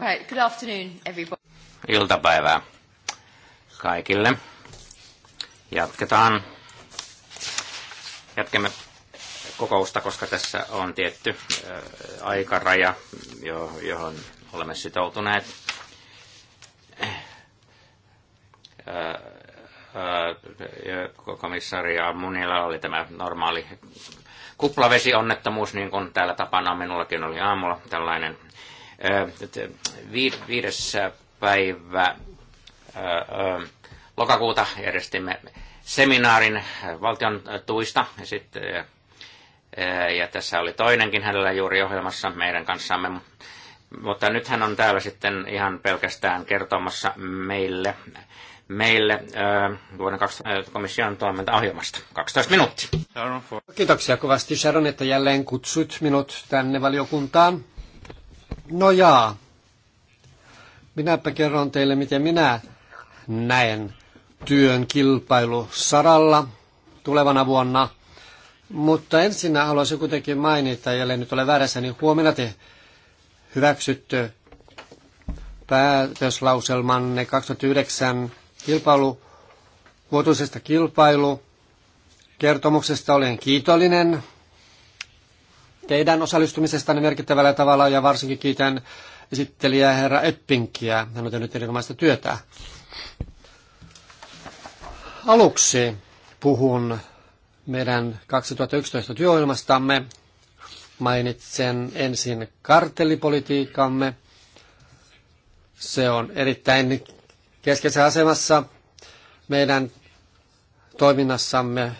Right, good afternoon everybody. Iltapäivää kaikille. Jatketaan. jatkemme kokousta, koska tässä on tietty äh, aikaraja, johon olemme sitoutuneet. Äh, äh, komissaari Munilla oli tämä normaali Kuplavesionnettomuus, niin kuin täällä tapana minullakin oli aamulla tällainen. Viides päivä lokakuuta järjestimme seminaarin valtion tuista. Ja, sitten, ja tässä oli toinenkin hänellä juuri ohjelmassa meidän kanssamme. Mutta nyt hän on täällä sitten ihan pelkästään kertomassa meille meille vuoden 2000 komission toimintaohjelmasta. 12 minuuttia. Kiitoksia kovasti Sharon, että jälleen kutsut minut tänne valiokuntaan. No jaa, minäpä kerron teille, miten minä näen työn kilpailu saralla tulevana vuonna. Mutta ensin haluaisin kuitenkin mainita, ja nyt ole väärässä, niin huomenna te hyväksytte päätöslauselmanne 2009 kilpailu, vuotuisesta kilpailu. Kertomuksesta olen kiitollinen teidän osallistumisestanne merkittävällä tavalla ja varsinkin kiitän esittelijää herra Eppinkiä. Hän on tehnyt erinomaista työtä. Aluksi puhun meidän 2011 työohjelmastamme. Mainitsen ensin kartellipolitiikamme. Se on erittäin keskeisessä asemassa meidän toiminnassamme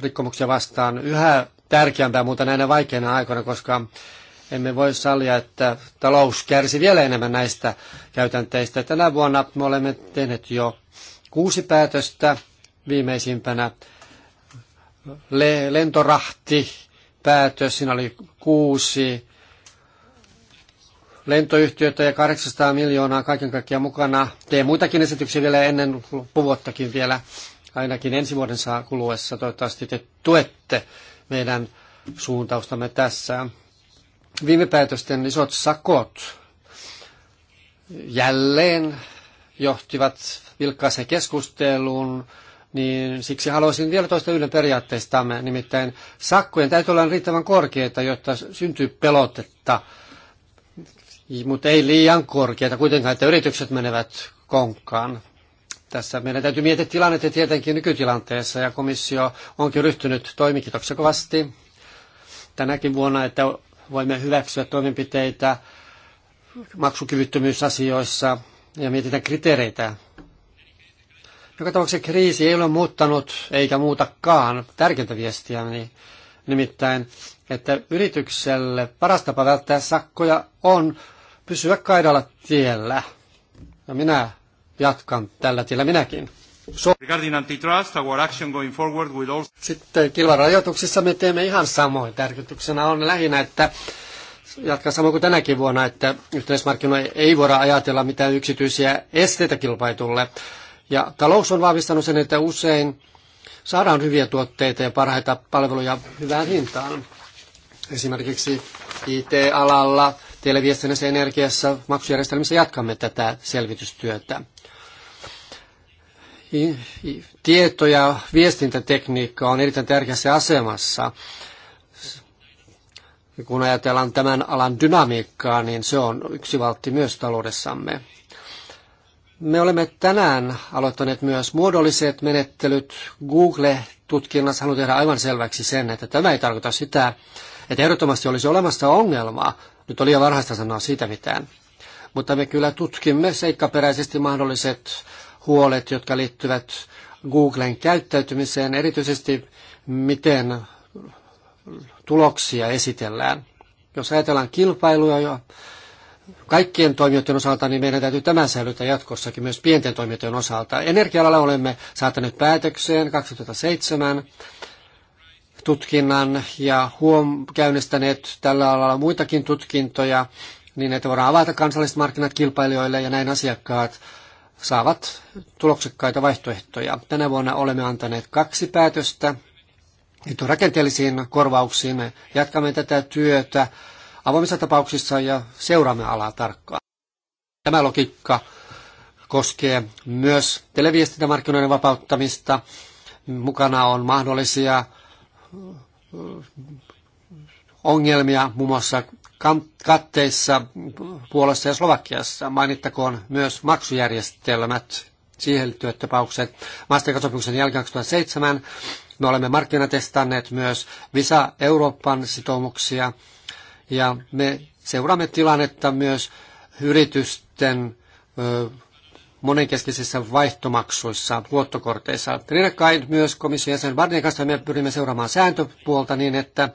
rikkomuksia vastaan yhä tärkeämpää, mutta näinä vaikeina aikoina, koska emme voi sallia, että talous kärsi vielä enemmän näistä käytänteistä. Tänä vuonna me olemme tehneet jo kuusi päätöstä, viimeisimpänä lentorahti päätös, siinä oli kuusi lentoyhtiötä ja 800 miljoonaa kaiken kaikkiaan mukana. Tee muitakin esityksiä vielä ennen puvuottakin vielä, ainakin ensi vuoden saa kuluessa. Toivottavasti te tuette meidän suuntaustamme tässä. Viime päätösten isot sakot jälleen johtivat vilkkaaseen keskusteluun, niin siksi haluaisin vielä toista yhden periaatteistamme, nimittäin sakkojen täytyy olla riittävän korkeita, jotta syntyy pelotetta – mutta ei liian korkeita kuitenkaan, että yritykset menevät konkkaan. Tässä meidän täytyy miettiä tilannetta tietenkin nykytilanteessa, ja komissio onkin ryhtynyt toimikitoksia kovasti tänäkin vuonna, että voimme hyväksyä toimenpiteitä maksukyvyttömyysasioissa ja mietitään kriteereitä. Joka tapauksessa kriisi ei ole muuttanut eikä muutakaan tärkeintä viestiä, niin nimittäin, että yritykselle paras tapa välttää sakkoja on pysyä kaidalla tiellä. Ja minä jatkan tällä tiellä minäkin. So, regarding antitrust, our action going forward will also... Sitten kilvarajoituksissa me teemme ihan samoin. Tarkoituksena on lähinnä, että jatkan samoin kuin tänäkin vuonna, että yhteismarkkinoilla ei voida ajatella mitään yksityisiä esteitä kilpaitulle. Ja talous on vahvistanut sen, että usein saadaan hyviä tuotteita ja parhaita palveluja hyvään hintaan. Esimerkiksi IT-alalla televiestinnässä, energiassa, maksujärjestelmissä jatkamme tätä selvitystyötä. Tieto- ja viestintätekniikka on erittäin tärkeässä asemassa. Kun ajatellaan tämän alan dynamiikkaa, niin se on yksi valtti myös taloudessamme. Me olemme tänään aloittaneet myös muodolliset menettelyt. Google-tutkinnassa haluaa tehdä aivan selväksi sen, että tämä ei tarkoita sitä, että ehdottomasti olisi olemassa ongelmaa. Nyt oli jo varhaista sanoa siitä mitään. Mutta me kyllä tutkimme seikkaperäisesti mahdolliset huolet, jotka liittyvät Googlen käyttäytymiseen, erityisesti miten tuloksia esitellään. Jos ajatellaan kilpailuja jo kaikkien toimijoiden osalta, niin meidän täytyy tämä säilyttää jatkossakin myös pienten toimijoiden osalta. Energialalla olemme saattaneet päätökseen 2007 tutkinnan ja huom- käynnistäneet tällä alalla muitakin tutkintoja, niin että voidaan avata kansalliset markkinat kilpailijoille ja näin asiakkaat saavat tuloksekkaita vaihtoehtoja. Tänä vuonna olemme antaneet kaksi päätöstä nyt rakenteellisiin korvauksiin. Me jatkamme tätä työtä avoimissa tapauksissa ja seuraamme alaa tarkkaan. Tämä logiikka koskee myös televiestintämarkkinoiden vapauttamista. Mukana on mahdollisia ongelmia muun muassa katteissa Puolassa ja Slovakiassa. Mainittakoon myös maksujärjestelmät, siihen liittyvät tapaukset. Mastercard-sopimuksen jälkeen 2007 me olemme markkinatestanneet myös Visa Euroopan sitoumuksia ja me seuraamme tilannetta myös yritysten monenkeskisissä vaihtomaksuissa, luottokorteissa. Kain, myös komission jäsen Barnien kanssa me pyrimme seuraamaan sääntöpuolta niin, että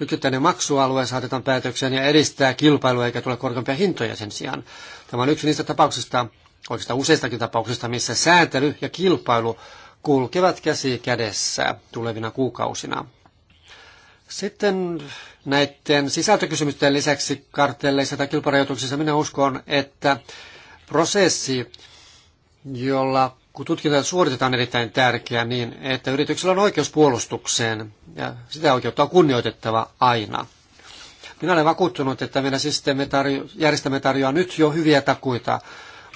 yksittäinen maksualue saatetaan päätökseen ja edistää kilpailua eikä tule korkeampia hintoja sen sijaan. Tämä on yksi niistä tapauksista, oikeastaan useistakin tapauksista, missä sääntely ja kilpailu kulkevat käsi kädessä tulevina kuukausina. Sitten näiden sisältökysymysten lisäksi kartelleissa tai kilparajoituksissa minä uskon, että prosessi jolla kun tutkinta suoritetaan erittäin tärkeä, niin, että yrityksellä on oikeus puolustukseen ja sitä oikeutta on kunnioitettava aina. Minä olen vakuuttunut, että meidän systeemi tarjo- järjestämme tarjoaa nyt jo hyviä takuita,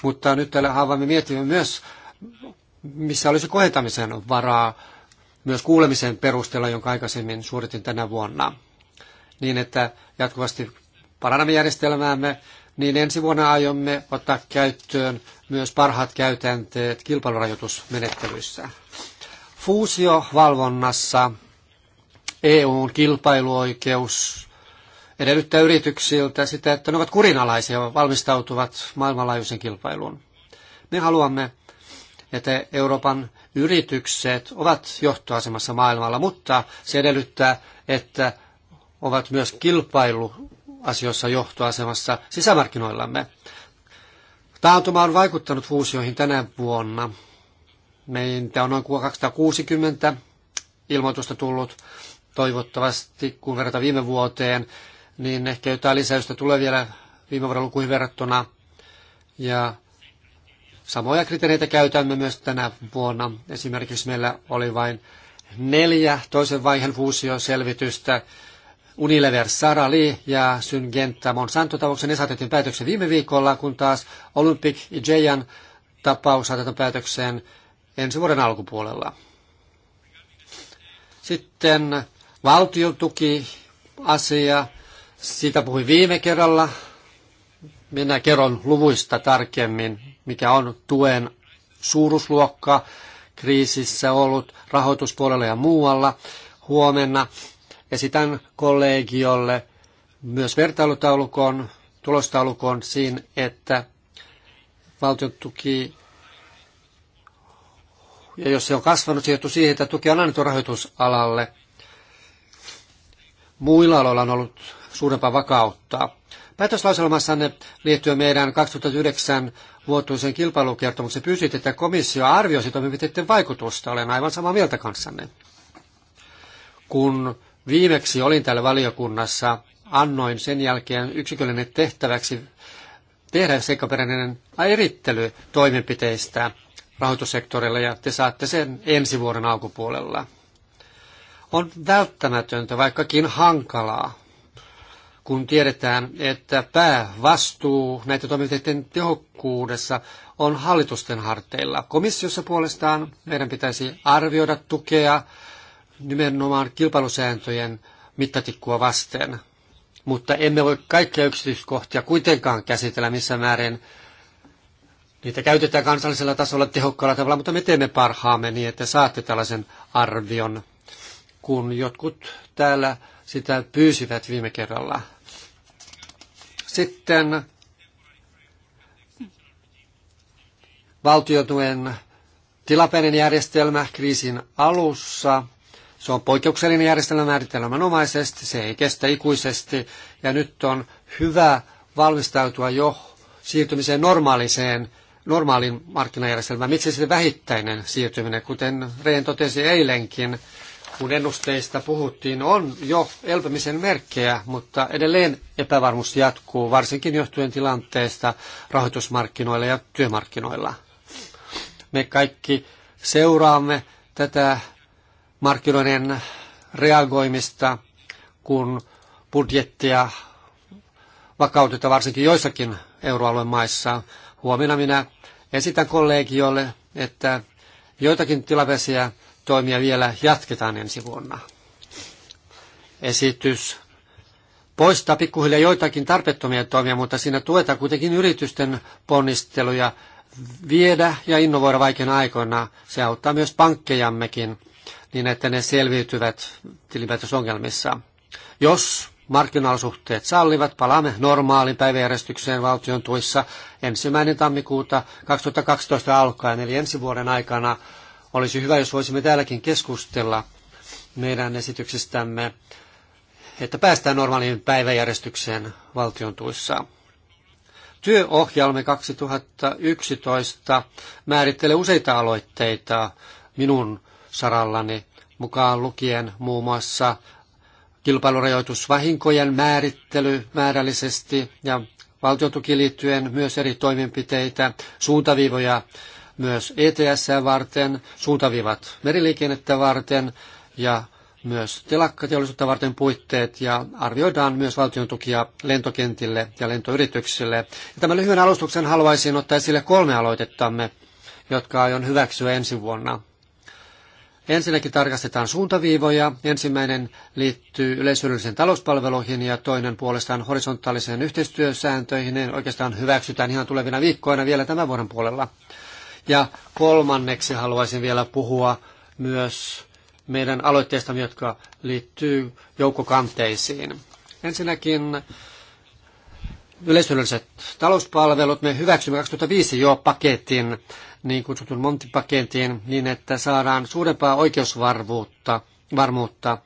mutta nyt täällä haavamme miettimme myös, missä olisi kohentamisen varaa myös kuulemisen perusteella, jonka aikaisemmin suoritin tänä vuonna, niin että jatkuvasti parannamme järjestelmäämme niin ensi vuonna aiomme ottaa käyttöön myös parhaat käytänteet kilpailurajoitusmenettelyissä. Fuusiovalvonnassa EUn kilpailuoikeus edellyttää yrityksiltä sitä, että ne ovat kurinalaisia ja valmistautuvat maailmanlaajuisen kilpailuun. Me haluamme, että Euroopan yritykset ovat johtoasemassa maailmalla, mutta se edellyttää, että ovat myös kilpailu asioissa johtoasemassa sisämarkkinoillamme. Taantuma on vaikuttanut fuusioihin tänä vuonna. Meitä on noin 260 ilmoitusta tullut toivottavasti, kun verrataan viime vuoteen, niin ehkä jotain lisäystä tulee vielä viime vuoden lukuihin verrattuna. Ja samoja kriteereitä käytämme myös tänä vuonna. Esimerkiksi meillä oli vain neljä toisen vaiheen fuusioselvitystä selvitystä Unilever Sarali ja Syngenta Monsanto tapauksen ne saatettiin päätöksen viime viikolla, kun taas Olympic Ijean tapaus saatetaan päätökseen ensi vuoden alkupuolella. Sitten asia, siitä puhuin viime kerralla. Minä kerron luvuista tarkemmin, mikä on tuen suuruusluokka kriisissä ollut rahoituspuolella ja muualla. Huomenna Esitän kollegiolle myös vertailutaulukon, tulostaulukon siinä, että valtion tuki, ja jos se on kasvanut, se johtuu siihen, että tuki on annettu rahoitusalalle. Muilla aloilla on ollut suurempaa vakautta. Päätöslauselmassanne liittyen meidän 2009 vuotuisen kilpailukertomuksen pyysit, että komissio arvioisi toimenpiteiden vaikutusta. Olen aivan samaa mieltä kanssanne. Kun Viimeksi olin täällä valiokunnassa, annoin sen jälkeen yksiköllinen tehtäväksi tehdä seikkaperäinen erittely toimenpiteistä rahoitussektorilla ja te saatte sen ensi vuoden alkupuolella. On välttämätöntä, vaikkakin hankalaa, kun tiedetään, että päävastuu näiden toimenpiteiden tehokkuudessa on hallitusten harteilla. Komissiossa puolestaan meidän pitäisi arvioida tukea nimenomaan kilpailusääntöjen mittatikkua vasten. Mutta emme voi kaikkia yksityiskohtia kuitenkaan käsitellä missä määrin niitä käytetään kansallisella tasolla tehokkaalla tavalla, mutta me teemme parhaamme niin, että saatte tällaisen arvion, kun jotkut täällä sitä pyysivät viime kerralla. Sitten valtiotuen tilapäinen järjestelmä kriisin alussa. Se on poikkeuksellinen järjestelmä määritelmänomaisesti, se ei kestä ikuisesti ja nyt on hyvä valmistautua jo siirtymiseen normaaliseen normaaliin markkinajärjestelmään. Miksi se vähittäinen siirtyminen, kuten Reen totesi eilenkin, kun ennusteista puhuttiin, on jo elpymisen merkkejä, mutta edelleen epävarmuus jatkuu, varsinkin johtuen tilanteesta rahoitusmarkkinoilla ja työmarkkinoilla. Me kaikki seuraamme tätä markkinoiden reagoimista, kun budjettia vakautetaan varsinkin joissakin euroalueen maissa. Huomenna minä esitän kollegiolle, että joitakin tilapäisiä toimia vielä jatketaan ensi vuonna. Esitys poistaa pikkuhiljaa joitakin tarpeettomia toimia, mutta siinä tuetaan kuitenkin yritysten ponnisteluja viedä ja innovoida vaikeina aikoina. Se auttaa myös pankkejammekin niin että ne selviytyvät tilinpäätösongelmissa. Jos markkinaalisuhteet sallivat, palaamme normaalin päiväjärjestykseen valtion tuissa ensimmäinen tammikuuta 2012 alkaen, eli ensi vuoden aikana olisi hyvä, jos voisimme täälläkin keskustella meidän esityksestämme, että päästään normaaliin päiväjärjestykseen valtion tuissa. Työohjelma 2011 määrittelee useita aloitteita minun sarallani, mukaan lukien muun muassa kilpailurajoitusvahinkojen määrittely määrällisesti ja valtiotuki liittyen myös eri toimenpiteitä, suuntaviivoja myös ETS varten, suuntaviivat meriliikennettä varten ja myös telakkateollisuutta varten puitteet ja arvioidaan myös valtion tukia lentokentille ja lentoyrityksille. Ja tämän lyhyen alustuksen haluaisin ottaa esille kolme aloitettamme, jotka aion hyväksyä ensi vuonna. Ensinnäkin tarkastetaan suuntaviivoja. Ensimmäinen liittyy yleishyödyllisiin talouspalveluihin ja toinen puolestaan horisontaaliseen yhteistyösääntöihin. Ne oikeastaan hyväksytään ihan tulevina viikkoina vielä tämän vuoden puolella. Ja kolmanneksi haluaisin vielä puhua myös meidän aloitteistamme, jotka liittyy joukkokanteisiin. Ensinnäkin yleisölliset talouspalvelut. Me hyväksymme 2005 jo paketin, niin kutsutun Montipaketin, niin että saadaan suurempaa oikeusvarmuutta varmuutta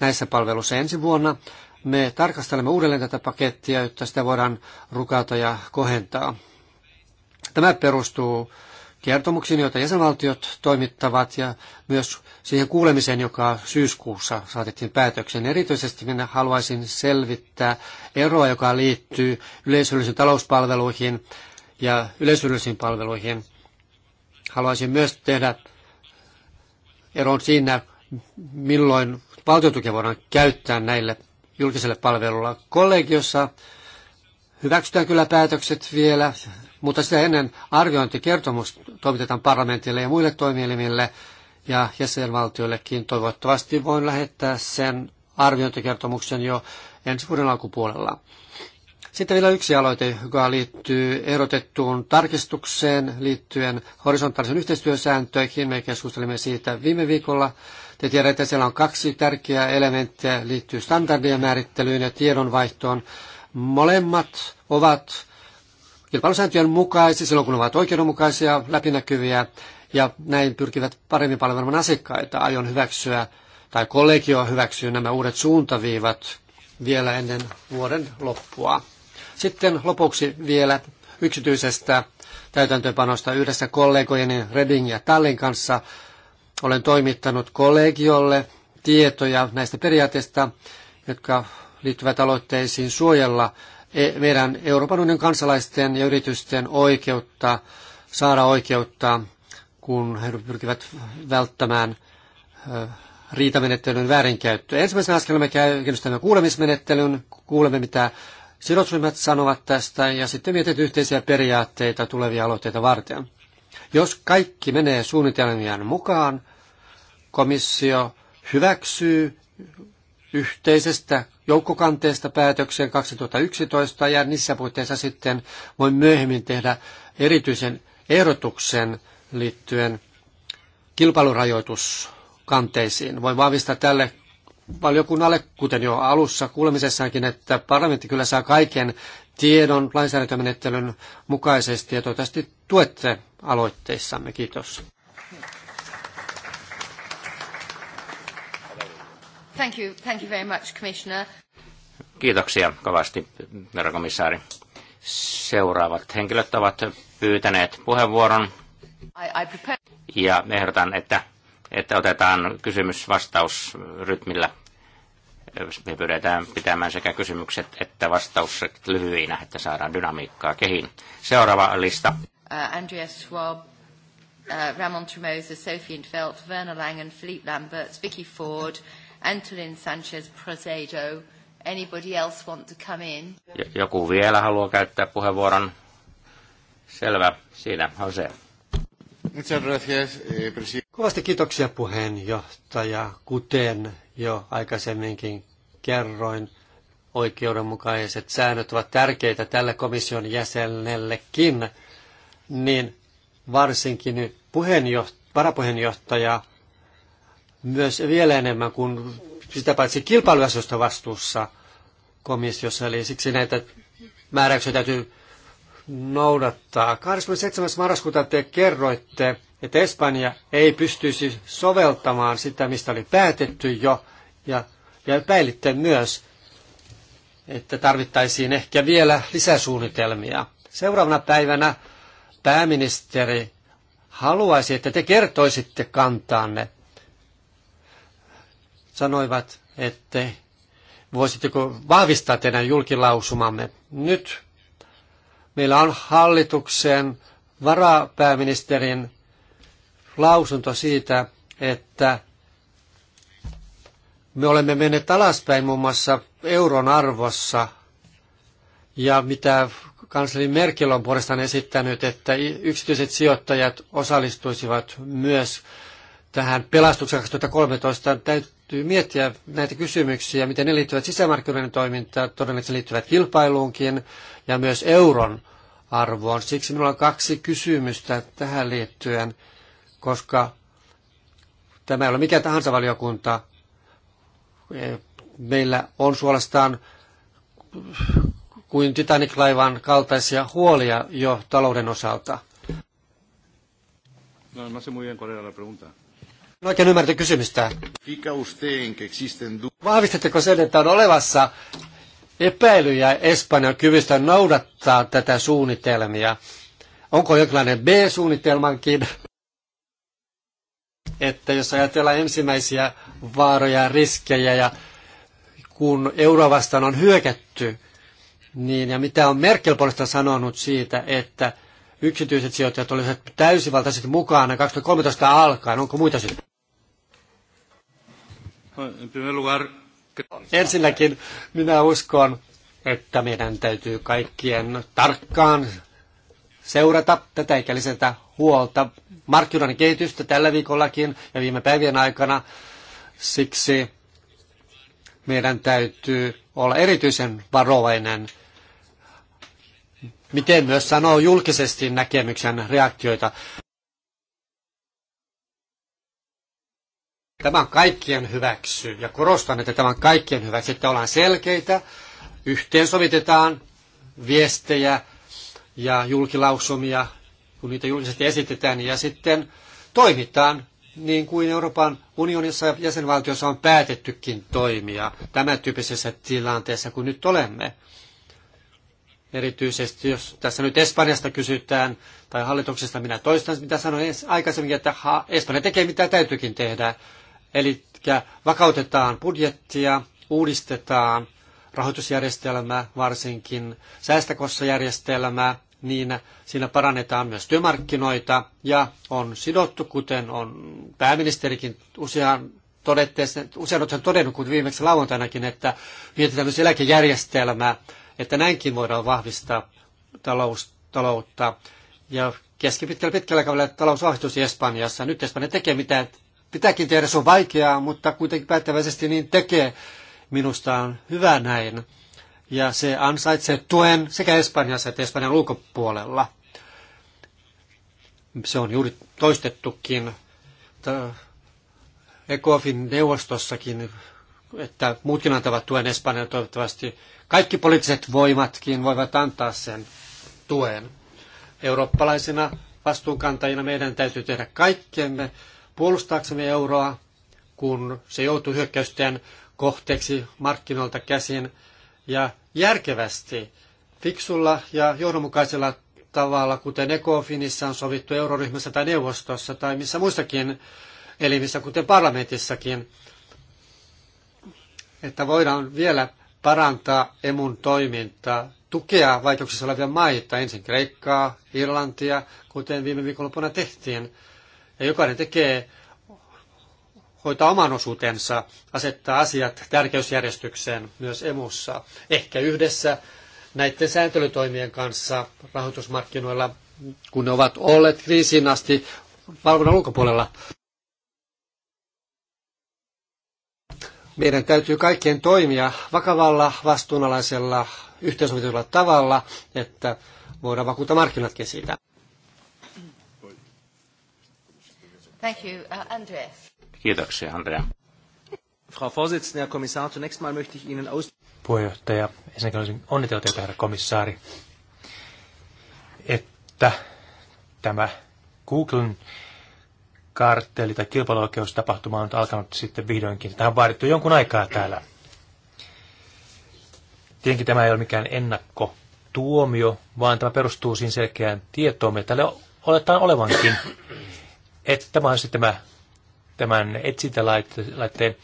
näissä palveluissa ensi vuonna. Me tarkastelemme uudelleen tätä pakettia, jotta sitä voidaan rukata ja kohentaa. Tämä perustuu kertomuksiin, joita jäsenvaltiot toimittavat ja myös siihen kuulemiseen, joka syyskuussa saatettiin päätöksen. Erityisesti minä haluaisin selvittää eroa, joka liittyy yleisöllisiin talouspalveluihin ja yleisöllisiin palveluihin. Haluaisin myös tehdä eron siinä, milloin valtiotukia voidaan käyttää näille julkiselle palvelulla. Kollegiossa hyväksytään kyllä päätökset vielä mutta sitä ennen arviointikertomus toimitetaan parlamentille ja muille toimielimille ja jäsenvaltioillekin. Toivottavasti voin lähettää sen arviointikertomuksen jo ensi vuoden alkupuolella. Sitten vielä yksi aloite, joka liittyy erotettuun tarkistukseen liittyen horisontaalisen yhteistyösääntöihin. Me keskustelimme siitä viime viikolla. Te tiedätte, että siellä on kaksi tärkeää elementtiä liittyy standardien määrittelyyn ja tiedonvaihtoon. Molemmat ovat kilpailusääntöjen mukaisesti, silloin kun ne ovat oikeudenmukaisia, läpinäkyviä ja näin pyrkivät paremmin palvelemaan asiakkaita. Aion hyväksyä tai kollegio hyväksyy nämä uudet suuntaviivat vielä ennen vuoden loppua. Sitten lopuksi vielä yksityisestä täytäntöönpanosta yhdessä kollegojeni Reding ja Tallin kanssa. Olen toimittanut kollegiolle tietoja näistä periaatteista, jotka liittyvät aloitteisiin suojella E, meidän Euroopan unionin kansalaisten ja yritysten oikeutta saada oikeutta, kun he pyrkivät välttämään riitamenettelyn väärinkäyttöä. Ensimmäisenä askelena me käynnistämme kuulemismenettelyn, kuulemme mitä sidosryhmät sanovat tästä ja sitten mietit yhteisiä periaatteita tulevia aloitteita varten. Jos kaikki menee suunnitelmien mukaan, komissio hyväksyy yhteisestä joukkokanteesta päätökseen 2011 ja niissä puitteissa sitten voi myöhemmin tehdä erityisen ehdotuksen liittyen kilpailurajoituskanteisiin. Voin vahvistaa tälle valiokunnalle, kuten jo alussa kuulemisessakin, että parlamentti kyllä saa kaiken tiedon lainsäädäntömenettelyn mukaisesti ja toivottavasti tuette aloitteissamme. Kiitos. Thank you, thank you very much, Commissioner. Kiitoksia kovasti, herra komissaari. Seuraavat henkilöt ovat pyytäneet puheenvuoron. Ja ehdotan, että, että otetaan kysymys-vastausrytmillä. Me pyydetään pitämään sekä kysymykset että vastaukset lyhyinä, että saadaan dynamiikkaa kehiin. Seuraava lista. Uh, Andreas Schwab, uh, Ramon Tremosa, Sophie Infelt, Werner Langen, Philippe Lamberts, Vicky Ford, Antolin Sanchez Prosedo. Anybody else want to come in? Joku vielä haluaa käyttää puheenvuoron. Selvä. Siinä, Jose. Eh, Kovasti kiitoksia puheenjohtaja. Kuten jo aikaisemminkin kerroin, oikeudenmukaiset säännöt ovat tärkeitä tälle komission jäsenellekin, niin varsinkin nyt puheenjohtaja, varapuheenjohtaja myös vielä enemmän kuin sitä paitsi kilpailuasioista vastuussa komissiossa, eli siksi näitä määräyksiä täytyy noudattaa. 27. marraskuuta te kerroitte, että Espanja ei pystyisi soveltamaan sitä, mistä oli päätetty jo, ja, ja epäilitte myös, että tarvittaisiin ehkä vielä lisäsuunnitelmia. Seuraavana päivänä pääministeri haluaisi, että te kertoisitte kantaanne sanoivat, että voisitteko vahvistaa teidän julkilausumamme. Nyt meillä on hallituksen varapääministerin lausunto siitä, että me olemme menneet alaspäin muun muassa euron arvossa ja mitä kansleri Merkel on puolestaan esittänyt, että yksityiset sijoittajat osallistuisivat myös tähän pelastuksen 2013 täytyy miettiä näitä kysymyksiä, miten ne liittyvät sisämarkkinoiden toimintaan, todennäköisesti liittyvät kilpailuunkin ja myös euron arvoon. Siksi minulla on kaksi kysymystä tähän liittyen, koska tämä ei ole mikä tahansa valiokunta. E, meillä on suorastaan kuin Titanic-laivan kaltaisia huolia jo talouden osalta. No, no se muy bien cuál era la pregunta. En oikein ymmärrä kysymystä. Vahvistatteko sen, että on olevassa epäilyjä Espanjan kyvystä noudattaa tätä suunnitelmia? Onko jonkinlainen B-suunnitelmankin? Että jos ajatellaan ensimmäisiä vaaroja ja riskejä ja kun euroa vastaan on hyökätty, niin ja mitä on Merkel puolesta sanonut siitä, että yksityiset sijoittajat olisivat täysivaltaisesti mukana 2013 alkaen, onko muita syitä? Ensinnäkin minä uskon, että meidän täytyy kaikkien tarkkaan seurata tätä eikä lisätä huolta markkinoiden kehitystä tällä viikollakin ja viime päivien aikana. Siksi meidän täytyy olla erityisen varovainen, miten myös sanoo julkisesti näkemyksen reaktioita. Tämä on kaikkien hyväksy, ja korostan, että tämä on kaikkien hyväksy, että ollaan selkeitä, yhteensovitetaan viestejä ja julkilausumia, kun niitä julkisesti esitetään, ja sitten toimitaan niin kuin Euroopan unionissa ja jäsenvaltiossa on päätettykin toimia tämän tyyppisessä tilanteessa kuin nyt olemme. Erityisesti jos tässä nyt Espanjasta kysytään tai hallituksesta, minä toistan mitä sanoin aikaisemmin, että ha, Espanja tekee mitä täytyykin tehdä. Eli vakautetaan budjettia, uudistetaan rahoitusjärjestelmää, varsinkin säästäkossa järjestelmää, niin siinä parannetaan myös työmarkkinoita ja on sidottu, kuten on pääministerikin usean usein olen todennut, kuten viimeksi lauantainakin, että mietitään myös eläkejärjestelmää, että näinkin voidaan vahvistaa talous, taloutta. Ja keskipitkällä pitkällä kaudella talousvahvistus Espanjassa. Nyt Espanja tekee mitä pitääkin tehdä, se on vaikeaa, mutta kuitenkin päättäväisesti niin tekee. Minusta on hyvä näin. Ja se ansaitsee tuen sekä Espanjassa että Espanjan ulkopuolella. Se on juuri toistettukin ECOFin neuvostossakin, että muutkin antavat tuen Espanjalle toivottavasti. Kaikki poliittiset voimatkin voivat antaa sen tuen. Eurooppalaisina vastuunkantajina meidän täytyy tehdä kaikkemme, puolustaaksemme euroa, kun se joutuu hyökkäysten kohteeksi markkinoilta käsin ja järkevästi, fiksulla ja johdonmukaisella tavalla, kuten Ecofinissa on sovittu euroryhmässä tai neuvostossa tai missä muissakin elimissä, kuten parlamentissakin, että voidaan vielä parantaa emun toimintaa, tukea vaikeuksissa olevia maita, ensin Kreikkaa, Irlantia, kuten viime viikonloppuna tehtiin, ja jokainen tekee, hoitaa oman osuutensa, asettaa asiat tärkeysjärjestykseen myös emussa. Ehkä yhdessä näiden sääntelytoimien kanssa rahoitusmarkkinoilla, kun ne ovat olleet kriisiin asti valvonnan ulkopuolella. Meidän täytyy kaikkien toimia vakavalla, vastuunalaisella, yhteensovitellulla tavalla, että voidaan vakuuttaa markkinatkin siitä. Thank you, uh, Andreas. Kiitoksia, Andrea. Frau Vorsitzende, Herr Kommissar, zunächst mal möchte ich Ihnen aus... Puheenjohtaja, ensinnäkin haluaisin onnitella teitä, herra komissaari, että tämä Googlen kartteli tai kilpailuoikeustapahtuma on nyt alkanut sitten vihdoinkin. Tähän on vaadittu jonkun aikaa täällä. Tietenkin tämä ei ole mikään ennakkotuomio, vaan tämä perustuu siinä selkeään tietoon, mitä täällä oletaan olevankin että tämä on sitten tämä, tämän etsintälaitteen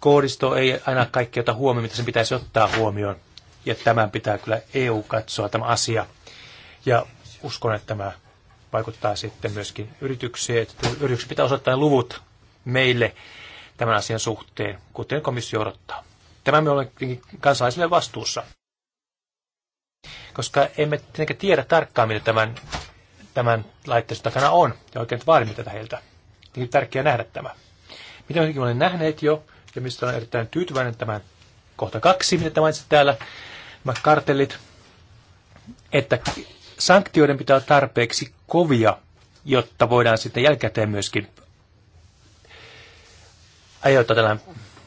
koodisto ei aina kaikki ota huomioon, mitä sen pitäisi ottaa huomioon. Ja tämän pitää kyllä EU katsoa tämä asia. Ja uskon, että tämä vaikuttaa sitten myöskin yritykseen. Että yritykset pitää osoittaa luvut meille tämän asian suhteen, kuten komissio odottaa. Tämä me olemme kansalaisille vastuussa. Koska emme tietenkään tiedä tarkkaan, mitä tämän tämän laitteiston takana on, ja oikein vaadimme tätä heiltä. Niin tärkeää nähdä tämä. Mitä mekin olen nähneet jo, ja mistä olen erittäin tyytyväinen tämän kohta kaksi, mitä mainitsit täällä, nämä kartellit, että sanktioiden pitää olla tarpeeksi kovia, jotta voidaan sitten jälkikäteen myöskin aiheuttaa tällainen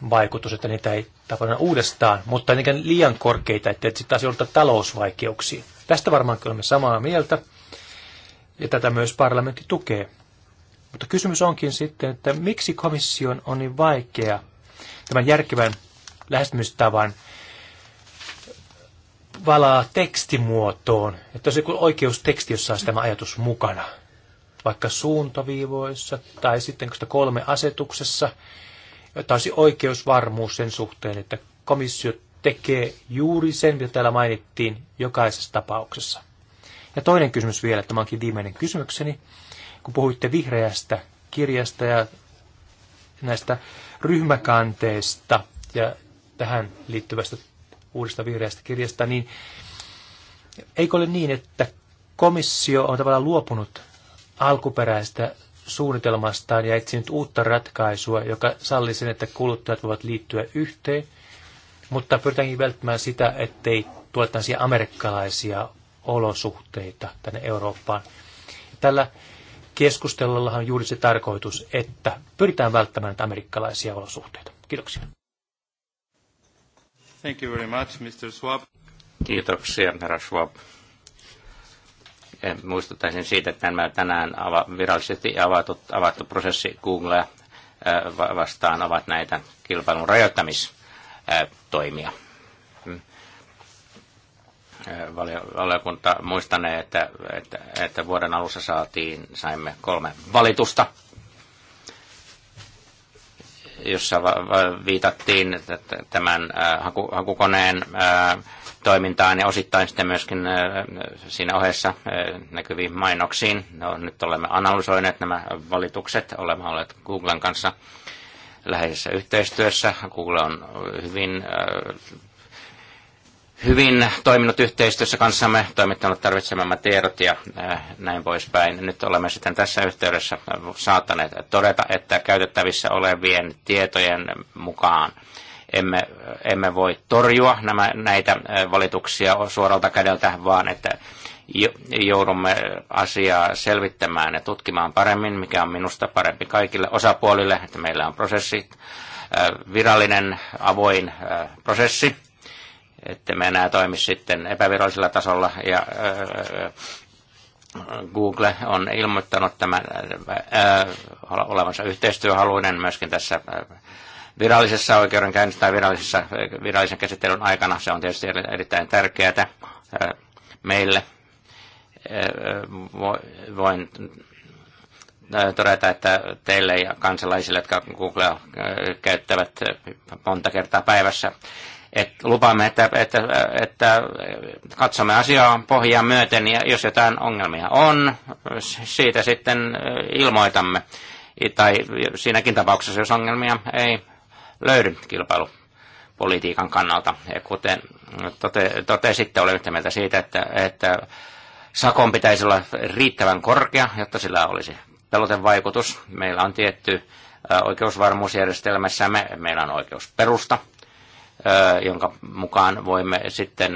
vaikutus, että niitä ei tapahdu uudestaan, mutta niinkään liian korkeita, että sitten taas joudutaan talousvaikeuksiin. Tästä varmaankin olemme samaa mieltä ja tätä myös parlamentti tukee. Mutta kysymys onkin sitten, että miksi komission on niin vaikea tämän järkevän lähestymistavan valaa tekstimuotoon, että se oikeusteksti, jossa on tämä ajatus mukana, vaikka suuntaviivoissa tai sitten kolme asetuksessa, jotta olisi oikeusvarmuus sen suhteen, että komissio tekee juuri sen, mitä täällä mainittiin jokaisessa tapauksessa. Ja toinen kysymys vielä, tämä onkin viimeinen kysymykseni. Kun puhuitte vihreästä kirjasta ja näistä ryhmäkanteista ja tähän liittyvästä uudesta vihreästä kirjasta, niin eikö ole niin, että komissio on tavallaan luopunut alkuperäistä suunnitelmastaan ja etsinyt uutta ratkaisua, joka sallii sen, että kuluttajat voivat liittyä yhteen, mutta pyritäänkin välttämään sitä, ettei tuolla amerikkalaisia olosuhteita tänne Eurooppaan. Tällä keskustelullahan on juuri se tarkoitus, että pyritään välttämään näitä amerikkalaisia olosuhteita. Kiitoksia. Thank you very much, Mr. Schwab. Kiitoksia, herra Schwab. Muistuttaisin siitä, että tämä tänään ava, virallisesti avattu, avattu prosessi Google äh, vastaan ovat näitä kilpailun rajoittamistoimia. Äh, Eh, valiokunta muistanee, että, että, että vuoden alussa saatiin, saimme kolme valitusta, jossa viitattiin tämän eh, hakukoneen eh, toimintaan ja osittain sitten myöskin siinä ohessa näkyviin mainoksiin. No, nyt olemme analysoineet nämä valitukset, olemme olleet Googlen kanssa läheisessä yhteistyössä. Google on hyvin hyvin toiminut yhteistyössä kanssamme, toimittanut tarvitsemamme tiedot ja äh, näin poispäin. Nyt olemme sitten tässä yhteydessä äh, saattaneet todeta, että käytettävissä olevien tietojen mukaan emme, äh, emme voi torjua nämä, näitä valituksia suoralta kädeltä, vaan että joudumme asiaa selvittämään ja tutkimaan paremmin, mikä on minusta parempi kaikille osapuolille, että meillä on prosessi, virallinen, avoin prosessi, että me enää toimi sitten epävirallisella tasolla ja Google on ilmoittanut tämän olevansa yhteistyöhaluinen myöskin tässä virallisessa oikeudenkäynnissä tai virallisessa, virallisen käsittelyn aikana. Se on tietysti erittäin tärkeää ää, meille. Ää, voin todeta, että teille ja kansalaisille, jotka Googlea käyttävät monta kertaa päivässä, että lupaamme, että, että, että katsomme asiaa pohjaa myöten ja jos jotain ongelmia on, siitä sitten äh, ilmoitamme. Tai siinäkin tapauksessa, jos ongelmia ei löydy kilpailupolitiikan kannalta. Ja kuten tote, totesitte, olen yhtä mieltä siitä, että, että sakon pitäisi olla riittävän korkea, jotta sillä olisi pelotevaikutus. Meillä on tietty äh, oikeusvarmuusjärjestelmässämme, meillä on oikeusperusta jonka mukaan voimme sitten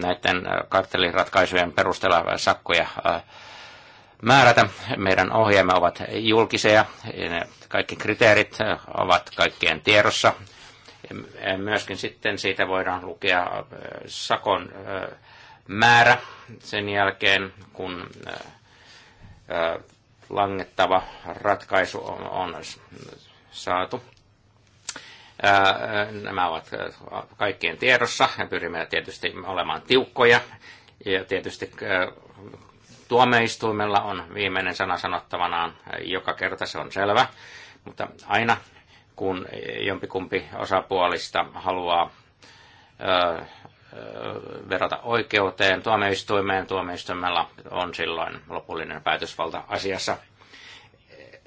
näiden karteliratkaisujen perusteella sakkoja määrätä. Meidän ohjeemme ovat julkisia, kaikki kriteerit ovat kaikkien tiedossa. Myöskin sitten siitä voidaan lukea sakon määrä sen jälkeen, kun langettava ratkaisu on saatu Nämä ovat kaikkien tiedossa ja pyrimme tietysti olemaan tiukkoja ja tietysti tuomioistuimella on viimeinen sana sanottavanaan, joka kerta se on selvä, mutta aina kun jompikumpi osapuolista haluaa verrata oikeuteen tuomioistuimeen, tuomioistuimella on silloin lopullinen päätösvalta asiassa.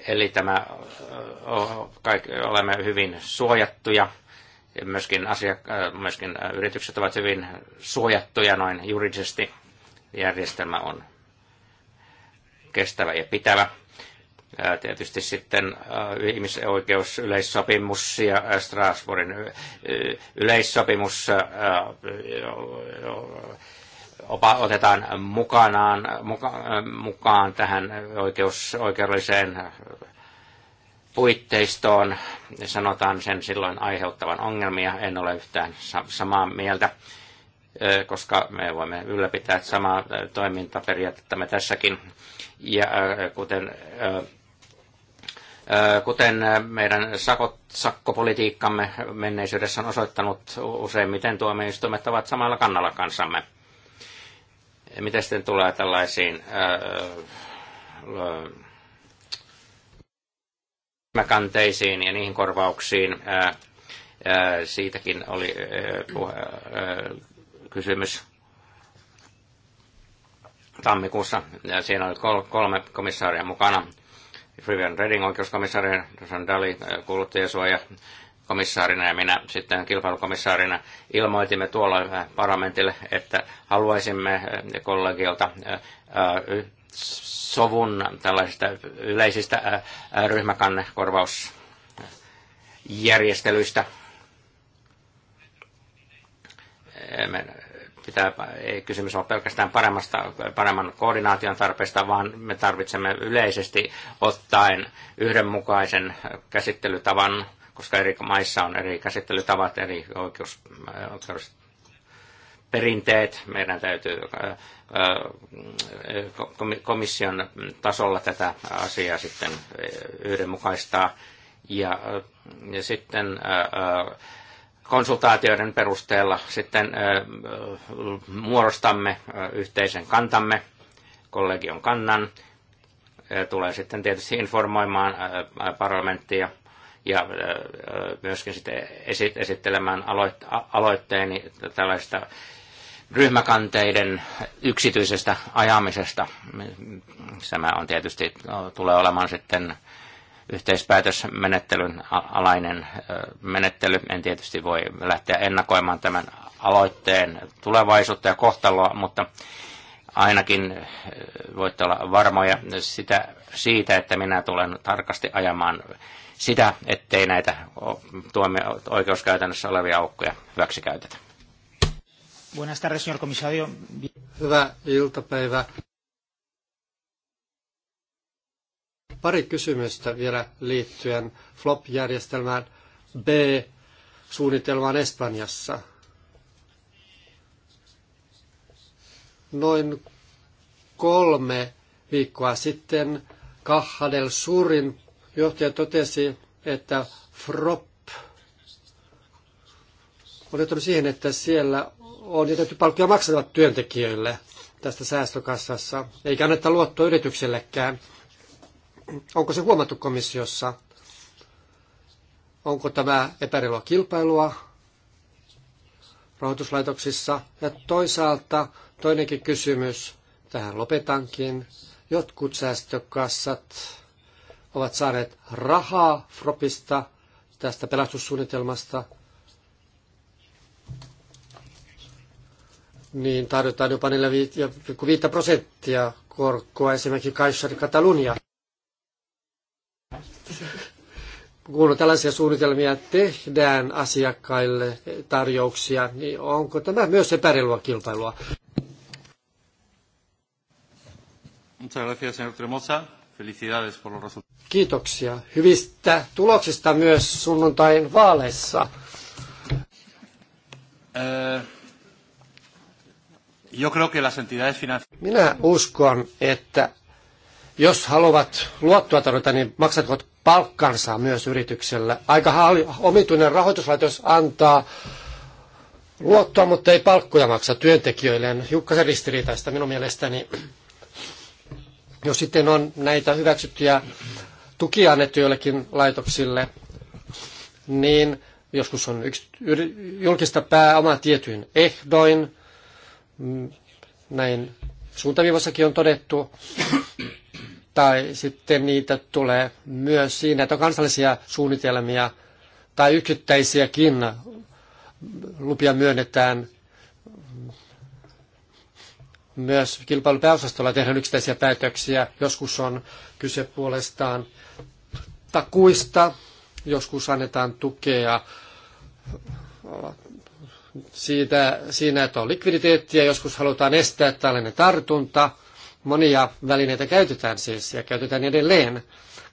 Eli tämä, kaikki, olemme hyvin suojattuja. Myöskin, asiak- myöskin yritykset ovat hyvin suojattuja noin juridisesti. Järjestelmä on kestävä ja pitävä. Tietysti sitten yleissopimus ja Strasbourgin yleissopimus otetaan mukanaan, muka, mukaan tähän oikeus, oikeudelliseen puitteistoon. Sanotaan sen silloin aiheuttavan ongelmia. En ole yhtään samaa mieltä, koska me voimme ylläpitää samaa me tässäkin. Ja kuten Kuten meidän sakot, sakkopolitiikkamme menneisyydessä on osoittanut, useimmiten tuomioistuimet ovat samalla kannalla kanssamme. Mitä sitten tulee tällaisiin kanteisiin ja niihin korvauksiin, ää, ää, siitäkin oli ää, puhe, ää, kysymys tammikuussa. Ja siinä oli kolme komissaaria mukana. Vivian Redding, oikeuskomissaari, Dali, kuluttajasuoja, komissaarina ja minä sitten kilpailukomissaarina ilmoitimme tuolla parlamentille, että haluaisimme äh, kollegiolta äh, äh, sovun tällaisista yleisistä ryhmäkannekorvausjärjestelyistä. pitää, ei kysymys ole pelkästään paremmasta, paremman koordinaation tarpeesta, vaan me tarvitsemme yleisesti ottaen yhdenmukaisen käsittelytavan koska eri maissa on eri käsittelytavat, eri oikeus, äh, perinteet. Meidän täytyy äh, äh, komission tasolla tätä asiaa sitten yhdenmukaistaa. Ja, ja sitten konsultaatioiden perusteella sitten muodostamme yhteisen kantamme, kollegion kannan. Tulee sitten tietysti informoimaan parlamenttia – ja äh, äh, myöskin sitten esittelemään aloitteeni tällaista ryhmäkanteiden yksityisestä ajamisesta. Tämä on tietysti no, tulee olemaan sitten yhteispäätösmenettelyn alainen äh, menettely. En tietysti voi lähteä ennakoimaan tämän aloitteen tulevaisuutta ja kohtaloa, mutta ainakin voitte olla varmoja sitä, siitä, että minä tulen tarkasti ajamaan sitä, ettei näitä tuomme oikeuskäytännössä olevia aukkoja hyväksikäytetä. Buenas tardes, señor comisario. Hyvää iltapäivää. Pari kysymystä vielä liittyen FLOP-järjestelmään B-suunnitelmaan Espanjassa. Noin kolme viikkoa sitten Kahadel Surin johtaja totesi, että FROP on johtanut siihen, että siellä on jätetty palkkoja maksavat työntekijöille tästä säästökassassa, eikä anneta luottoa yrityksellekään. Onko se huomattu komissiossa? Onko tämä epäreilua kilpailua rahoituslaitoksissa? Ja toisaalta toinenkin kysymys, tähän lopetankin. Jotkut säästökassat ovat saaneet rahaa Fropista tästä pelastussuunnitelmasta, niin tarjotaan jopa 4,5 prosenttia korkoa esimerkiksi Kaisar Katalunia. Kun tällaisia suunnitelmia tehdään asiakkaille tarjouksia, niin onko tämä myös epäreilua kilpailua? Muchas gracias, señor Tremosa. Felicidades por los resultados. Kiitoksia hyvistä tuloksista myös sunnuntain vaaleissa. Eh, yo creo que las entidades financieras... Minä uskon, että jos haluavat luottua tarjota, niin maksatkoot palkkansa myös yrityksellä. Aika omituinen rahoituslaitos antaa luottoa, mutta ei palkkoja maksa työntekijöilleen. Hiukkasen ristiriitaista minun mielestäni. Jos sitten on näitä hyväksyttyjä tukia annettu joillekin laitoksille, niin joskus on yks, julkista pääomaa tietyin ehdoin, mm, näin suuntaviivossakin on todettu, tai sitten niitä tulee myös siinä, että on kansallisia suunnitelmia tai yksittäisiäkin lupia myönnetään myös kilpailupääosastolla tehdään yksittäisiä päätöksiä. Joskus on kyse puolestaan takuista, joskus annetaan tukea siitä, siinä, että on likviditeettiä, joskus halutaan estää tällainen tartunta. Monia välineitä käytetään siis ja käytetään edelleen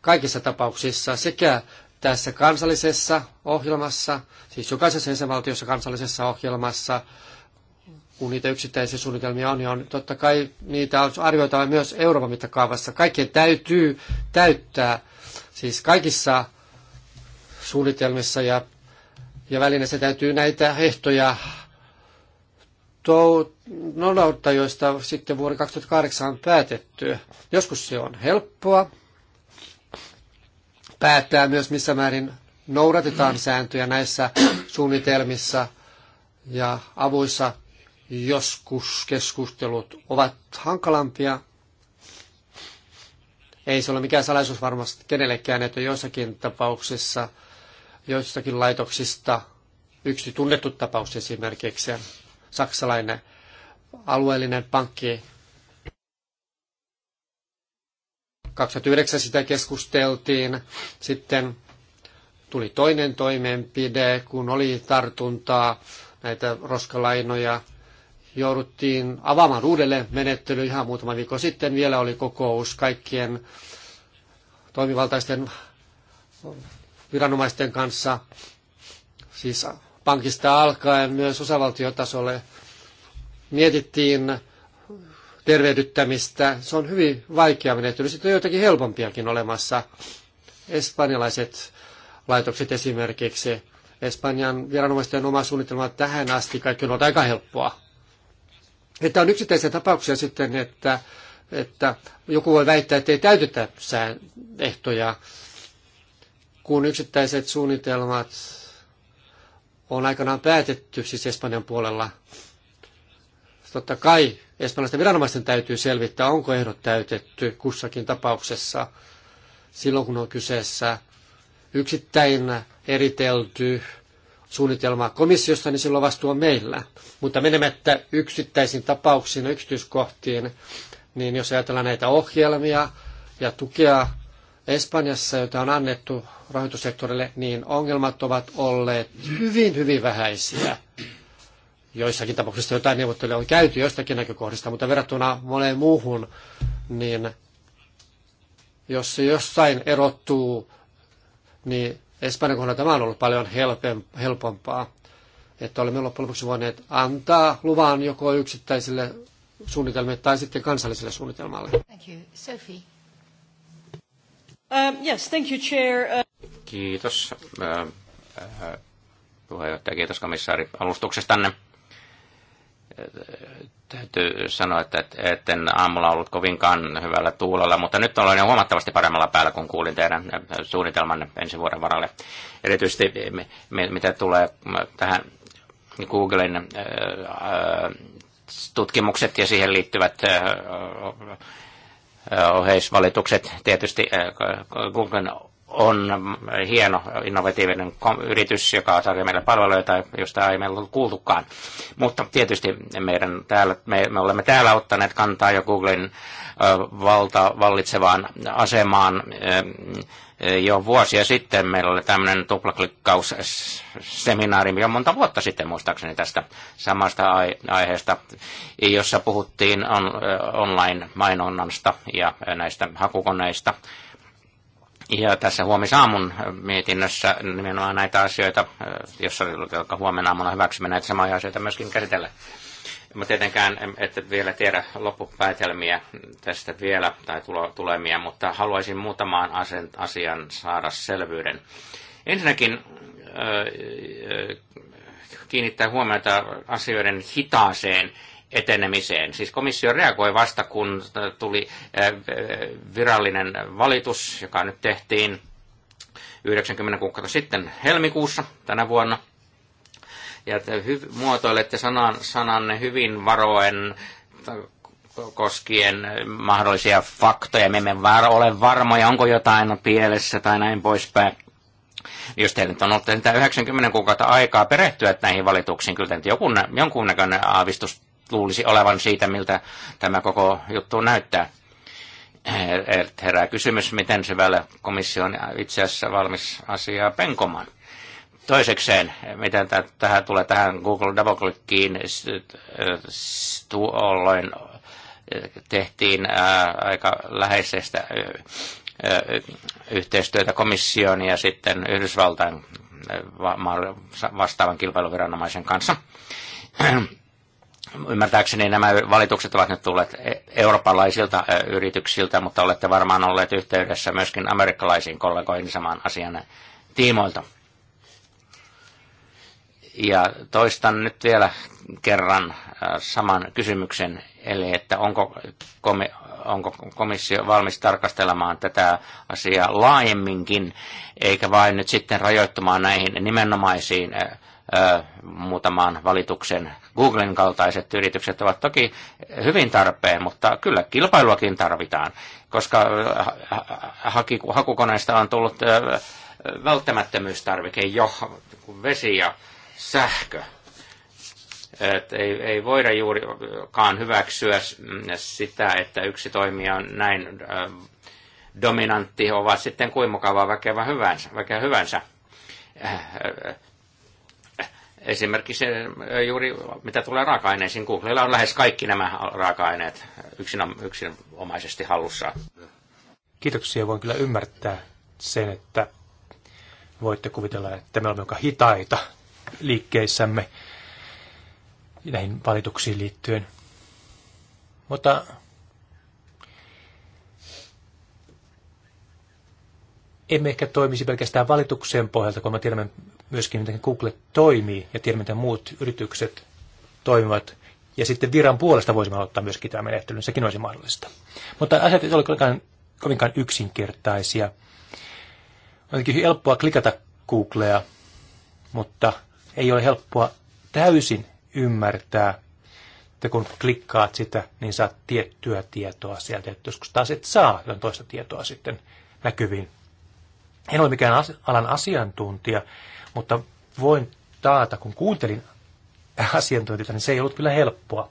kaikissa tapauksissa sekä tässä kansallisessa ohjelmassa, siis jokaisessa jäsenvaltiossa kansallisessa ohjelmassa, kun niitä yksittäisiä suunnitelmia on, niin on totta kai niitä on arvioitava myös Euroopan mittakaavassa. Kaikkien täytyy täyttää, siis kaikissa suunnitelmissa ja, ja välineissä täytyy näitä ehtoja noudattaa, joista sitten vuoden 2008 on päätetty. Joskus se on helppoa päättää myös, missä määrin noudatetaan sääntöjä näissä suunnitelmissa ja avuissa Joskus keskustelut ovat hankalampia. Ei se ole mikään salaisuus varmasti kenellekään, että joissakin tapauksissa, joissakin laitoksista, yksi tunnettu tapaus esimerkiksi, saksalainen alueellinen pankki 2009 sitä keskusteltiin. Sitten tuli toinen toimenpide, kun oli tartuntaa näitä roskalainoja jouduttiin avaamaan uudelle menettely ihan muutama viikko sitten. Vielä oli kokous kaikkien toimivaltaisten viranomaisten kanssa, siis pankista alkaen myös osavaltiotasolle mietittiin tervehdyttämistä. Se on hyvin vaikea menettely. Sitten on joitakin helpompiakin olemassa. Espanjalaiset laitokset esimerkiksi. Espanjan viranomaisten oma suunnitelma tähän asti kaikki on ollut aika helppoa. Että on yksittäisiä tapauksia sitten, että, että joku voi väittää, että ei täytetä ehtoja, kun yksittäiset suunnitelmat on aikanaan päätetty siis Espanjan puolella. Totta kai espanjalaisten viranomaisten täytyy selvittää, onko ehdot täytetty kussakin tapauksessa silloin, kun on kyseessä yksittäin eritelty suunnitelmaa komissiosta, niin silloin vastuu on meillä. Mutta menemättä yksittäisiin tapauksiin ja yksityiskohtiin, niin jos ajatellaan näitä ohjelmia ja tukea Espanjassa, jota on annettu rahoitussektorille, niin ongelmat ovat olleet hyvin, hyvin vähäisiä. Joissakin tapauksissa jotain neuvotteluja on käyty joistakin näkökohdista, mutta verrattuna moneen muuhun, niin jos se jossain erottuu, niin Espanjan kohdalla tämä on ollut paljon helpompaa, että olemme loppujen lopuksi voineet antaa luvan joko yksittäisille suunnitelmille tai sitten kansalliselle suunnitelmalle. Thank you. Sophie. Um, yes, thank you, chair. Uh... Kiitos, uh, uh, puheenjohtaja. Kiitos komissaari alustuksestanne täytyy sanoa, että, etten en aamulla ollut kovinkaan hyvällä tuulella, mutta nyt olen jo huomattavasti paremmalla päällä, kun kuulin teidän suunnitelman ensi vuoden varalle. Erityisesti mitä tulee tähän Googlen äh, tutkimukset ja siihen liittyvät äh, oheisvalitukset, tietysti äh, Googlen on hieno innovatiivinen yritys, joka tarjoaa meille palveluita, josta ei meillä ole kuultukaan. Mutta tietysti meidän täällä, me, me olemme täällä ottaneet kantaa jo Googlen ö, valta, vallitsevaan asemaan ö, jo vuosia sitten. Meillä oli tämmöinen tuplaklikkausseminaari jo monta vuotta sitten muistaakseni tästä samasta aiheesta, jossa puhuttiin on, online-mainonnasta ja näistä hakukoneista – ja tässä huomisaamun mietinnössä nimenomaan näitä asioita, jossa huomenna aamuna hyväksymme näitä samoja asioita myöskin käsitellä. Mutta tietenkään et vielä tiedä loppupäätelmiä tästä vielä tai tulo, tulemia, mutta haluaisin muutamaan asian saada selvyyden. Ensinnäkin kiinnittää huomiota asioiden hitaaseen etenemiseen. Siis komissio reagoi vasta, kun tuli äh, virallinen valitus, joka nyt tehtiin 90 kuukautta sitten helmikuussa tänä vuonna. Ja te hyv- muotoilette sanan, sananne hyvin varoen koskien mahdollisia faktoja. Me emme var- ole varmoja, onko jotain pielessä tai näin poispäin. Jos teillä nyt on ollut 90 kuukautta aikaa perehtyä näihin valituksiin, kyllä te jonkun, jonkunnäköinen aavistus luulisi olevan siitä, miltä tämä koko juttu näyttää. Herää kysymys, miten syvällä komissio on itse asiassa valmis asiaa penkomaan. Toisekseen, miten tähän tulee tähän Google DoubleClickiin, tuolloin eh, tehtiin aika läheisestä yhteistyötä komission ja sitten Yhdysvaltain vastaavan kilpailuviranomaisen kanssa. Ymmärtääkseni nämä valitukset ovat nyt tulleet e- eurooppalaisilta yrityksiltä, mutta olette varmaan olleet yhteydessä myöskin amerikkalaisiin kollegoihin saman asian tiimoilta. Ja toistan nyt vielä kerran saman kysymyksen, eli että onko, komi, onko komissio valmis tarkastelemaan tätä asiaa laajemminkin, eikä vain nyt sitten rajoittumaan näihin nimenomaisiin ö, muutamaan valituksen Googlen kaltaiset yritykset ovat toki hyvin tarpeen, mutta kyllä kilpailuakin tarvitaan, koska äh, äh, äh, hakukoneista on tullut välttämättömyystarvike jo, vesi ja sähkö. Et ei, ei voida juurikaan hyväksyä mm, sitä, että yksi toimija on näin ähm, dominantti, ovat sitten kuin mukavaa väkeä hyvänsä. Väkeä hyvänsä Esimerkiksi juuri mitä tulee raaka-aineisiin, Googlella on lähes kaikki nämä raaka-aineet yksin, yksinomaisesti hallussa. Kiitoksia, voin kyllä ymmärtää sen, että voitte kuvitella, että me olemme aika hitaita liikkeissämme näihin valituksiin liittyen. Mutta emme ehkä toimisi pelkästään valituksen pohjalta, kun me tiedämme myöskin, miten Google toimii ja tiedämme, miten muut yritykset toimivat. Ja sitten viran puolesta voisimme aloittaa myöskin tämä menettely, niin sekin olisi mahdollista. Mutta asiat eivät ole kovinkaan, kovinkaan yksinkertaisia. On jotenkin helppoa klikata Googlea, mutta ei ole helppoa täysin ymmärtää, että kun klikkaat sitä, niin saat tiettyä tietoa sieltä. Että joskus taas et saa jotain toista tietoa sitten näkyviin en ole mikään alan asiantuntija, mutta voin taata, kun kuuntelin asiantuntijoita, niin se ei ollut kyllä helppoa.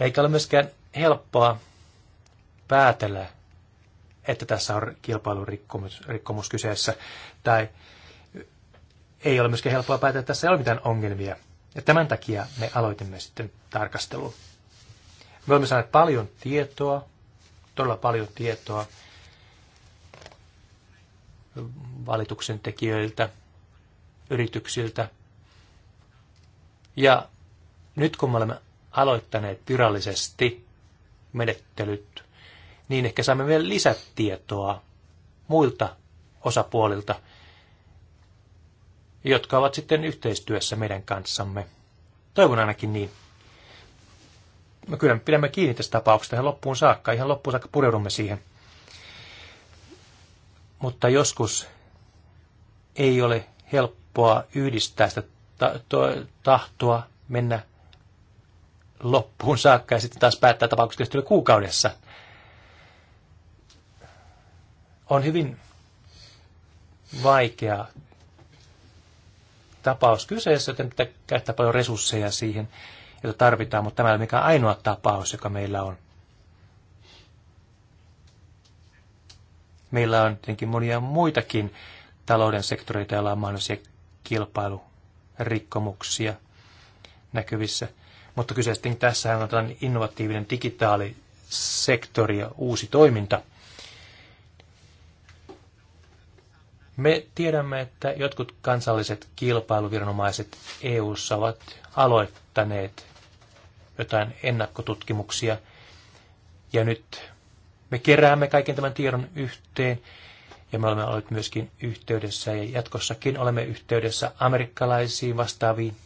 Eikä ole myöskään helppoa päätellä, että tässä on kilpailurikkomus rikkomus kyseessä, tai ei ole myöskään helppoa päätellä, että tässä ei ole mitään ongelmia. Ja tämän takia me aloitimme sitten tarkastelun. Me olemme saaneet paljon tietoa, todella paljon tietoa, valituksen tekijöiltä, yrityksiltä. Ja nyt kun me olemme aloittaneet virallisesti menettelyt, niin ehkä saamme vielä lisätietoa muilta osapuolilta, jotka ovat sitten yhteistyössä meidän kanssamme. Toivon ainakin niin. No me kyllä pidämme kiinni tästä tapauksesta ihan loppuun saakka, ihan loppuun saakka pureudumme siihen – mutta joskus ei ole helppoa yhdistää sitä tahtoa mennä loppuun saakka ja sitten taas päättää tapauksesta kuukaudessa. On hyvin vaikea tapaus kyseessä, joten pitää käyttää paljon resursseja siihen, joita tarvitaan, mutta tämä ei ole mikään ainoa tapaus, joka meillä on. meillä on tietenkin monia muitakin talouden sektoreita, joilla on mahdollisia kilpailurikkomuksia näkyvissä. Mutta kyseessä tässä on tällainen innovatiivinen digitaalisektori ja uusi toiminta. Me tiedämme, että jotkut kansalliset kilpailuviranomaiset EU:ssa ovat aloittaneet jotain ennakkotutkimuksia ja nyt me keräämme kaiken tämän tiedon yhteen ja me olemme olleet myöskin yhteydessä ja jatkossakin olemme yhteydessä amerikkalaisiin vastaaviin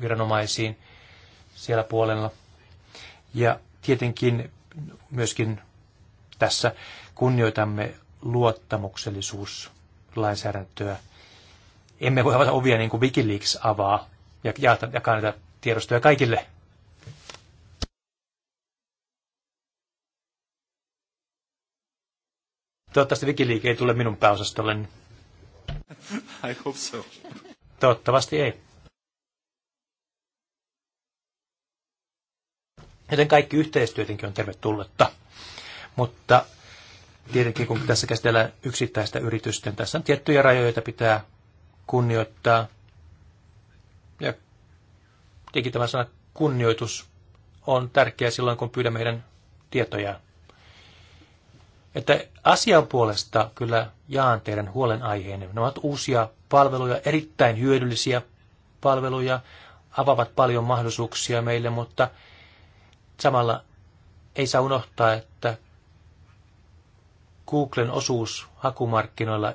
viranomaisiin siellä puolella. Ja tietenkin myöskin tässä kunnioitamme luottamuksellisuuslainsäädäntöä. Emme voi avata ovia niin kuin Wikileaks avaa ja jakaa näitä tiedostoja kaikille Toivottavasti Wikileaks ei tule minun pääosastolle. I hope so. Toivottavasti ei. Joten kaikki yhteistyötenkin on tervetullutta. Mutta tietenkin kun tässä käsitellään yksittäistä yritystä, niin tässä on tiettyjä rajoja, joita pitää kunnioittaa. Ja tietenkin tämä sana kunnioitus on tärkeä silloin, kun pyydämme meidän tietojaan että asian puolesta kyllä jaan teidän huolenaiheenne. Ne ovat uusia palveluja, erittäin hyödyllisiä palveluja, avaavat paljon mahdollisuuksia meille, mutta samalla ei saa unohtaa, että Googlen osuus hakumarkkinoilla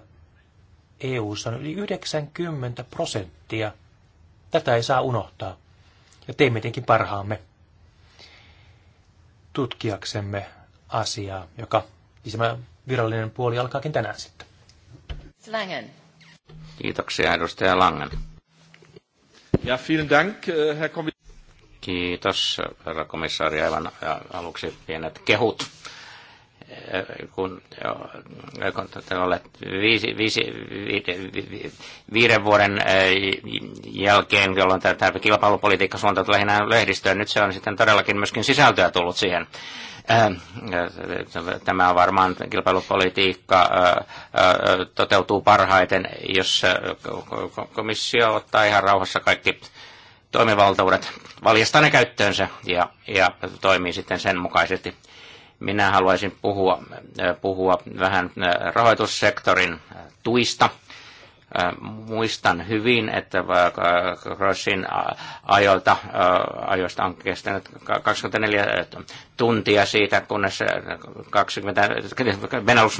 eu on yli 90 prosenttia. Tätä ei saa unohtaa. Ja teemme tietenkin parhaamme tutkiaksemme asiaa, joka ja tämä virallinen puoli alkaakin tänään sitten. Langen. Kiitoksia edustaja Langen. Ja vielen dank, äh, herr Kiitos, herra komissaari. Aivan äh, aluksi pienet kehut kun äh, olet viisi, viisi, viiden vuoden äh, jälkeen, jolloin tämä kilpailupolitiikka suuntautui lähinnä lehdistöön, nyt se on sitten todellakin myöskin sisältöä tullut siihen. Äh, tämä on varmaan kilpailupolitiikka toteutuu parhaiten, jos komissio ottaa ihan rauhassa kaikki toimivaltuudet, valjastaa ne käyttöönsä ja, ja toimii sitten sen mukaisesti minä haluaisin puhua, äh, puhua vähän äh, rahoitussektorin äh, tuista. Muistan hyvin, että Crossin ajoilta, ajoista on kestänyt 24 tuntia siitä, kunnes 20 benelux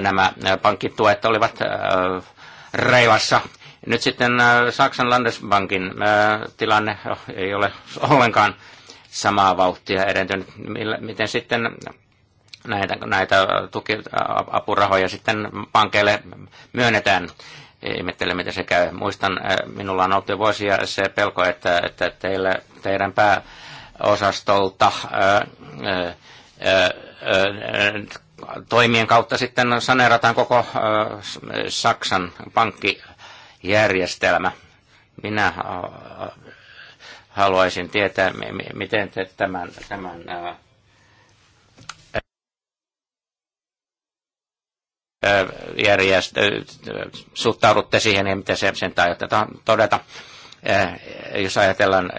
nämä pankkituet olivat reivassa nyt sitten Saksan Landesbankin tilanne oh, ei ole ollenkaan samaa vauhtia edentynyt. Miten sitten näitä, näitä tuki, apurahoja sitten pankeille myönnetään? Ihmettelen, miten se käy. Muistan, minulla on ollut jo vuosia se pelko, että, että teille, teidän pääosastolta ää, ää, ää, toimien kautta sitten saneerataan koko Saksan pankkijärjestelmä. Minä haluaisin tietää, miten te tämän, tämän ää, järjest, suhtaudutte siihen ja mitä se sen taitataan todeta. jos ajatellaan,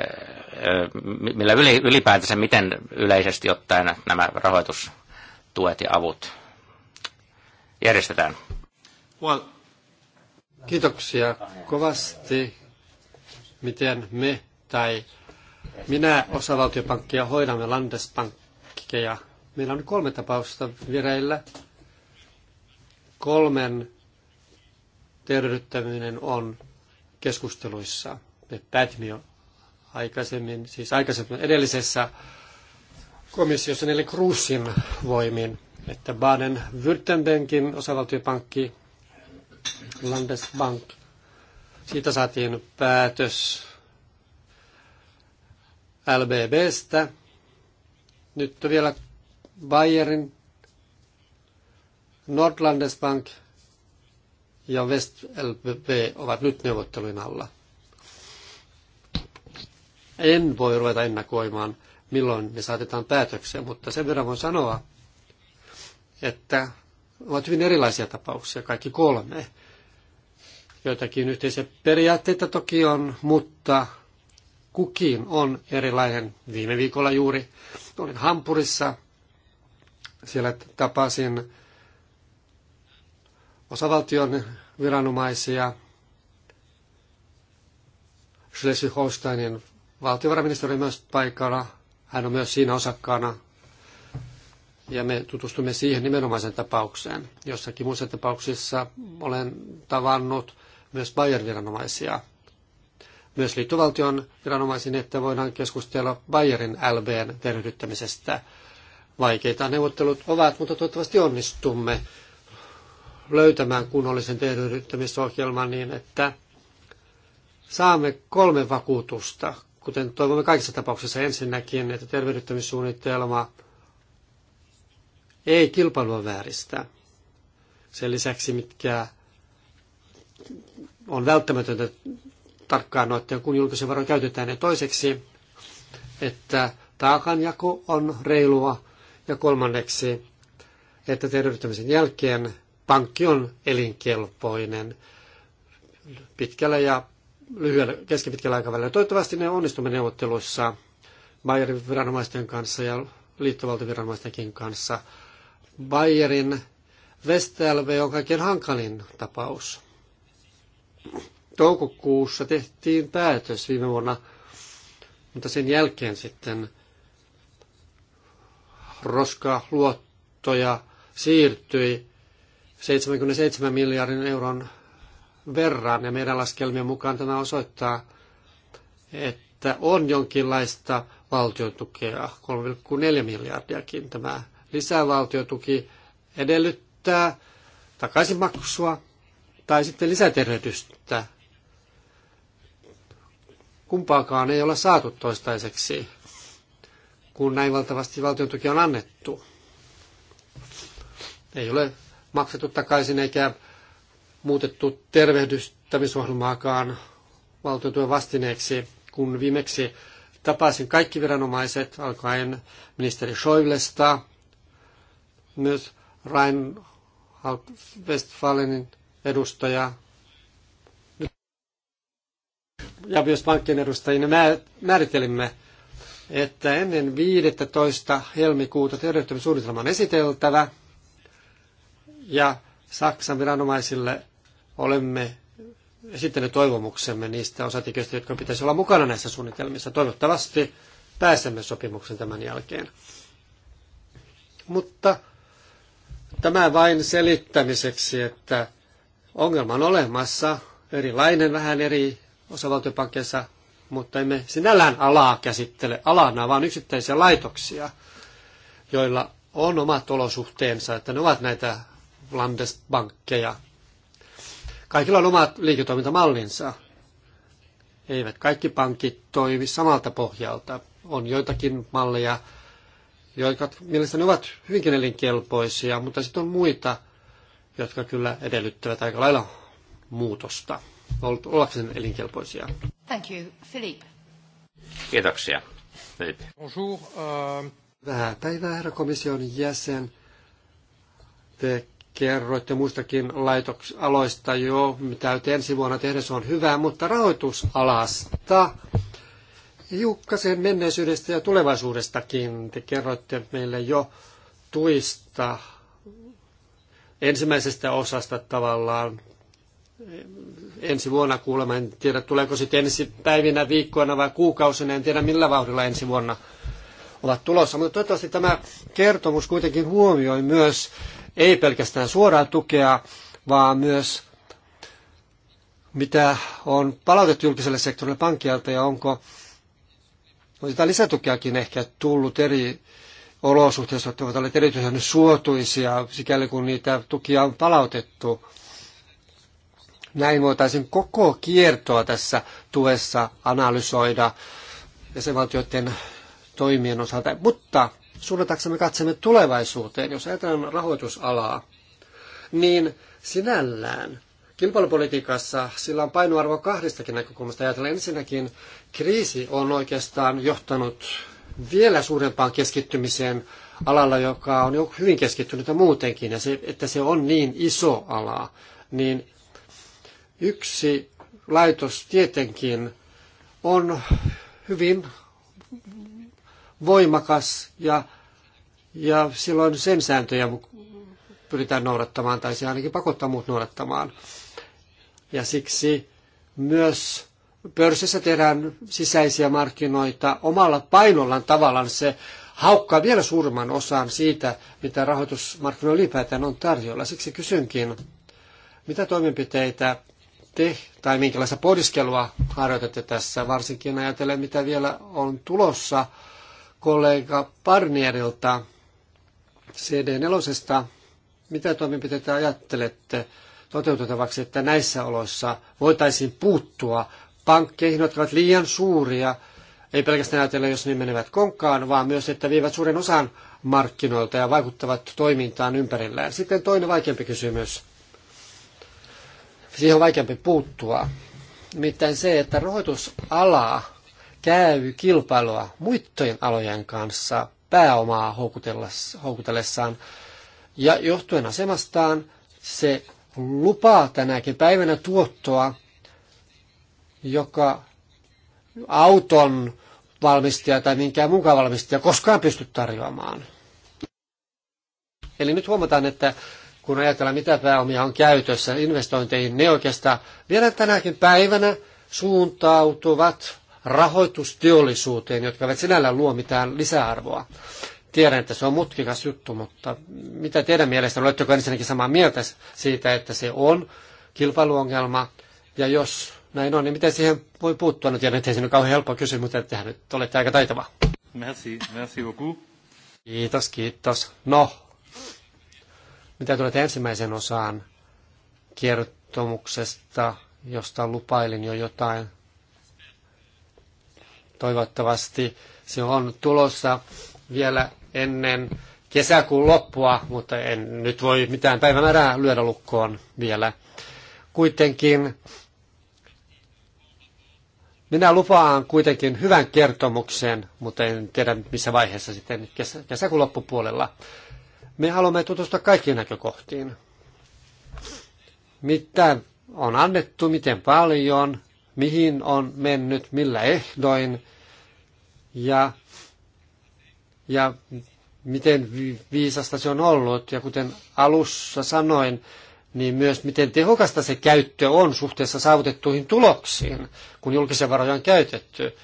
millä ylipäätänsä, miten yleisesti ottaen nämä rahoitustuet ja avut järjestetään? Well, Kiitoksia kovasti, miten me tai minä osavaltiopankkia hoidamme Landespankkeja. Meillä on kolme tapausta vireillä. Kolmen terveyttäminen on keskusteluissa. Me päätimme jo aikaisemmin, siis aikaisemmin edellisessä komissiossa eli Kruusin voimin, että Baden-Württembergin osavaltiopankki Landesbank, siitä saatiin päätös LBBstä. Nyt on vielä Bayerin, Nordlandesbank ja West LBB ovat nyt neuvottelujen alla. En voi ruveta ennakoimaan, milloin ne saatetaan päätökseen, mutta sen verran voin sanoa, että ovat hyvin erilaisia tapauksia, kaikki kolme. Joitakin yhteisiä periaatteita toki on, mutta kukin on erilainen. Viime viikolla juuri olin Hampurissa. Siellä tapasin osavaltion viranomaisia, Schleswig-Holsteinin valtiovarainministeri myös paikalla. Hän on myös siinä osakkaana. Ja me tutustumme siihen nimenomaisen tapaukseen. Jossakin muissa tapauksissa olen tavannut myös bayern – myös liittovaltion viranomaisin, että voidaan keskustella Bayerin LBn tervehdyttämisestä. Vaikeita neuvottelut ovat, mutta toivottavasti onnistumme löytämään kunnollisen tervehdyttämisohjelman niin, että saamme kolme vakuutusta, kuten toivomme kaikissa tapauksissa ensinnäkin, että tervehdyttämissuunnitelma ei kilpailua vääristä. Sen lisäksi, mitkä on välttämätöntä tarkkaan noiden, kun julkisen varoja käytetään. Ja toiseksi, että taakanjako on reilua. Ja kolmanneksi, että terveyttämisen jälkeen pankki on elinkelpoinen pitkällä ja lyhyellä, keskipitkällä aikavälillä. Toivottavasti ne onnistumme neuvotteluissa Bayerin viranomaisten kanssa ja liittovaltioviranomaistenkin kanssa. Bayerin Vestelve on kaikkein hankalin tapaus toukokuussa tehtiin päätös viime vuonna, mutta sen jälkeen sitten roska luottoja siirtyi 77 miljardin euron verran ja meidän laskelmien mukaan tämä osoittaa, että on jonkinlaista valtiotukea, 3,4 miljardiakin tämä lisävaltiotuki edellyttää takaisinmaksua tai sitten lisätervehdystä Kumpaakaan ei ole saatu toistaiseksi, kun näin valtavasti valtion tuki on annettu. Ei ole maksettu takaisin eikä muutettu tervehdystämisohjelmaakaan valtion vastineeksi, kun viimeksi tapasin kaikki viranomaiset, alkaen ministeri Schäublesta, myös Rain Westfalenin edustaja ja myös pankkien edustajina määritelimme, että ennen 15. helmikuuta terveyttämissuunnitelma on esiteltävä ja Saksan viranomaisille olemme esittäneet toivomuksemme niistä osatekijöistä, jotka pitäisi olla mukana näissä suunnitelmissa. Toivottavasti pääsemme sopimuksen tämän jälkeen. Mutta tämä vain selittämiseksi, että ongelma on olemassa, erilainen vähän eri osavaltiopankkeissa, mutta emme sinällään alaa käsittele alana, vaan yksittäisiä laitoksia, joilla on omat olosuhteensa, että ne ovat näitä landesbankkeja. Kaikilla on omat liiketoimintamallinsa. Eivät kaikki pankit toimi samalta pohjalta. On joitakin malleja, jotka mielestäni ovat hyvinkin elinkelpoisia, mutta sitten on muita, jotka kyllä edellyttävät aika lailla muutosta ollakseen elinkelpoisia. Thank you, Philippe. Kiitoksia. Philippe. Bonjour. Uh... Vähän päivää, herra komission jäsen. Te kerroitte muistakin laitoksaloista jo, mitä ensi vuonna tehdä, se on hyvää, mutta rahoitusalasta, hiukkasen menneisyydestä ja tulevaisuudestakin te kerroitte meille jo tuista ensimmäisestä osasta tavallaan ensi vuonna kuulemma. En tiedä, tuleeko sitten ensi päivinä, viikkoina vai kuukausina. En tiedä, millä vauhdilla ensi vuonna ovat tulossa. Mutta toivottavasti tämä kertomus kuitenkin huomioi myös ei pelkästään suoraa tukea, vaan myös mitä on palautettu julkiselle sektorille pankkialta ja onko on sitä lisätukeakin ehkä tullut eri olosuhteissa, jotka ovat olleet erityisen suotuisia, sikäli kun niitä tukia on palautettu. Näin voitaisiin koko kiertoa tässä tuessa analysoida jäsenvaltioiden toimien osalta. Mutta suunnataksemme katsemme tulevaisuuteen, jos ajatellaan rahoitusalaa, niin sinällään kilpailupolitiikassa sillä on painoarvo kahdestakin näkökulmasta. Ajatellaan ensinnäkin kriisi on oikeastaan johtanut vielä suurempaan keskittymiseen alalla, joka on jo hyvin keskittynyt muutenkin, ja se, että se on niin iso ala, niin Yksi laitos tietenkin on hyvin voimakas ja, ja silloin sen sääntöjä pyritään noudattamaan tai se ainakin pakottaa muut noudattamaan. Ja siksi myös pörssissä tehdään sisäisiä markkinoita omalla painollaan tavallaan se haukkaa vielä suurman osan siitä, mitä rahoitusmarkkinoilla ylipäätään on tarjolla. Siksi kysynkin, mitä toimenpiteitä te tai minkälaista pohdiskelua harjoitatte tässä, varsinkin ajatellen mitä vielä on tulossa kollega Parnierilta CD4. Mitä toimenpiteitä ajattelette toteutettavaksi, että näissä oloissa voitaisiin puuttua pankkeihin, jotka ovat liian suuria, ei pelkästään ajatella, jos ne menevät konkaan, vaan myös, että vievät suuren osan markkinoilta ja vaikuttavat toimintaan ympärillään. Sitten toinen vaikeampi kysymys siihen on vaikeampi puuttua. Nimittäin se, että rahoitusala käy kilpailua muittojen alojen kanssa pääomaa houkutellessaan. Ja johtuen asemastaan se lupaa tänäkin päivänä tuottoa, joka auton valmistaja tai minkään mukaan valmistaja koskaan pysty tarjoamaan. Eli nyt huomataan, että kun ajatellaan mitä pääomia on käytössä investointeihin, ne oikeastaan vielä tänäkin päivänä suuntautuvat rahoitusteollisuuteen, jotka eivät sinällään luo mitään lisäarvoa. Tiedän, että se on mutkikas juttu, mutta mitä teidän mielestä, oletteko ensinnäkin samaa mieltä siitä, että se on kilpailuongelma, ja jos näin on, niin miten siihen voi puuttua? No tiedän, että ei se nyt kauhean helppo kysymys, mutta tehän nyt olette aika taitavaa. Merci, merci beaucoup. Kiitos, kiitos. No, mitä tulee ensimmäisen osaan kertomuksesta, josta lupailin jo jotain, toivottavasti se on tulossa vielä ennen kesäkuun loppua, mutta en nyt voi mitään päivämäärää lyödä lukkoon vielä. Kuitenkin minä lupaan kuitenkin hyvän kertomuksen, mutta en tiedä missä vaiheessa sitten kesä, kesäkuun loppupuolella. Me haluamme tutustua kaikkiin näkökohtiin. Mitä on annettu, miten paljon, mihin on mennyt, millä ehdoin ja, ja miten viisasta se on ollut. Ja kuten alussa sanoin, niin myös miten tehokasta se käyttö on suhteessa saavutettuihin tuloksiin, kun julkisia varoja on käytetty.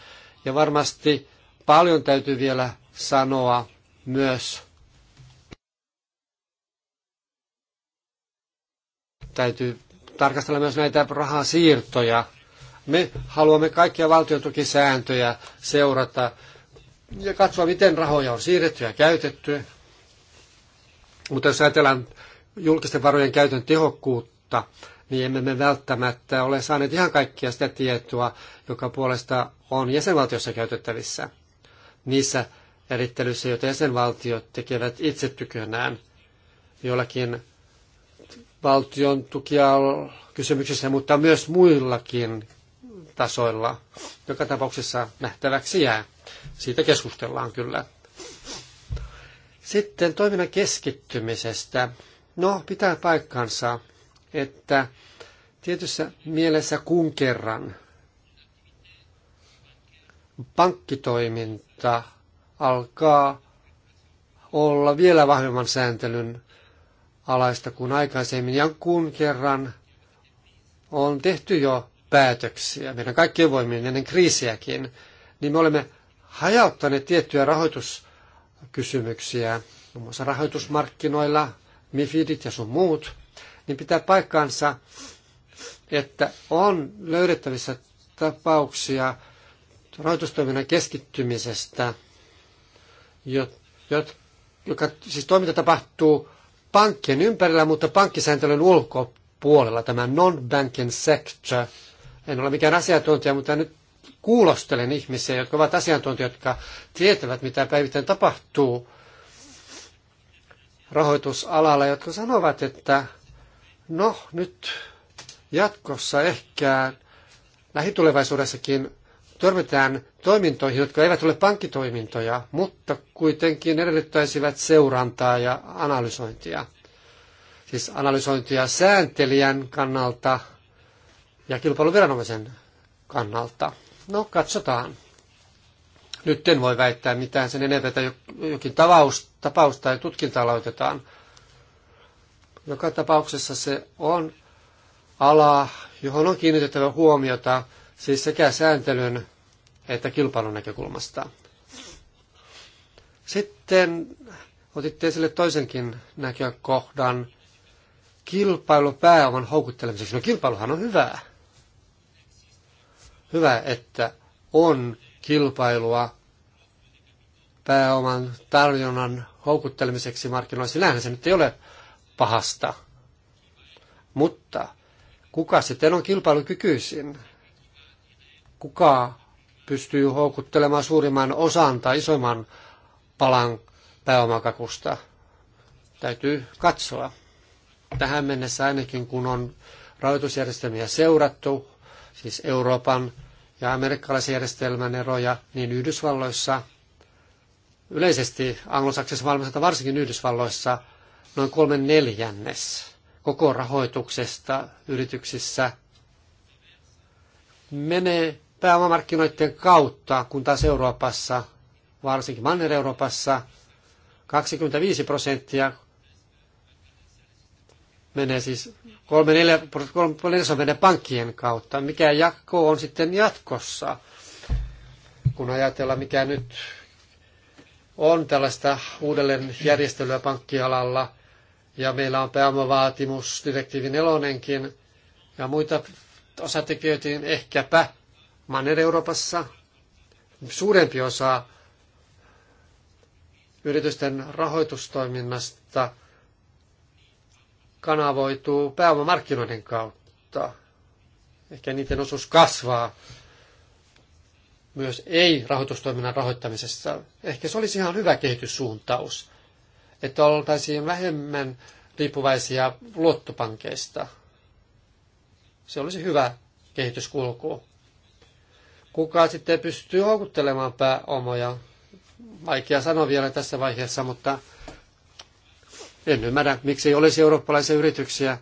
Ja varmasti paljon täytyy vielä sanoa myös Täytyy tarkastella myös näitä rahasiirtoja. Me haluamme kaikkia valtiotukisääntöjä seurata ja katsoa, miten rahoja on siirretty ja käytetty. Mutta jos ajatellaan julkisten varojen käytön tehokkuutta, niin emme me välttämättä ole saaneet ihan kaikkia sitä tietoa, joka puolesta on jäsenvaltiossa käytettävissä. Niissä erittelyissä, joita jäsenvaltiot tekevät itse tykönään jollakin valtion tukia kysymyksessä, mutta myös muillakin tasoilla. Joka tapauksessa nähtäväksi jää. Siitä keskustellaan kyllä. Sitten toiminnan keskittymisestä. No, pitää paikkansa, että tietyssä mielessä kun kerran pankkitoiminta alkaa olla vielä vahvemman sääntelyn alaista kuin aikaisemmin. Ja kun kerran on tehty jo päätöksiä, meidän kaikkien voimien ennen kriisiäkin, niin me olemme hajauttaneet tiettyjä rahoituskysymyksiä, muun muassa rahoitusmarkkinoilla, MIFIDit ja sun muut, niin pitää paikkansa, että on löydettävissä tapauksia rahoitustoiminnan keskittymisestä, joka siis toiminta tapahtuu pankkien ympärillä, mutta pankkisääntelyn ulkopuolella, tämä non-banking sector. En ole mikään asiantuntija, mutta nyt kuulostelen ihmisiä, jotka ovat asiantuntijoita, jotka tietävät, mitä päivittäin tapahtuu rahoitusalalla, jotka sanovat, että no nyt jatkossa ehkä lähitulevaisuudessakin törmätään toimintoihin, jotka eivät ole pankkitoimintoja, mutta kuitenkin edellyttäisivät seurantaa ja analysointia. Siis analysointia sääntelijän kannalta ja kilpailuviranomaisen kannalta. No, katsotaan. Nyt en voi väittää mitään sen enempää, että jokin tapaus, tapaus tai tutkinta aloitetaan. Joka tapauksessa se on ala, johon on kiinnitettävä huomiota – Siis sekä sääntelyn että kilpailun näkökulmasta. Sitten otitte esille toisenkin näkökohdan, kilpailu pääoman houkuttelemiseksi. No kilpailuhan on hyvää. Hyvä, että on kilpailua pääoman tarjonnan houkuttelemiseksi markkinoissa. Sillähän se nyt ei ole pahasta. Mutta kuka sitten on kilpailukykyisin? kuka pystyy houkuttelemaan suurimman osan tai isoimman palan pääomakakusta. Täytyy katsoa. Tähän mennessä ainakin kun on rahoitusjärjestelmiä seurattu, siis Euroopan ja amerikkalaisen järjestelmän eroja, niin Yhdysvalloissa, yleisesti anglosaksisessa maailmassa, varsinkin Yhdysvalloissa, noin kolme neljännes koko rahoituksesta yrityksissä menee pääomamarkkinoiden kautta, kun taas Euroopassa, varsinkin Manner-Euroopassa, 25 prosenttia menee siis 3 4, 3 menee pankkien kautta. Mikä jakko on sitten jatkossa, kun ajatellaan mikä nyt on tällaista uudelleen järjestelyä pankkialalla, ja meillä on pääomavaatimus, direktiivi nelonenkin, ja muita osatekijöitä, niin ehkäpä Manner-Euroopassa suurempi osa yritysten rahoitustoiminnasta kanavoituu pääomamarkkinoiden kautta. Ehkä niiden osuus kasvaa myös ei-rahoitustoiminnan rahoittamisessa. Ehkä se olisi ihan hyvä kehityssuuntaus, että oltaisiin vähemmän riippuvaisia luottopankeista. Se olisi hyvä kehityskulku kuka sitten pystyy houkuttelemaan pääomoja. Vaikea sanoa vielä tässä vaiheessa, mutta en ymmärrä, miksi ei olisi eurooppalaisia yrityksiä,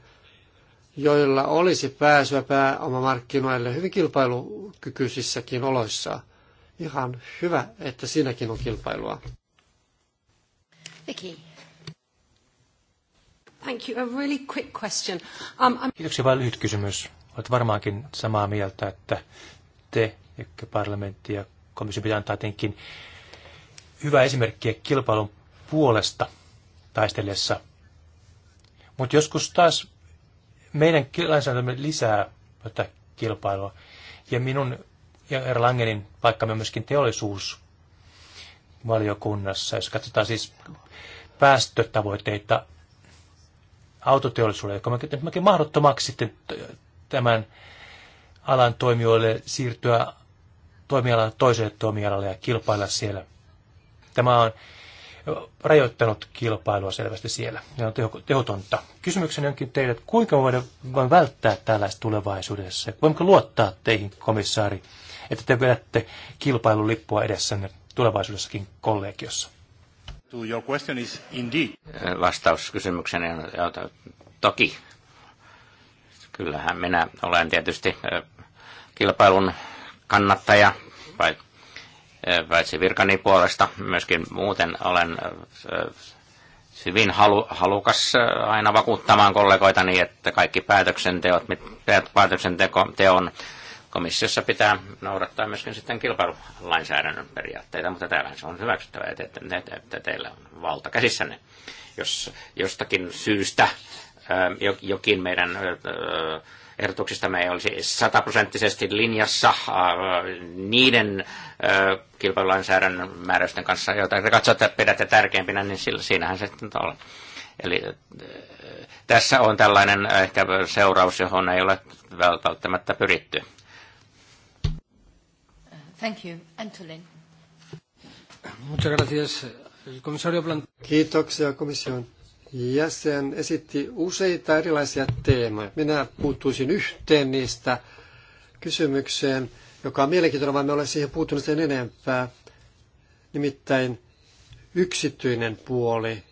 joilla olisi pääsyä pääomamarkkinoille hyvin kilpailukykyisissäkin oloissa. Ihan hyvä, että siinäkin on kilpailua. Vicky. Thank you. A really quick question. Um, Kiitoksia vain lyhyt kysymys. Olet varmaankin samaa mieltä, että te Ehkä parlamentti ja komissio pitää antaa tietenkin hyvä esimerkkiä kilpailun puolesta taistellessa. Mutta joskus taas meidän lainsäädäntömme lisää tätä kilpailua. Ja minun ja herra Langenin me myöskin teollisuusvaliokunnassa, jos katsotaan siis päästötavoitteita autoteollisuudelle, joka on mahdottomaksi sitten tämän alan toimijoille siirtyä toimialalta toiselle toimialalle ja kilpailla siellä. Tämä on rajoittanut kilpailua selvästi siellä. Ne on tehotonta. Kysymykseni onkin teille, että kuinka me voidaan välttää tällaista tulevaisuudessa? Voimmeko luottaa teihin, komissaari, että te vedätte kilpailulippua edessänne tulevaisuudessakin kollegiossa? To your question is indeed. Vastaus kysymykseen on toki. Kyllähän minä olen tietysti kilpailun kannattaja, eh, paitsi virkani puolesta, myöskin muuten olen eh, hyvin halu, halukas eh, aina vakuuttamaan niin, että kaikki päätöksenteot, päätöksenteon komissiossa pitää noudattaa myöskin sitten kilpailulainsäädännön periaatteita, mutta täällä se on hyväksyttävä, että, että, että teillä on valta käsissänne. Jos jostakin syystä jokin meidän me ei olisi sataprosenttisesti linjassa äh, niiden äh, kilpailulainsäädännön määräysten kanssa, joita te katsotte pidätte tärkeimpinä, niin sillä, siinähän se sitten on. Eli äh, tässä on tällainen ehkä seuraus, johon ei ole välttämättä pyritty. Thank you. Antolin. Muchas gracias. El comisario Kiitoksia komission jäsen esitti useita erilaisia teemoja. Minä puuttuisin yhteen niistä kysymykseen, joka on mielenkiintoinen, vaan me olemme siihen puuttunut sen enempää, nimittäin yksityinen puoli.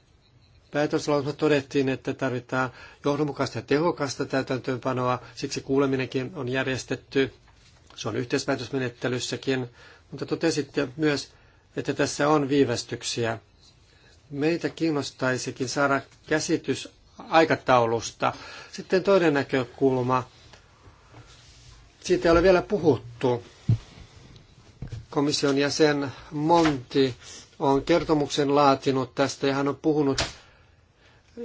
Päätöslausumassa todettiin, että tarvitaan johdonmukaista ja tehokasta täytäntöönpanoa, siksi kuuleminenkin on järjestetty. Se on yhteispäätösmenettelyssäkin, mutta totesitte myös, että tässä on viivästyksiä Meitä kiinnostaisikin saada käsitys aikataulusta. Sitten toinen näkökulma. Siitä ei ole vielä puhuttu. Komission jäsen Monti on kertomuksen laatinut tästä ja hän on puhunut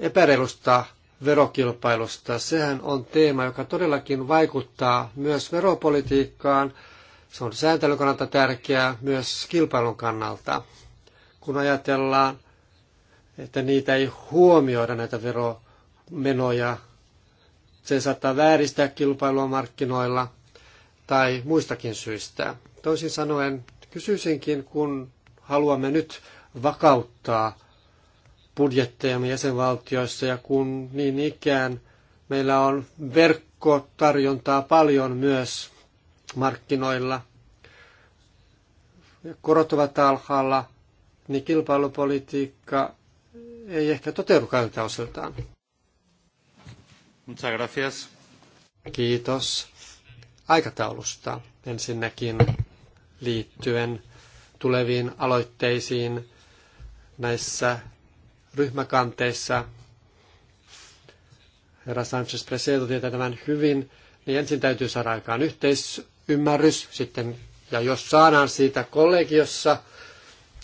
epäreilusta verokilpailusta. Sehän on teema, joka todellakin vaikuttaa myös veropolitiikkaan. Se on sääntelyn kannalta tärkeää myös kilpailun kannalta. Kun ajatellaan että niitä ei huomioida näitä veromenoja. Se saattaa vääristää kilpailua markkinoilla tai muistakin syistä. Toisin sanoen kysyisinkin, kun haluamme nyt vakauttaa budjettejamme jäsenvaltioissa ja kun niin ikään meillä on verkkotarjontaa paljon myös markkinoilla. Korot ovat alhaalla, niin kilpailupolitiikka ei ehkä toteudu kaikilta osiltaan. Muchas gracias. Kiitos aikataulusta ensinnäkin liittyen tuleviin aloitteisiin näissä ryhmäkanteissa. Herra Sanchez Presedo tietää tämän hyvin, niin ensin täytyy saada aikaan yhteisymmärrys, sitten, ja jos saadaan siitä kollegiossa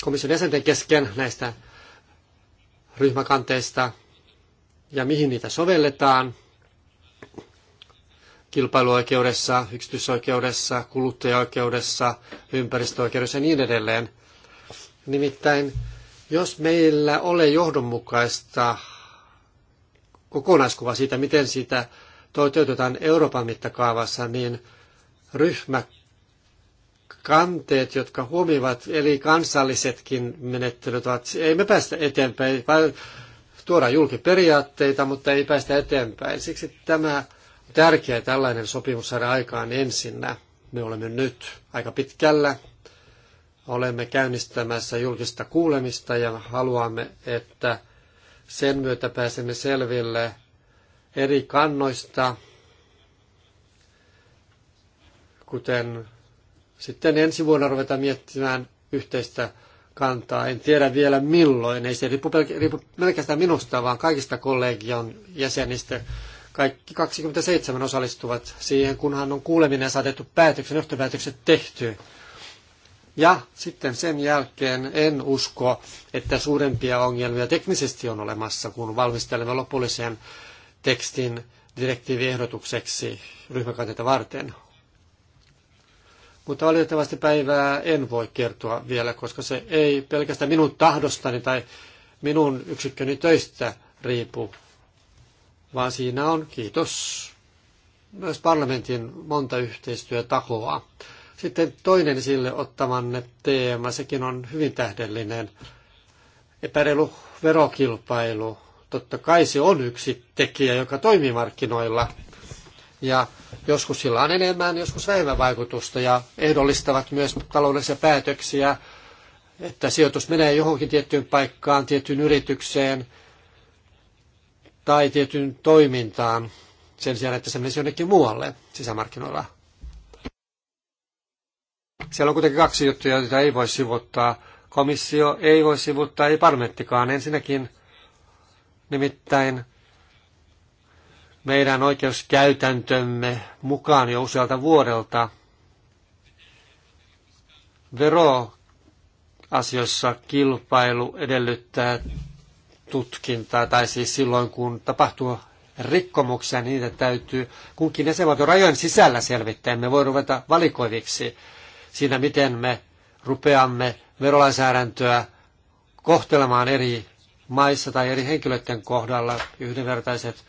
komission jäsenten kesken näistä ryhmäkanteista ja mihin niitä sovelletaan kilpailuoikeudessa, yksityisoikeudessa, kuluttajaoikeudessa, ympäristöoikeudessa ja niin edelleen. Nimittäin, jos meillä ole johdonmukaista kokonaiskuva siitä, miten sitä toteutetaan Euroopan mittakaavassa, niin ryhmä kanteet, jotka huomioivat eli kansallisetkin menettelyt, ovat, ei me päästä eteenpäin, vaan tuodaan julkiperiaatteita, mutta ei päästä eteenpäin. Siksi tämä on tärkeä tällainen sopimus saada aikaan ensinnä. Me olemme nyt aika pitkällä. Olemme käynnistämässä julkista kuulemista ja haluamme, että sen myötä pääsemme selville eri kannoista, kuten sitten ensi vuonna ruvetaan miettimään yhteistä kantaa. En tiedä vielä milloin. Ei se riippu, pelk- riippu pelkästään minusta, vaan kaikista kollegion jäsenistä. Kaikki 27 osallistuvat siihen, kunhan on kuuleminen saatettu päätöksen, johtopäätökset tehty. Ja sitten sen jälkeen en usko, että suurempia ongelmia teknisesti on olemassa, kun valmistelemme lopullisen tekstin direktiiviehdotukseksi ryhmäkanteita varten. Mutta valitettavasti päivää en voi kertoa vielä, koska se ei pelkästään minun tahdostani tai minun yksikköni töistä riipu, vaan siinä on, kiitos, myös parlamentin monta yhteistyötahoa. Sitten toinen sille ottamanne teema, sekin on hyvin tähdellinen, epäreilu verokilpailu. Totta kai se on yksi tekijä, joka toimii markkinoilla – ja joskus sillä on enemmän, joskus vähemmän vaikutusta ja ehdollistavat myös taloudellisia päätöksiä, että sijoitus menee johonkin tiettyyn paikkaan, tiettyyn yritykseen tai tiettyyn toimintaan sen sijaan, että se menisi jonnekin muualle sisämarkkinoilla. Siellä on kuitenkin kaksi juttuja, joita ei voi sivuttaa. Komissio ei voi sivuttaa, ei parlamenttikaan. Ensinnäkin nimittäin meidän oikeuskäytäntömme mukaan jo usealta vuodelta. Veroasioissa kilpailu edellyttää tutkintaa, tai siis silloin kun tapahtuu rikkomuksia, niin niitä täytyy kunkin jäsenvaltion rajojen sisällä selvittää. Me voi ruveta valikoiviksi siinä, miten me rupeamme verolainsäädäntöä kohtelemaan eri maissa tai eri henkilöiden kohdalla yhdenvertaiset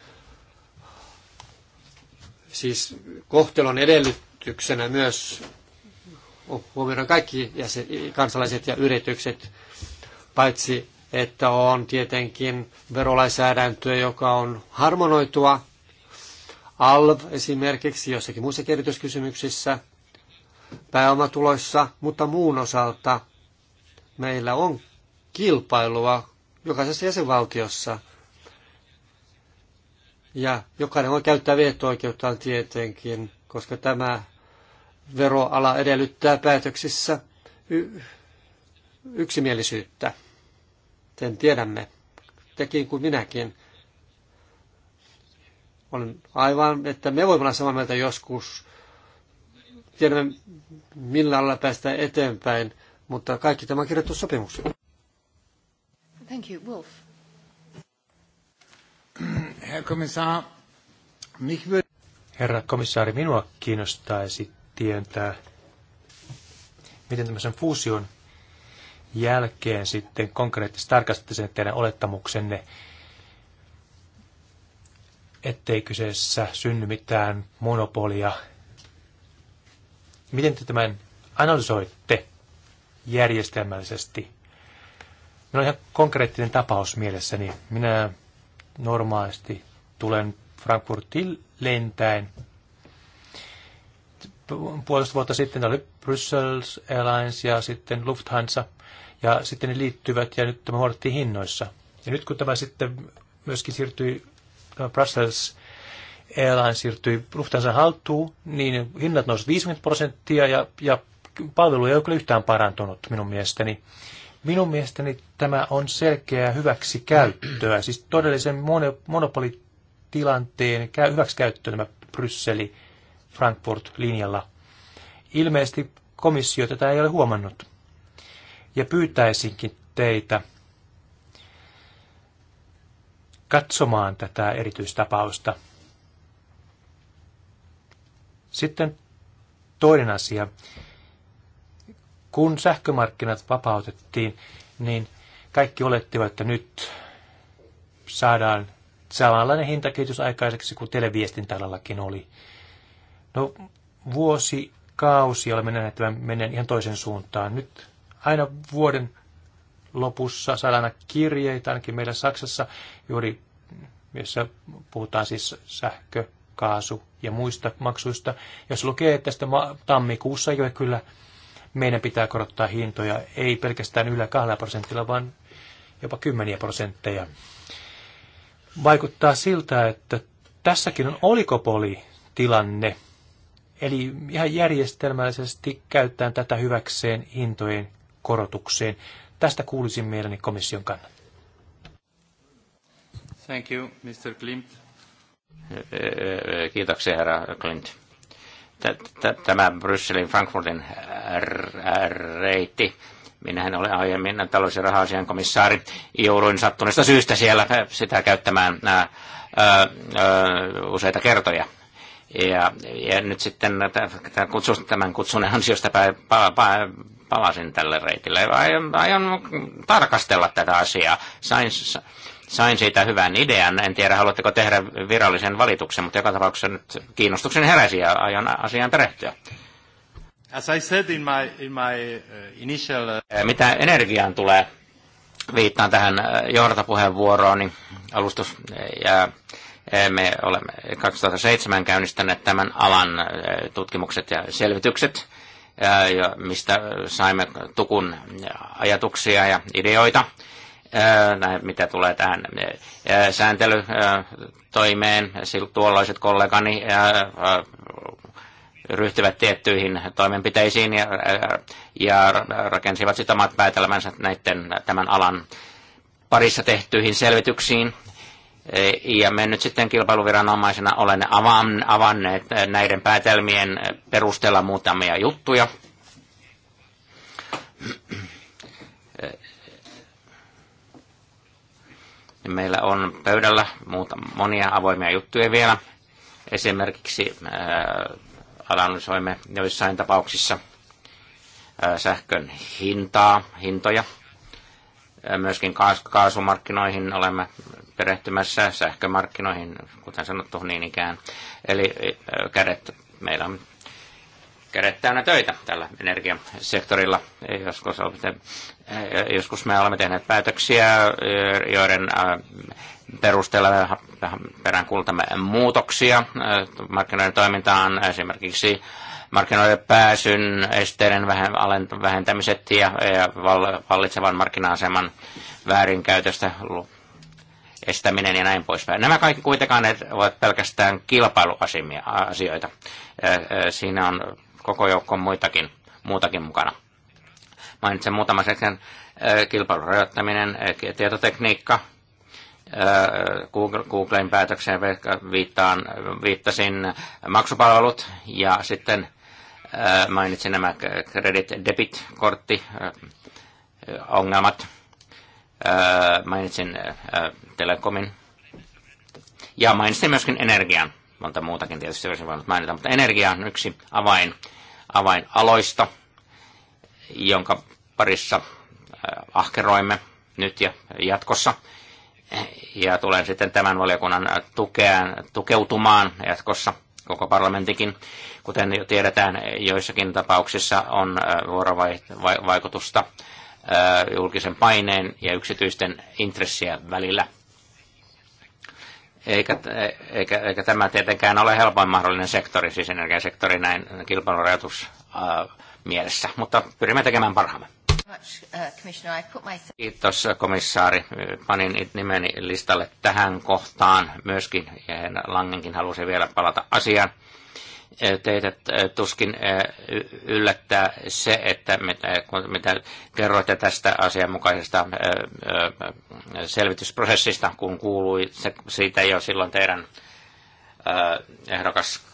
Siis kohtelon edellytyksenä myös huomioidaan kaikki jäsen, kansalaiset ja yritykset, paitsi että on tietenkin verolainsäädäntöä, joka on harmonoitua. ALV esimerkiksi jossakin muissa kerityskysymyksissä, pääomatuloissa, mutta muun osalta meillä on kilpailua jokaisessa jäsenvaltiossa. Ja jokainen voi käyttää veto-oikeuttaan tietenkin, koska tämä veroala edellyttää päätöksissä y- yksimielisyyttä. Sen tiedämme, tekin kuin minäkin. on aivan, että me voimme olla samaa mieltä joskus. Tiedämme, millä alla päästään eteenpäin, mutta kaikki tämä on kirjoittu sopimukseen. Thank you, Wolf. Herr Kommissar, mich würde... Herra komissaari, minua kiinnostaisi tietää, miten tämmöisen fuusion jälkeen sitten konkreettisesti tarkastatte sen teidän olettamuksenne, ettei kyseessä synny mitään monopolia. Miten te tämän analysoitte järjestelmällisesti? Minulla on ihan konkreettinen tapaus mielessäni. Minä normaalisti tulen Frankfurtiin lentäen. Puolitoista vuotta sitten oli Brussels Airlines ja sitten Lufthansa, ja sitten ne liittyvät, ja nyt tämä huolettiin hinnoissa. Ja nyt kun tämä sitten myöskin siirtyi, tämä Brussels Airlines siirtyi Lufthansa haltuun, niin hinnat nousivat 50 prosenttia, ja, ja palvelu ei ole kyllä yhtään parantunut minun mielestäni. Minun mielestäni tämä on selkeää hyväksikäyttöä, siis todellisen monopolitilanteen hyväksikäyttöä tämä Brysseli-Frankfurt-linjalla. Ilmeisesti komissio tätä ei ole huomannut. Ja pyytäisinkin teitä katsomaan tätä erityistapausta. Sitten toinen asia, kun sähkömarkkinat vapautettiin, niin kaikki olettivat, että nyt saadaan samanlainen hintakehitys aikaiseksi kuin televiestintäalallakin oli. No vuosi, kausi olemme nähneet tämän menen ihan toisen suuntaan. Nyt aina vuoden lopussa saadaan kirjeitä, ainakin meillä Saksassa, juuri missä puhutaan siis sähkö, kaasu ja muista maksuista. Jos lukee, että tästä tammikuussa ei ole kyllä meidän pitää korottaa hintoja, ei pelkästään yllä 2 prosentilla, vaan jopa kymmeniä prosentteja. Vaikuttaa siltä, että tässäkin on olikopolitilanne, eli ihan järjestelmällisesti käyttää tätä hyväkseen hintojen korotukseen. Tästä kuulisin mielelläni komission kannan. Thank you, Mr. Klimt. Kiitoksia, herra Klimt tämä Brysselin Frankfurtin reitti. Minähän olen aiemmin talous- ja raha komissaari. Jouduin sattuneesta syystä siellä äh, sitä käyttämään ää, äh, ää, äh, useita kertoja. Ja, ja nyt sitten tämän kutsun ansiosta palasin tälle reitille. Aion, aion tarkastella tätä asiaa. Sain, Sain siitä hyvän idean. En tiedä, haluatteko tehdä virallisen valituksen, mutta joka tapauksessa nyt kiinnostuksen heräsi ja aion asiaan perehtyä. As I said in my, in my uh, initial... Uh, eh, mitä energiaan tulee, viittaan tähän eh, johdantopuheenvuoroon, niin alustus eh, ja me olemme 2007 käynnistäneet tämän alan tutkimukset ja selvitykset, mistä saimme tukun ajatuksia ja ideoita näin, mitä tulee tähän sääntelytoimeen. Tuolloiset kollegani ryhtyvät tiettyihin toimenpiteisiin ja, ja rakensivat sitten omat päätelmänsä näiden, tämän alan parissa tehtyihin selvityksiin. E, ja me nyt sitten kilpailuviranomaisena olen avanneet näiden päätelmien perusteella muutamia juttuja Meillä on pöydällä muuta, monia avoimia juttuja vielä. Esimerkiksi ää, äh, analysoimme joissain tapauksissa ää, äh, sähkön hintaa, hintoja. Äh, myöskin kaas, kaasumarkkinoihin olemme perehtymässä, sähkömarkkinoihin, kuten sanottu, niin ikään. Eli ää, kädet meillä on kädet täynnä töitä tällä energiasektorilla. Joskus, eh, joskus me olemme tehneet päätöksiä, eh, joiden eh, perusteella peräänkuultamme muutoksia markkinoiden toimintaan, esimerkiksi markkinoille pääsyn esteiden vähentämiset ja vallitsevan markkina-aseman väärinkäytöstä estäminen ja näin poispäin. Nämä kaikki kuitenkaan ovat pelkästään kilpailuasioita. Siinä on koko joukko muitakin, muutakin mukana. Mainitsen muutaman seksen kilpailun rajoittaminen, tietotekniikka, Google, Googlen päätökseen viittaan, viittasin maksupalvelut ja sitten mainitsin nämä credit debit kortti ongelmat. Mainitsin telekomin ja mainitsin myöskin energian monta muutakin tietysti olisin voinut mainita, mutta energia on yksi avain, avainaloista, jonka parissa äh, ahkeroimme nyt ja jatkossa. Ja tulen sitten tämän valiokunnan äh, tukeen, tukeutumaan jatkossa koko parlamentikin. Kuten jo tiedetään, joissakin tapauksissa on äh, vuorovaikutusta julkisen paineen ja yksityisten intressien välillä – eikä, eikä, eikä tämä tietenkään ole helpoin mahdollinen sektori, siis energiasektori näin kilpailurajoitus mielessä, mutta pyrimme tekemään parhaamme. Kiitos komissaari. Panin nimeni listalle tähän kohtaan myöskin. Langenkin halusi vielä palata asiaan. Eh, teidät eh, tuskin eh, yllättää se, että mitä kerroitte tästä asianmukaisesta selvitysprosessista, kun kuului siitä jo silloin teidän ehdokas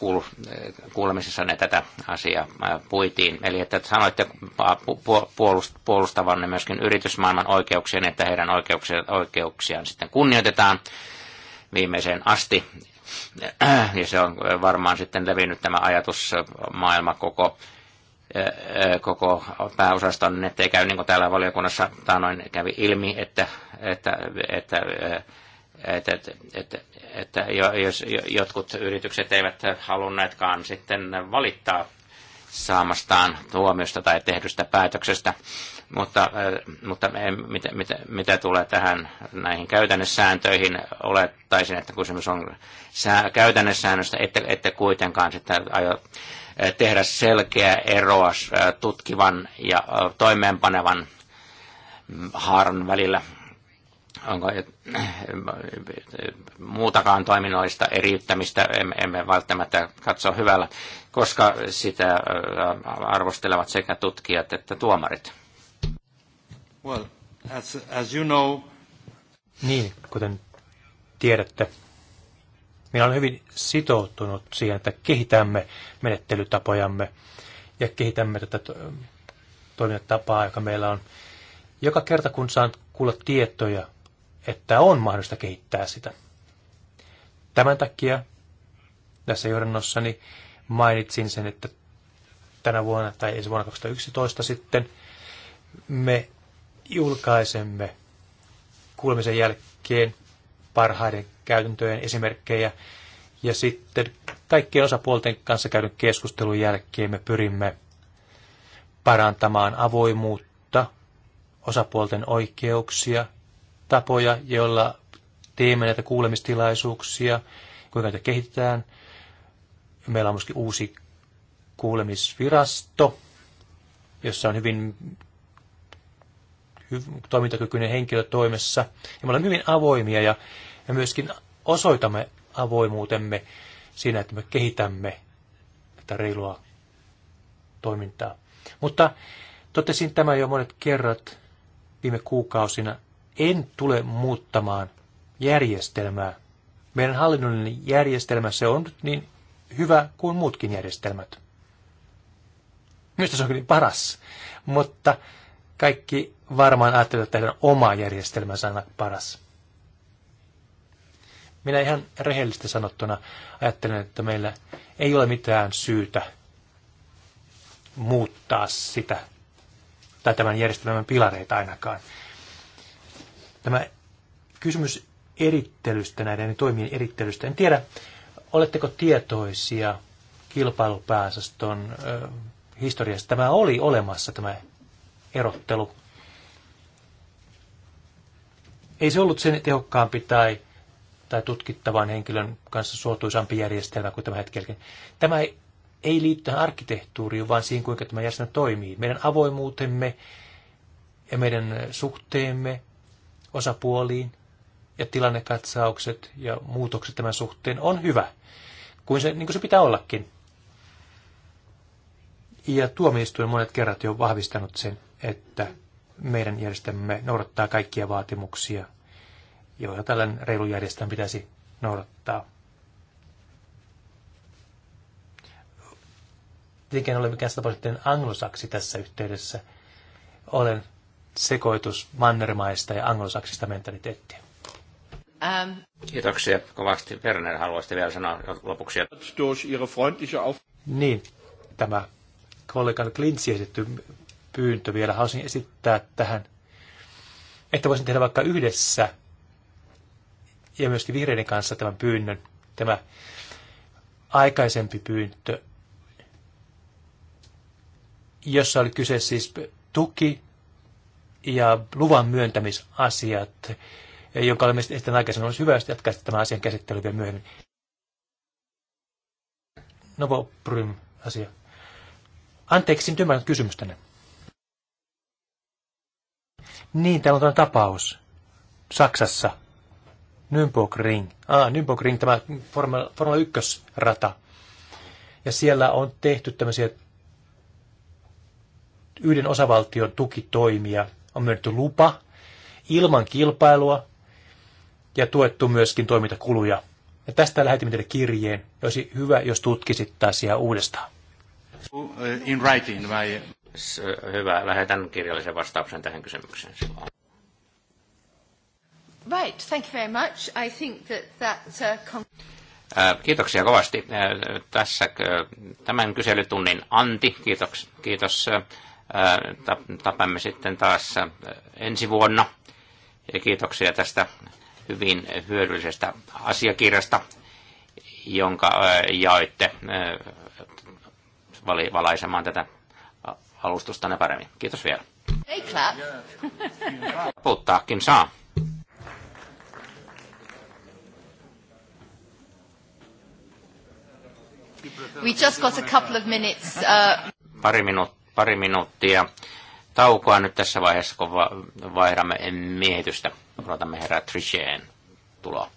kuulemisessanne tätä asiaa puitiin. Eli että sanoitte puolustavanne myöskin yritysmaailman oikeuksien, että heidän oikeuksiaan sitten kunnioitetaan viimeiseen asti ja se on varmaan sitten levinnyt tämä ajatus maailma koko koko pääosaston, ettei käy niin kuin täällä valiokunnassa noin kävi ilmi, että, että, että, että, että, että, että jos jotkut yritykset eivät halunneetkaan sitten valittaa saamastaan tuomiosta tai tehdystä päätöksestä, mutta, äh, mutta mitä, mitä, mitä tulee tähän näihin käytännössääntöihin, olettaisin, että kysymys on sää, käytännössäännöstä, että, että kuitenkaan sitten aio äh, tehdä selkeä eroa äh, tutkivan ja toimeenpanevan mm, haaran välillä onko muutakaan toiminnoista eriyttämistä emme välttämättä katso hyvällä, koska sitä arvostelevat sekä tutkijat että tuomarit. Well, as, as you know... Niin, kuten tiedätte, minä olen hyvin sitoutunut siihen, että kehitämme menettelytapojamme ja kehitämme tätä toimintatapaa, joka meillä on. Joka kerta, kun saan kuulla tietoja, että on mahdollista kehittää sitä. Tämän takia tässä johdannossani mainitsin sen, että tänä vuonna tai ensi vuonna 2011 sitten me julkaisemme kuulemisen jälkeen parhaiden käytäntöjen esimerkkejä. Ja sitten kaikkien osapuolten kanssa käydyn keskustelun jälkeen me pyrimme parantamaan avoimuutta, osapuolten oikeuksia, tapoja, joilla teemme näitä kuulemistilaisuuksia, kuinka niitä kehitetään. Meillä on myöskin uusi kuulemisvirasto, jossa on hyvin toimintakykyinen henkilö toimessa. Ja me olemme hyvin avoimia ja, ja myöskin osoitamme avoimuutemme siinä, että me kehitämme tätä reilua toimintaa. Mutta totesin tämä jo monet kerrat viime kuukausina. En tule muuttamaan järjestelmää. Meidän hallinnollinen järjestelmä, se on nyt niin hyvä kuin muutkin järjestelmät. Minusta se on kyllä paras, mutta kaikki varmaan ajattelevat, että heidän oma järjestelmänsä on paras. Minä ihan rehellisesti sanottuna ajattelen, että meillä ei ole mitään syytä muuttaa sitä tai tämän järjestelmän pilareita ainakaan. Tämä kysymys erittelystä, näiden toimien erittelystä. En tiedä, oletteko tietoisia kilpailupääsaston historiasta. Tämä oli olemassa tämä erottelu. Ei se ollut sen tehokkaampi tai, tai tutkittavan henkilön kanssa suotuisampi järjestelmä kuin tämä hetkellä. Tämä ei, ei liity tähän arkkitehtuuriin, vaan siihen, kuinka tämä järjestelmä toimii. Meidän avoimuutemme ja meidän suhteemme osapuoliin ja tilannekatsaukset ja muutokset tämän suhteen on hyvä, kuin se, niin kuin se pitää ollakin. Ja tuomioistuin monet kerrat jo vahvistanut sen että meidän järjestelmämme noudattaa kaikkia vaatimuksia, joita tällainen reilu järjestelmä pitäisi noudattaa. en ole mikään tapa sitten anglosaksi tässä yhteydessä. Olen sekoitus mannermaista ja anglosaksista mentaliteettiä. Ähm. Kiitoksia kovasti. Werner haluaisi vielä sanoa lopuksi. Durch ihre auf... Niin, tämä kollegan Klintsi esitetty pyyntö vielä haluaisin esittää tähän, että voisin tehdä vaikka yhdessä ja myöskin vihreiden kanssa tämän pyynnön, tämä aikaisempi pyyntö, jossa oli kyse siis tuki ja luvan myöntämisasiat, jonka olemme sitten aikaisemmin olisi hyvä, jos jatkaisi tämän asian käsittely vielä myöhemmin. Novo Prym asia. Anteeksi, nyt ymmärrän kysymystänne. Niin, täällä on tämä tapaus. Saksassa. Nürburgring. Ah, Nürburgring, tämä Formula, Formula 1-rata. Ja siellä on tehty tämmöisiä yhden osavaltion tukitoimia. On myönnetty lupa ilman kilpailua ja tuettu myöskin toimintakuluja. Ja tästä lähetimme teille kirjeen. Olisi hyvä, jos tutkisit asiaa uudestaan. In writing, vai... Hyvä, lähetän kirjallisen vastauksen tähän kysymykseen. Right, thank you very much. I think that that, uh, Kiitoksia kovasti. Tässä tämän kyselytunnin anti. Kiitos. kiitos. Tapamme sitten taas ensi vuonna. Ja kiitoksia tästä hyvin hyödyllisestä asiakirjasta, jonka jaoitte valaisemaan tätä alustustanne paremmin. Kiitos vielä. Hei, clap. Puuttaakin saa. We just got a couple of minutes. Uh... Pari, minuut, pari minuuttia taukoa nyt tässä vaiheessa, kun vaihdamme miehitystä. Odotamme herra Tricheen tuloa.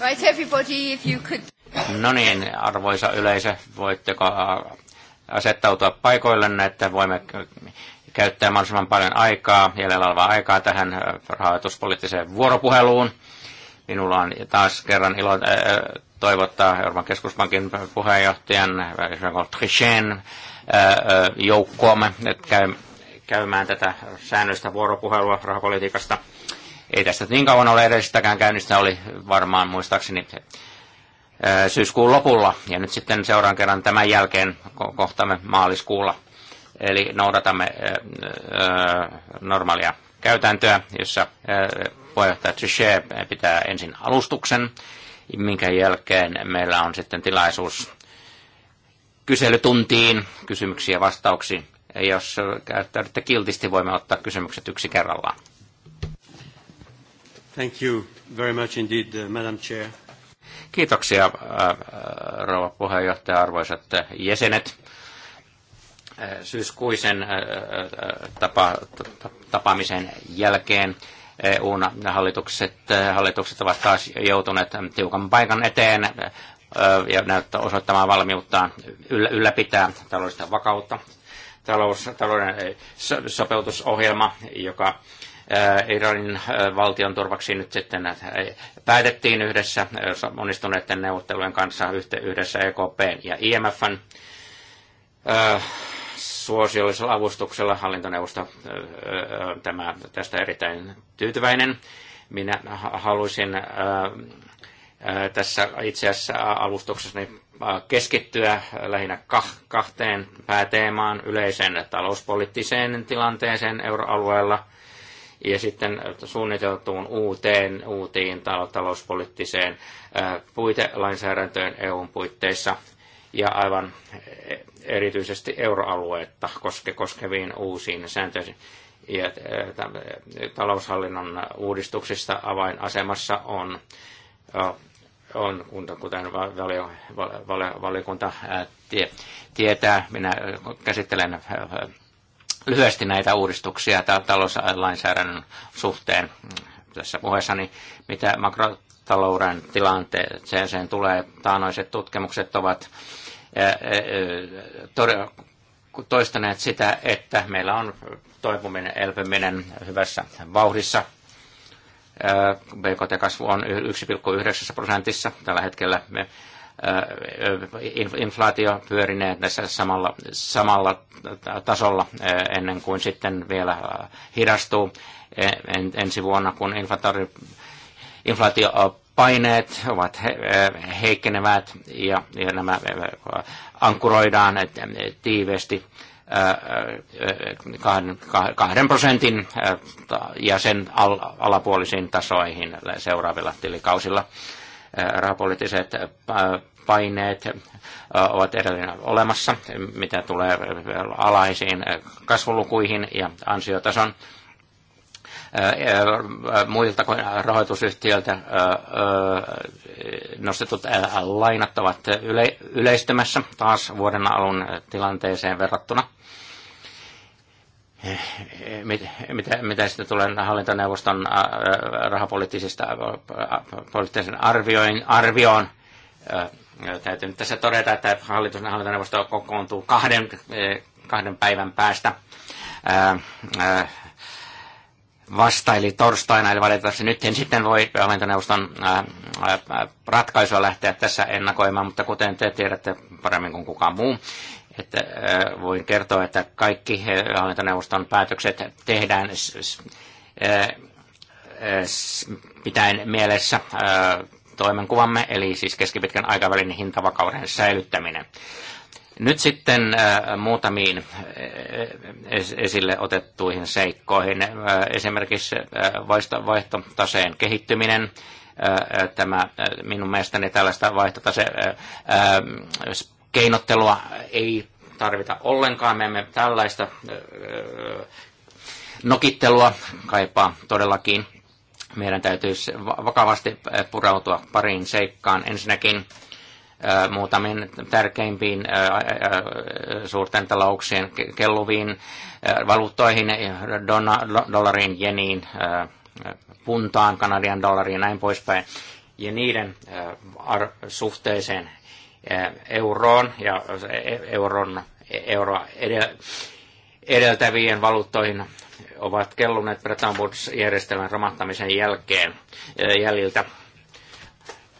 Right, everybody, if you could... No niin, arvoisa yleisö, voitteko äh, asettautua paikoillenne, että voimme käyttää mahdollisimman paljon aikaa, jäljellä olevaa aikaa tähän äh, rahoituspoliittiseen vuoropuheluun. Minulla on taas kerran ilo äh, toivottaa Euroopan keskuspankin puheenjohtajan Trichet joukkoomme käymään tätä säännöllistä vuoropuhelua rahapolitiikasta. Ei tästä niin kauan ole edellistäkään käynnistä, oli varmaan muistaakseni syyskuun lopulla. Ja nyt sitten seuraan kerran tämän jälkeen kohtamme maaliskuulla. Eli noudatamme normaalia käytäntöä, jossa puheenjohtaja Trichet pitää ensin alustuksen, minkä jälkeen meillä on sitten tilaisuus kyselytuntiin kysymyksiä ja vastauksiin. Jos käyttäydytte kiltisti, voimme ottaa kysymykset yksi kerrallaan. Thank you very much indeed, uh, Madam Chair. Kiitoksia, äh, äh, rouva puheenjohtaja, arvoisat äh, jäsenet. Syyskuisen tapa, tapaamisen jälkeen EUn hallitukset, hallitukset ovat taas joutuneet tiukan paikan eteen ja näyttää osoittamaan valmiuttaan ylläpitää taloudellista vakautta. Talous, talouden sopeutusohjelma, joka Äh, Iranin äh, valtion turvaksi nyt sitten äh, päätettiin yhdessä onnistuneiden neuvottelujen kanssa yhdessä EKP ja IMFn suosiollisella avustuksella hallintoneuvosto tämä, tästä erittäin tyytyväinen. Minä haluaisin tässä itse asiassa avustuksessa keskittyä lähinnä kahteen pääteemaan, yleiseen talouspoliittiseen tilanteeseen euroalueella – ja sitten suunniteltuun uuteen, uutiin talouspoliittiseen puitelainsäädäntöön EUn puitteissa ja aivan e, erityisesti euroalueetta koske, koskeviin uusiin sääntöihin. Ja taloushallinnon uudistuksista avainasemassa on, on kuten valio, valio, valiokunta tie, tietää, minä käsittelen lyhyesti näitä uudistuksia talouslainsäädännön suhteen tässä niin mitä makrotalouden tilanteeseen tulee. Taanoiset tutkimukset ovat toistaneet sitä, että meillä on toipuminen, elpyminen hyvässä vauhdissa. BKT-kasvu on 1,9 prosentissa tällä hetkellä. Me inflaatio pyörineet tässä samalla, samalla tasolla ennen kuin sitten vielä hidastuu ensi vuonna, kun inflaatio paineet ovat heikkenevät ja, ja nämä ankkuroidaan tiiveesti kahden prosentin ja sen alapuolisiin tasoihin seuraavilla tilikausilla rahapoliittiset paineet ovat edelleen olemassa, mitä tulee alaisiin kasvulukuihin ja ansiotason muilta kuin rahoitusyhtiöiltä nostetut lainat ovat yleistymässä taas vuoden alun tilanteeseen verrattuna mitä, mitä sitten tulee hallintoneuvoston rahapoliittisesta poliittisen arvioin, arvioon, täytyy nyt tässä todeta, että hallitus, hallintoneuvosto kokoontuu kahden, kahden päivän päästä vasta, eli torstaina, eli valitettavasti nyt en sitten voi hallintoneuvoston ratkaisua lähteä tässä ennakoimaan, mutta kuten te tiedätte paremmin kuin kukaan muu, että voin kertoa, että kaikki hallintoneuvoston päätökset tehdään pitäen mielessä toimenkuvamme, eli siis keskipitkän aikavälin hintavakauden säilyttäminen. Nyt sitten muutamiin esille otettuihin seikkoihin. Esimerkiksi vaihtotaseen kehittyminen. Tämä minun mielestäni tällaista vaihtotase keinottelua ei tarvita ollenkaan. Me emme tällaista nokittelua kaipaa todellakin. Meidän täytyy vakavasti pureutua pariin seikkaan. Ensinnäkin muutamiin tärkeimpiin suurten talouksien kelluviin valuuttoihin, e, dollariin, jeniin, puntaan, kanadian dollariin ja näin poispäin, ja niiden suhteeseen Eh, euroon ja e, euron, e, euroa edeltävien valuuttoihin ovat kelluneet Bretton Woods-järjestelmän romahtamisen jälkeen eh, jäljiltä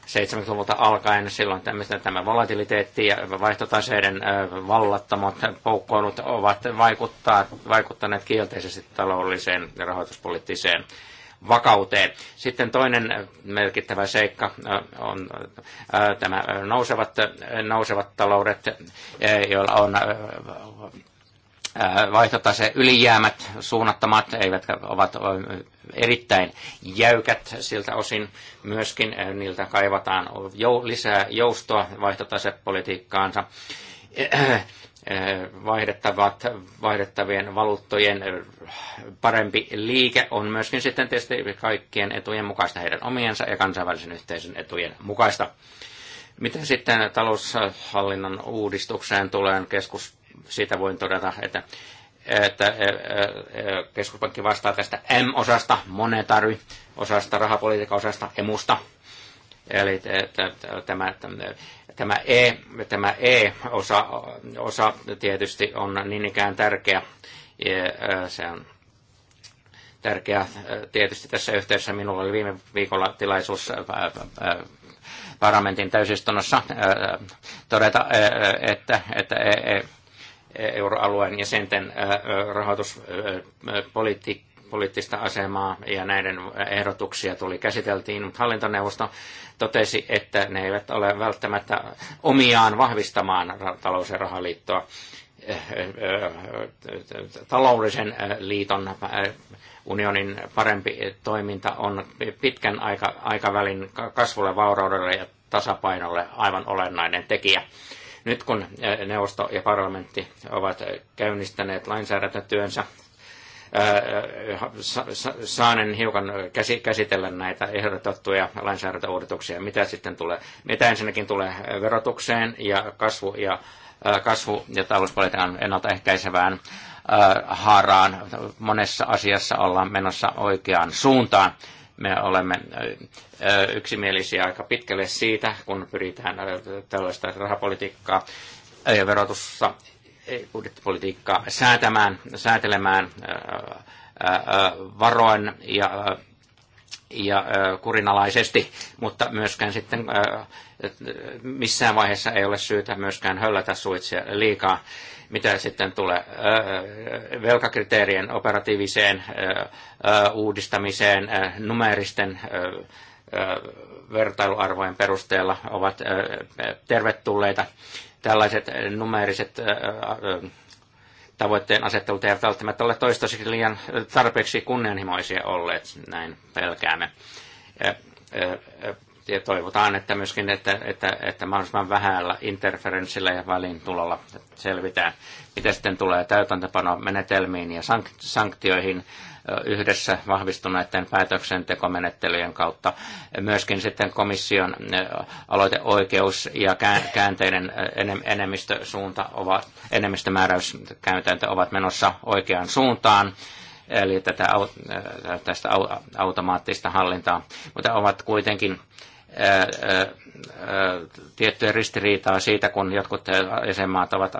70-luvulta alkaen silloin tämmöistä tämä volatiliteetti ja vaihtotaseiden eh, vallattomat poukkoilut ovat vaikuttaa, vaikuttaneet kielteisesti taloudelliseen ja rahoituspoliittiseen vakauteen. Sitten toinen merkittävä seikka on tämä nousevat, nousevat taloudet, joilla on vaihtotase ylijäämät, suunnattomat, eivät ovat erittäin jäykät siltä osin myöskin. Niiltä kaivataan lisää joustoa vaihtotasepolitiikkaansa Eh, vaihdettavat, vaihdettavien valuuttojen eh, parempi liike on myöskin sitten tietysti kaikkien etujen mukaista, heidän omiensa ja kansainvälisen yhteisön etujen mukaista. Miten sitten taloushallinnon uudistukseen tulee keskus, siitä voin todeta, että, että eh, keskuspankki vastaa tästä M-osasta, monetary-osasta, rahapolitiikan osasta, emusta, Eli tämä, tämä, e, tämä E-osa osa tietysti on niin ikään tärkeä. E, e, se on tärkeä e, tietysti tässä yhteydessä. Minulla oli viime viikolla tilaisuus parlamentin täysistunnossa todeta, että, että euroalueen jäsenten rahoituspolitiikka poliittista asemaa ja näiden ehdotuksia tuli käsiteltiin, mutta hallintoneuvosto totesi, että ne eivät ole välttämättä omiaan vahvistamaan talous- ja rahaliittoa taloudellisen äh, liiton äh, unionin parempi toiminta on pitkän aikavälin kasvulle, vauraudelle ja tasapainolle aivan olennainen tekijä. Nyt kun äh, neuvosto ja parlamentti ovat käynnistäneet lainsäädäntötyönsä saanen hiukan käsitellä näitä ehdotettuja lainsäädäntöuudistuksia, mitä sitten tulee, mitä ensinnäkin tulee verotukseen ja kasvu ja kasvu- ja talouspolitiikan ennaltaehkäisevään haaraan. Monessa asiassa ollaan menossa oikeaan suuntaan. Me olemme yksimielisiä aika pitkälle siitä, kun pyritään tällaista rahapolitiikkaa ja verotusta budjettipolitiikkaa säätämään, säätelemään varoin ja, ja kurinalaisesti, mutta myöskään sitten missään vaiheessa ei ole syytä myöskään höllätä suitsia liikaa, mitä sitten tulee velkakriteerien operatiiviseen uudistamiseen, numeristen vertailuarvojen perusteella ovat tervetulleita. Tällaiset numeeriset tavoitteen asettelut eivät välttämättä ole toistaiseksi liian tarpeeksi kunnianhimoisia olleet, näin pelkäämme ja toivotaan, että myöskin, että, että, että mahdollisimman vähällä interferenssillä ja tulolla selvitään, mitä sitten tulee täytäntöpanomenetelmiin ja sanktioihin yhdessä vahvistuneiden päätöksentekomenettelyjen kautta. Myöskin sitten komission aloiteoikeus ja käänteinen enemmistösuunta ovat, enemmistömääräyskäytäntö ovat menossa oikeaan suuntaan eli tätä, tästä automaattista hallintaa, mutta ovat kuitenkin tiettyä ristiriitaa siitä, kun jotkut jäsenmaat ovat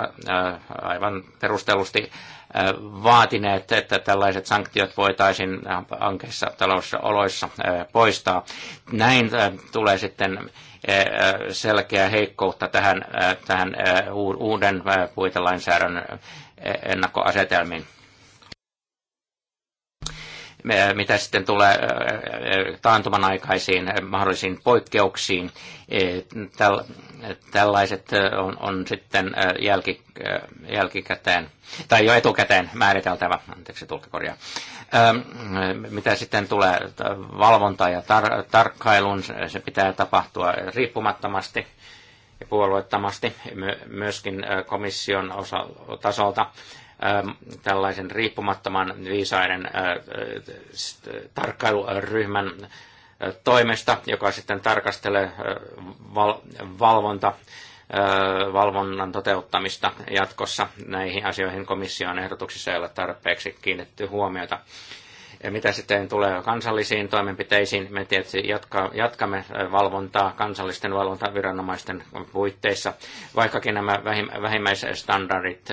aivan perustellusti vaatineet, että tällaiset sanktiot voitaisiin ankeissa talousoloissa poistaa. Näin tulee sitten selkeä heikkoutta tähän, tähän uuden puitelainsäädännön ennakkoasetelmiin mitä sitten tulee taantuman aikaisiin mahdollisiin poikkeuksiin. Tällaiset on, on sitten jälki, jälkikäteen, tai jo etukäteen määriteltävä, anteeksi tulkikorjaa. Mitä sitten tulee valvonta ja tar- tarkkailun, se pitää tapahtua riippumattomasti ja puolueettomasti myöskin komission osa- tasolta Ähm, tällaisen riippumattoman viisaiden äh, äh, tarkkailuryhmän äh, toimesta, joka sitten tarkastelee val- valvonta, valvonnan toteuttamista jatkossa. Näihin asioihin komission ehdotuksissa ei ole tarpeeksi kiinnitetty huomiota. Ja mitä sitten tulee kansallisiin toimenpiteisiin, me tietysti jatka, jatkamme valvontaa kansallisten valvontaviranomaisten puitteissa, vaikkakin nämä vähimmäisstandardit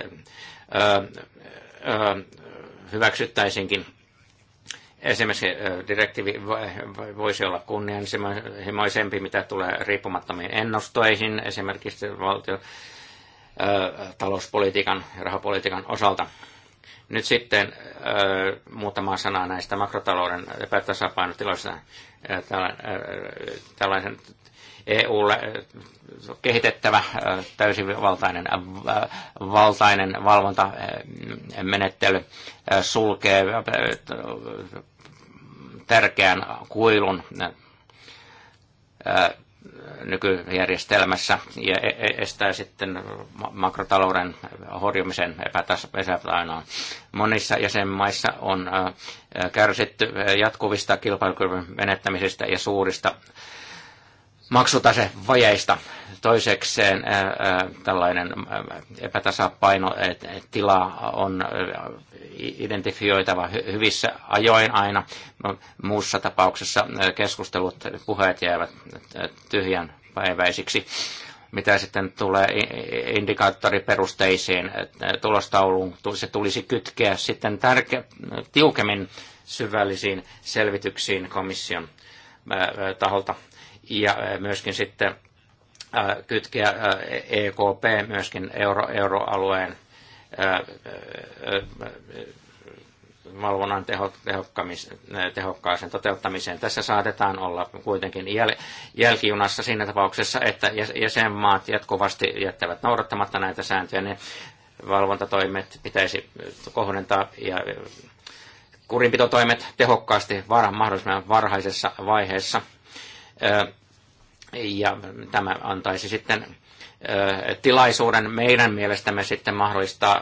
hyväksyttäisinkin. Esimerkiksi direktiivi voisi olla kunnianhimoisempi, mitä tulee riippumattomiin ennustoihin, esimerkiksi valtion talouspolitiikan ja rahapolitiikan osalta. Nyt sitten muutama sana näistä makrotalouden epätasapainotiloista. Tällaisen EUlle eh, kehitettävä eh, täysivaltainen eh, valtainen valvontamenettely sulkee tärkeän kuilun nykyjärjestelmässä ja e, e, estää sitten makrotalouden horjumisen epätasapainoon. Monissa jäsenmaissa on kärsitty jatkuvista kilpailukyvyn menettämisistä ja suurista maksutasevajeista. Toisekseen tällainen epätasapaino tila on identifioitava hyvissä ajoin aina. Muussa tapauksessa keskustelut, puheet jäävät tyhjän päiväisiksi. Mitä sitten tulee indikaattoriperusteisiin tulostauluun, se tulisi kytkeä sitten tärke, tiukemmin syvällisiin selvityksiin komission taholta ja myöskin sitten kytkeä EKP myöskin euro, euroalueen valvonnan tehokkaaseen toteuttamiseen. Tässä saatetaan olla kuitenkin jäl, jälkijunassa siinä tapauksessa, että jäsenmaat jatkuvasti jättävät noudattamatta näitä sääntöjä, niin valvontatoimet pitäisi kohdentaa ja kurinpitotoimet tehokkaasti var, mahdollisimman varhaisessa vaiheessa – ja tämä antaisi sitten tilaisuuden meidän mielestämme sitten mahdollistaa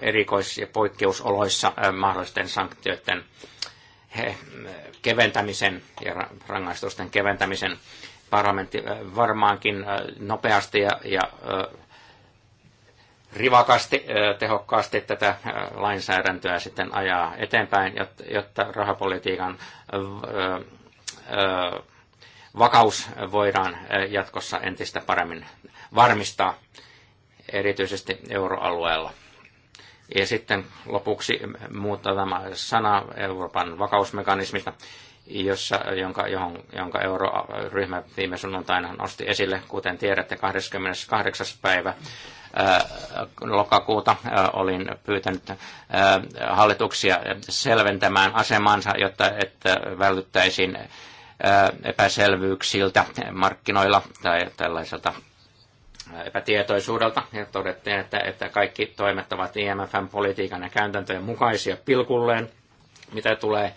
erikois- ja poikkeusoloissa mahdollisten sanktioiden keventämisen ja rangaistusten keventämisen. Parlamentti varmaankin nopeasti ja, ja rivakasti, tehokkaasti tätä lainsäädäntöä sitten ajaa eteenpäin, jotta rahapolitiikan vakaus voidaan eh, jatkossa entistä paremmin varmistaa, erityisesti euroalueella. Ja sitten lopuksi muutama sana Euroopan vakausmekanismista, jossa, jonka, johon, jonka euroryhmä viime sunnuntaina nosti esille, kuten tiedätte, 28. päivä eh, lokakuuta eh, olin pyytänyt hallituksia selventämään asemansa, jotta että vältyttäisiin epäselvyyksiltä markkinoilla tai tällaiselta epätietoisuudelta ja todettiin, että, että kaikki toimet ovat IMFn politiikan ja käytäntöjen mukaisia pilkulleen, mitä tulee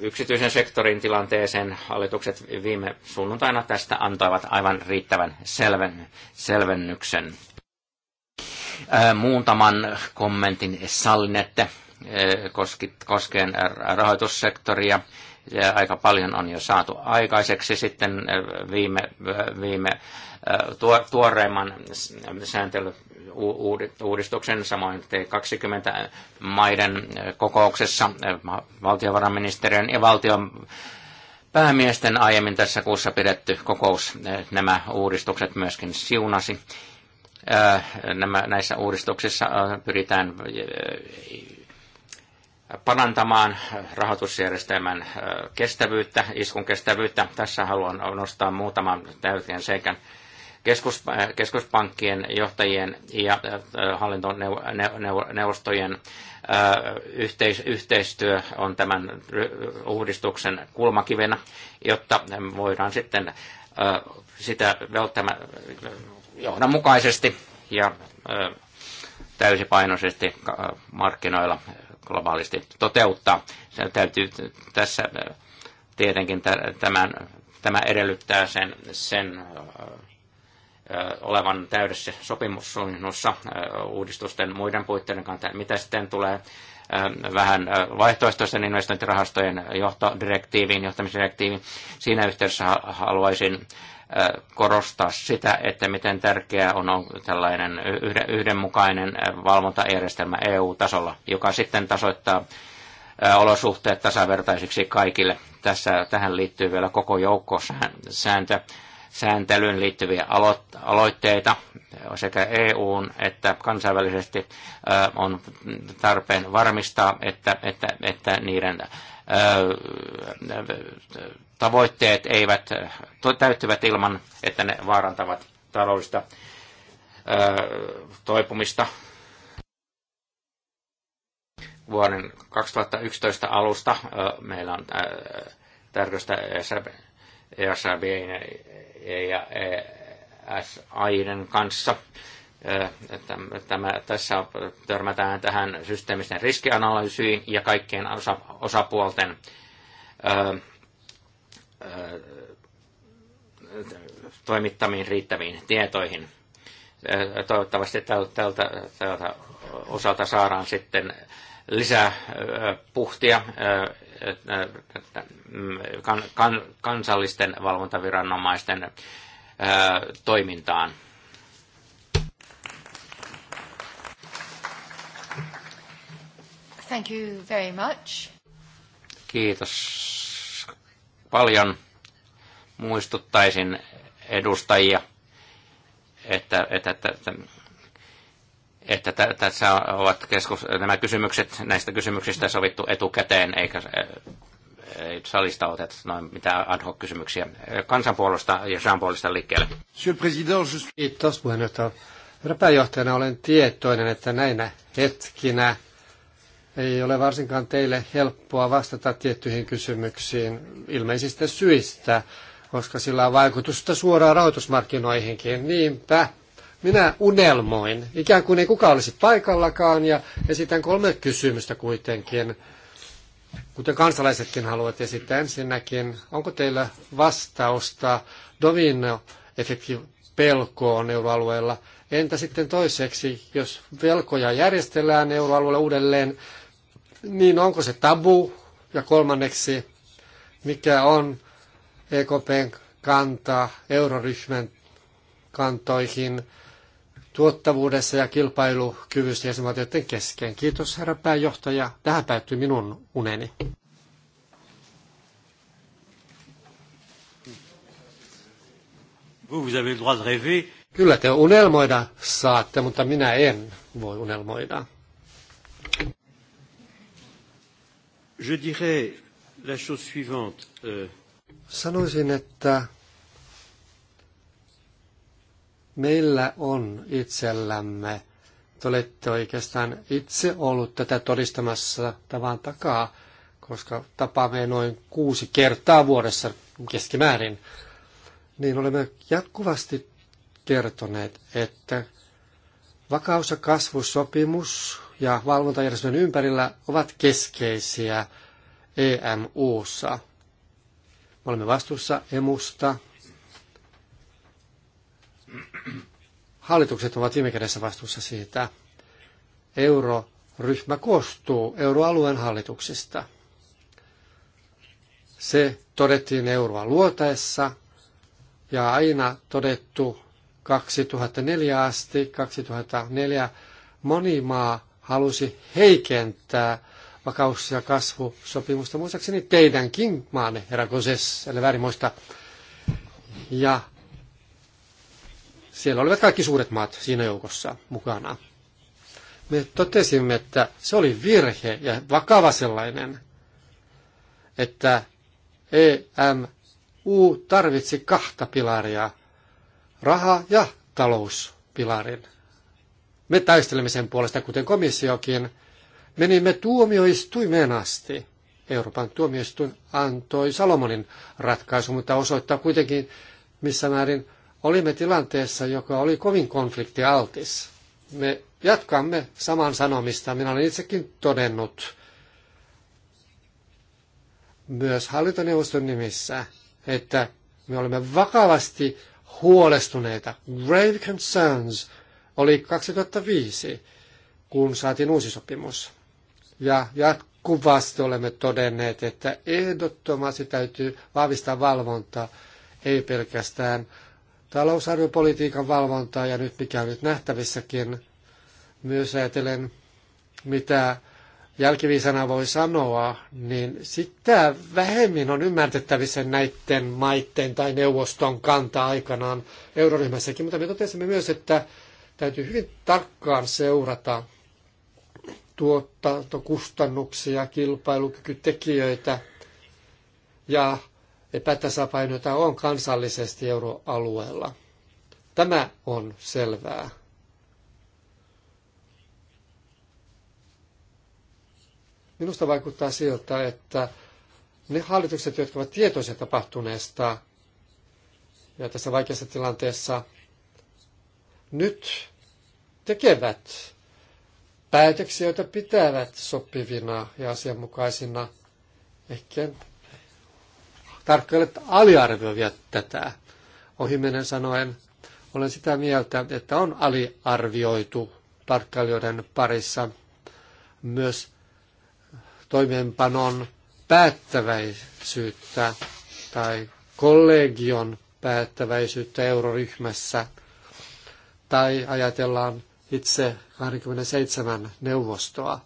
yksityisen sektorin tilanteeseen hallitukset viime sunnuntaina tästä antoivat aivan riittävän selven, selvennyksen. Muutaman kommentin sallinette koskien rahoitussektoria ja aika paljon on jo saatu aikaiseksi sitten äh, viime, äh, viime äh, tuoreimman uudistuksen samoin T20 maiden kokouksessa valtiovarainministeriön ja valtion päämiesten aiemmin tässä kuussa pidetty kokous nämä uudistukset myöskin siunasi. Nämä, näissä uudistuksissa pyritään parantamaan äh, rahoitusjärjestelmän äh, kestävyyttä, iskun kestävyyttä. Tässä haluan nostaa muutaman täyteen seikan keskus, äh, keskuspankkien johtajien ja hallintoneuvostojen yhteis, yhteistyö on tämän uudistuksen kulmakivenä, jotta voidaan sitten sitä välttämättä johdonmukaisesti ja täysipainoisesti markkinoilla globaalisti toteuttaa. Se täytyy tässä tietenkin tämän, tämä edellyttää sen, sen olevan täydessä sopimussuunnissa uudistusten muiden puitteiden kanssa. Mitä sitten tulee vähän vaihtoehtoisten investointirahastojen johtodirektiiviin, johtamisdirektiiviin. Siinä yhteydessä haluaisin korostaa sitä, että miten tärkeää on, tällainen yhdenmukainen valvontajärjestelmä EU-tasolla, joka sitten tasoittaa olosuhteet tasavertaisiksi kaikille. Tässä, tähän liittyy vielä koko joukko sääntö, sääntelyyn liittyviä aloitteita sekä EUn että kansainvälisesti on tarpeen varmistaa, että, että, että niiden tavoitteet eivät täyttyvät ilman, että ne vaarantavat taloudellista toipumista. Vuoden 2011 alusta meillä on tärkeistä ESRB e ja ESAiden kanssa. Tämä, tässä törmätään tähän systeemisten riskianalyysiin ja kaikkien osapuolten toimittamiin riittäviin tietoihin. Toivottavasti tältä, tältä osalta saadaan sitten lisää puhtia mm, kansallisten valvontaviranomaisten toimintaan. Thank you very much. Kiitos paljon. Muistuttaisin edustajia, että, että, että, että että tässä ovat keskus, nämä kysymykset, näistä kysymyksistä sovittu etukäteen, eikä ei salista oteta noin mitään ad hoc kysymyksiä. Kansanpuolosta ja Jean-Paulista liikkeelle. Kiitos puheenjohtaja. Herra pääjohtajana olen tietoinen, että näinä hetkinä ei ole varsinkaan teille helppoa vastata tiettyihin kysymyksiin ilmeisistä syistä, koska sillä on vaikutusta suoraan rahoitusmarkkinoihinkin. Niinpä minä unelmoin, ikään kuin ei kukaan olisi paikallakaan, ja esitän kolme kysymystä kuitenkin, kuten kansalaisetkin haluavat esittää. Ensinnäkin, onko teillä vastausta domino-efektin pelkoon euroalueella? Entä sitten toiseksi, jos velkoja järjestellään euroalueella uudelleen, niin onko se tabu? Ja kolmanneksi, mikä on EKPn kanta euroryhmän kantoihin tuottavuudessa ja kilpailukyvyssä jäsenvaltioiden kesken. Kiitos herra pääjohtaja. Tähän päättyy minun uneni. Vous, vous avez le droit de rêver. Kyllä te unelmoida saatte, mutta minä en voi unelmoida. Je dirais la chose suivante. Euh... Sanoisin, että meillä on itsellämme, te olette oikeastaan itse ollut tätä todistamassa tavan takaa, koska tapaamme noin kuusi kertaa vuodessa keskimäärin, niin olemme jatkuvasti kertoneet, että vakaus- ja kasvusopimus ja valvontajärjestelmän ympärillä ovat keskeisiä EMUssa. Me olemme vastuussa EMUsta. Hallitukset ovat viime kädessä vastuussa siitä. Euroryhmä koostuu euroalueen hallituksista. Se todettiin euroa luotaessa ja aina todettu 2004 asti, 2004 moni maa halusi heikentää vakaus- ja kasvusopimusta, muistaakseni teidänkin maanne, herra Gozes, eli väärin muista. Ja siellä olivat kaikki suuret maat siinä joukossa mukana. Me totesimme, että se oli virhe ja vakava sellainen, että EMU tarvitsi kahta pilaria, raha- ja talouspilarin. Me taistelemme sen puolesta, kuten komissiokin. Menimme tuomioistuimeen asti. Euroopan tuomioistuin antoi Salomonin ratkaisu, mutta osoittaa kuitenkin, missä määrin olimme tilanteessa, joka oli kovin konfliktialtis. Me jatkamme saman sanomista. Minä olen itsekin todennut myös hallintoneuvoston nimissä, että me olemme vakavasti huolestuneita, grave concerns oli 2005, kun saatiin uusi sopimus. Ja jatkuvasti olemme todenneet, että ehdottomasti täytyy vahvistaa valvontaa, ei pelkästään talousarviopolitiikan valvontaa ja nyt mikä on nyt nähtävissäkin, myös ajatellen mitä jälkiviisana voi sanoa, niin sitä vähemmin on ymmärtettävissä näiden maiden tai neuvoston kanta aikanaan euroryhmässäkin, mutta me totesimme myös, että Täytyy hyvin tarkkaan seurata tuottantokustannuksia, kilpailukykytekijöitä ja epätasapainoita on kansallisesti euroalueella. Tämä on selvää. Minusta vaikuttaa siltä, että ne hallitukset, jotka ovat tietoisia tapahtuneesta ja tässä vaikeassa tilanteessa nyt tekevät päätöksiä, joita pitävät sopivina ja asianmukaisina. Ehkä tarkkailet aliarvioivat tätä. Ohimenen sanoen olen sitä mieltä, että on aliarvioitu tarkkailijoiden parissa myös toimeenpanon päättäväisyyttä tai kollegion päättäväisyyttä euroryhmässä tai ajatellaan itse 27 neuvostoa.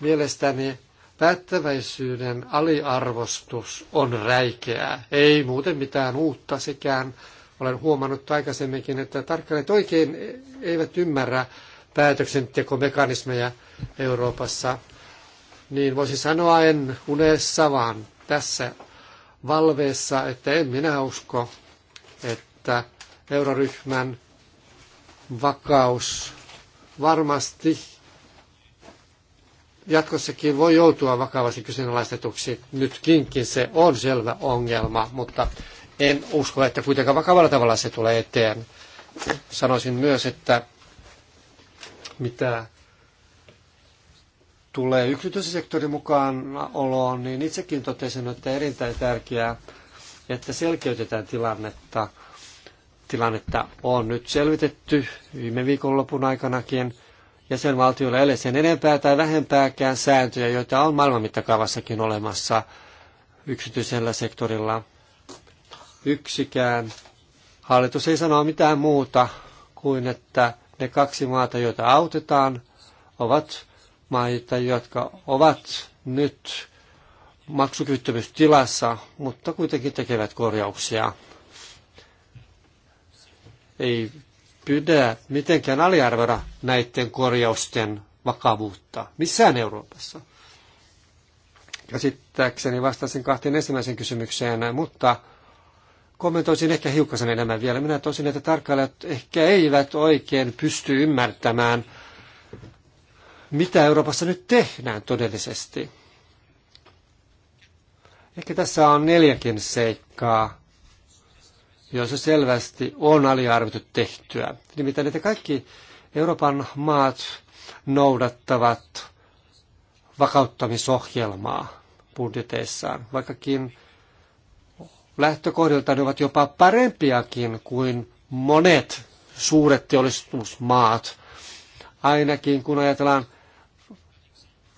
Mielestäni päättäväisyyden aliarvostus on räikeää. Ei muuten mitään uutta sekään. Olen huomannut aikaisemminkin, että tarkkailijat oikein eivät ymmärrä päätöksentekomekanismeja Euroopassa. Niin voisi sanoa en unessa, vaan tässä valveessa, että en minä usko, että euroryhmän vakaus varmasti jatkossakin voi joutua vakavasti kyseenalaistetuksi. Nyt kinkin se on selvä ongelma, mutta en usko, että kuitenkaan vakavalla tavalla se tulee eteen. Sanoisin myös, että mitä tulee yksityisen sektorin mukaan oloon, niin itsekin totesin, että erittäin tärkeää, että selkeytetään tilannetta – tilannetta on nyt selvitetty viime viikonlopun aikanakin. Jäsenvaltioilla ei ole sen enempää tai vähempääkään sääntöjä, joita on maailman mittakaavassakin olemassa yksityisellä sektorilla. Yksikään hallitus ei sano mitään muuta kuin, että ne kaksi maata, joita autetaan, ovat maita, jotka ovat nyt maksukyvyttömyystilassa, mutta kuitenkin tekevät korjauksia ei pidä mitenkään aliarvoida näiden korjausten vakavuutta missään Euroopassa. Käsittääkseni vastasin kahteen ensimmäiseen kysymykseen, mutta kommentoisin ehkä hiukkasen enemmän vielä. Minä tosin, että tarkkailijat ehkä eivät oikein pysty ymmärtämään, mitä Euroopassa nyt tehdään todellisesti. Ehkä tässä on neljäkin seikkaa, joissa selvästi on aliarvioitu tehtyä. Nimittäin, että kaikki Euroopan maat noudattavat vakauttamisohjelmaa budjeteissaan, vaikkakin lähtökohdilta ne ovat jopa parempiakin kuin monet suuret teollisuusmaat, ainakin kun ajatellaan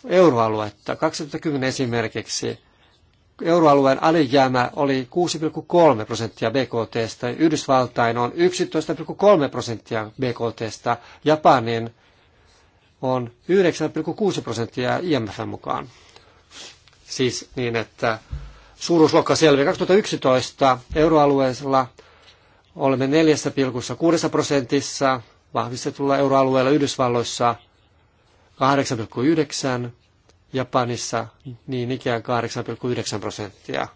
euroaluetta. 2010 esimerkiksi euroalueen alijäämä oli 6,3 prosenttia BKTstä, Yhdysvaltain on 11,3 prosenttia BKTstä, Japanin on 9,6 prosenttia IMFn mukaan. Siis niin, että suuruusluokka selviää. 2011 euroalueella olemme 4,6 prosentissa, vahvistetulla euroalueella Yhdysvalloissa 8,9 Japanissa niin ikään 8,9 prosenttia.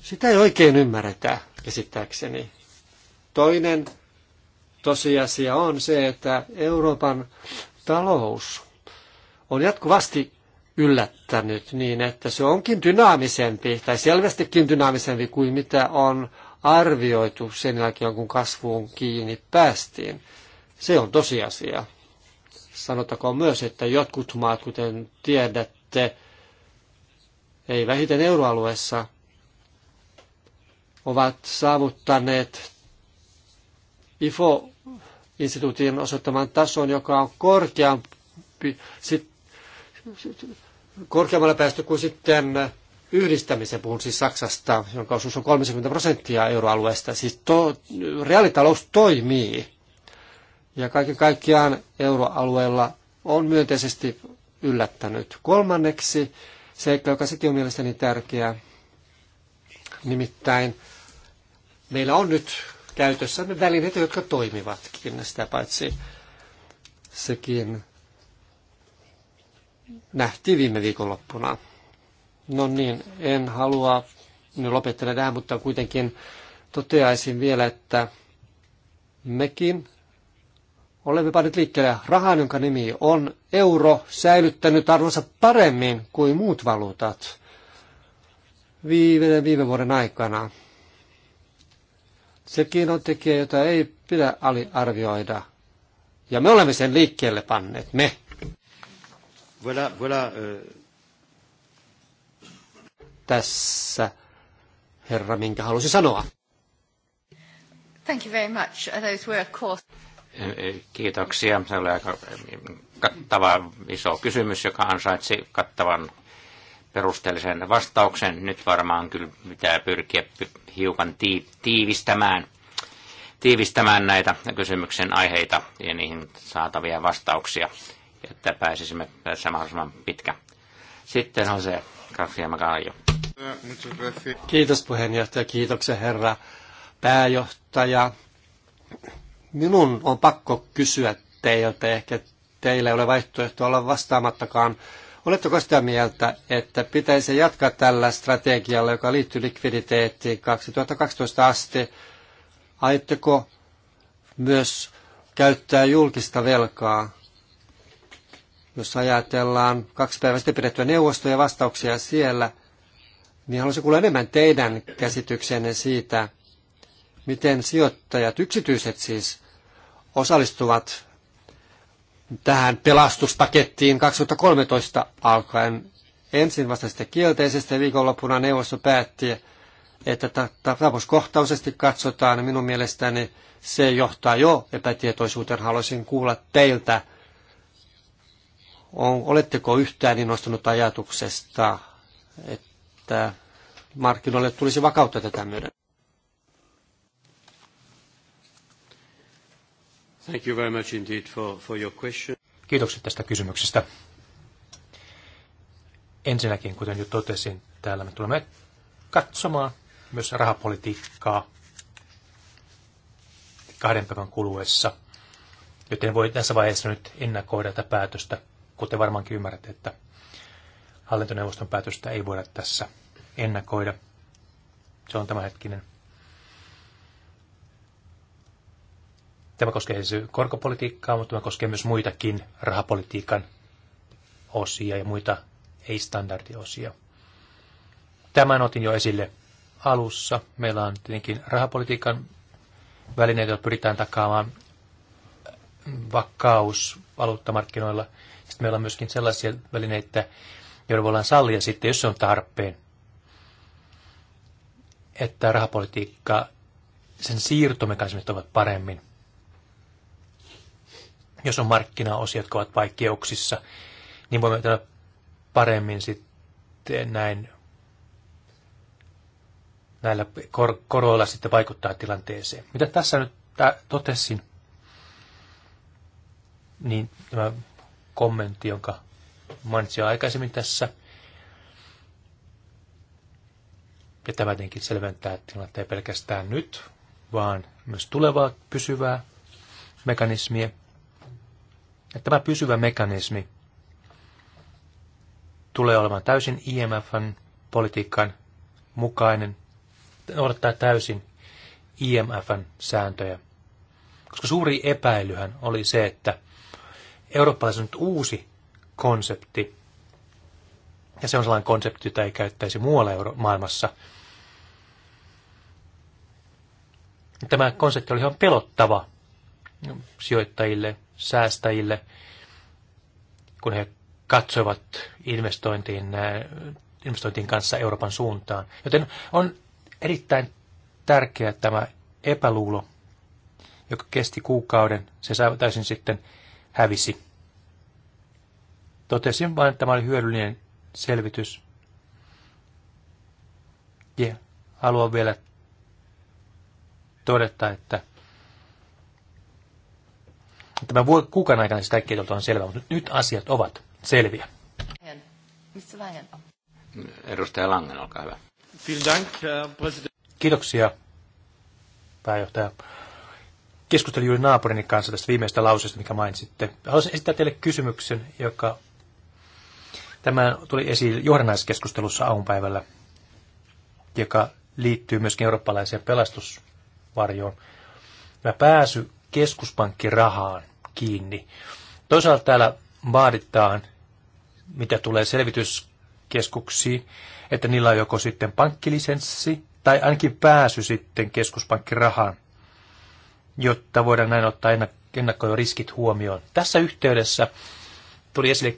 Sitä ei oikein ymmärretä käsittääkseni. Toinen tosiasia on se, että Euroopan talous on jatkuvasti yllättänyt niin, että se onkin dynaamisempi tai selvästikin dynaamisempi kuin mitä on arvioitu sen jälkeen, kun kasvuun kiinni päästiin. Se on tosiasia. Sanottakoon myös, että jotkut maat, kuten tiedätte, ei vähiten euroalueessa, ovat saavuttaneet IFO-instituutin osoittaman tason, joka on korkeampi, sit, korkeammalla päästy kuin sitten yhdistämisen, puhun siis Saksasta, jonka osuus on 30 prosenttia euroalueesta. Siis to, reaalitalous toimii ja kaiken kaikkiaan euroalueella on myönteisesti yllättänyt. Kolmanneksi seikka, joka sekin on mielestäni tärkeä, nimittäin meillä on nyt käytössä ne välineet, jotka toimivatkin sitä paitsi sekin nähtiin viime viikonloppuna. No niin, en halua nyt lopettaa tähän, mutta kuitenkin toteaisin vielä, että mekin olemme panneet liikkeelle rahan, jonka nimi on euro, säilyttänyt arvonsa paremmin kuin muut valuutat viime, viime vuoden aikana. Sekin on tekijä, jota ei pidä aliarvioida. Ja me olemme sen liikkeelle panneet, me. Voilà, voilà, euh... Tässä, herra, minkä halusi sanoa. Thank you very much. Those were, of course... Kiitoksia. Se oli aika mm, kattava iso kysymys, joka ansaitsi kattavan perusteellisen vastauksen. Nyt varmaan kyllä pitää pyrkiä hiukan tiivistämään, tiivistämään näitä kysymyksen aiheita ja niihin saatavia vastauksia, että pääsisimme tässä mahdollisimman pitkä. Sitten on se Grafia Magalio. Kiitos puheenjohtaja, kiitoksia herra pääjohtaja minun on pakko kysyä teiltä, ehkä teillä ei ole vaihtoehto olla vastaamattakaan. Oletteko sitä mieltä, että pitäisi jatkaa tällä strategialla, joka liittyy likviditeettiin 2012 asti? Aitteko myös käyttää julkista velkaa? Jos ajatellaan kaksi päivää sitten pidettyä neuvostoja vastauksia siellä, niin haluaisin kuulla enemmän teidän käsityksenne siitä, miten sijoittajat, yksityiset siis, osallistuvat tähän pelastuspakettiin 2013 alkaen. Ensin vasta sitä kielteisestä viikonloppuna neuvosto päätti, että tapauskohtaisesti katsotaan. Minun mielestäni se johtaa jo epätietoisuuteen. Haluaisin kuulla teiltä, on, oletteko yhtään innostunut ajatuksesta, että markkinoille tulisi vakautta tätä myöden? Thank you very much indeed for, for your question. Kiitokset tästä kysymyksestä. Ensinnäkin, kuten jo totesin, täällä me tulemme katsomaan myös rahapolitiikkaa kahden päivän kuluessa. Joten voi tässä vaiheessa nyt ennakoida tätä päätöstä, kuten varmaankin ymmärrät, että hallintoneuvoston päätöstä ei voida tässä ennakoida. Se on tämänhetkinen Tämä koskee siis korkopolitiikkaa, mutta tämä koskee myös muitakin rahapolitiikan osia ja muita ei-standardiosia. Tämän otin jo esille alussa. Meillä on tietenkin rahapolitiikan välineitä, joilla pyritään takaamaan vakaus valuuttamarkkinoilla. Sitten meillä on myöskin sellaisia välineitä, joilla voidaan sallia sitten, jos se on tarpeen, että rahapolitiikka, sen siirtomekanismit ovat paremmin jos on markkinaosia, jotka ovat vaikeuksissa, niin voimme tehdä paremmin sitten näin näillä kor- koroilla sitten vaikuttaa tilanteeseen. Mitä tässä nyt totesin, niin tämä kommentti, jonka mainitsin jo aikaisemmin tässä, ja tämä tietenkin selventää tilannetta ei pelkästään nyt, vaan myös tulevaa pysyvää mekanismia, ja tämä pysyvä mekanismi tulee olemaan täysin IMFn politiikan mukainen, noudattaa täysin IMFn sääntöjä. Koska suuri epäilyhän oli se, että eurooppalaisen nyt uusi konsepti, ja se on sellainen konsepti, jota ei käyttäisi muualla Euro- maailmassa. Tämä konsepti oli ihan pelottava sijoittajille, säästäjille, kun he katsoivat investointiin, investointiin kanssa Euroopan suuntaan. Joten on erittäin tärkeä tämä epäluulo, joka kesti kuukauden, se täysin sitten hävisi. Totesin vain, että tämä oli hyödyllinen selvitys. Ja haluan vielä todeta, että mä voi kukaan aikana sitä siis kaikki on selvä, mutta nyt asiat ovat selviä. Mr. Langen. Edustaja Langen, olkaa hyvä. Kiitoksia, pääjohtaja. Keskustelin juuri naapurini kanssa tästä viimeistä lauseesta, mikä mainitsitte. Haluaisin esittää teille kysymyksen, joka tämä tuli esiin johdannaiskeskustelussa aamupäivällä, joka liittyy myöskin eurooppalaiseen pelastusvarjoon. Tämä pääsy keskuspankkirahaan kiinni. Toisaalta täällä vaaditaan, mitä tulee selvityskeskuksiin, että niillä on joko sitten pankkilisenssi tai ainakin pääsy sitten keskuspankkirahaan, jotta voidaan näin ottaa ennakkoja riskit huomioon. Tässä yhteydessä tuli esille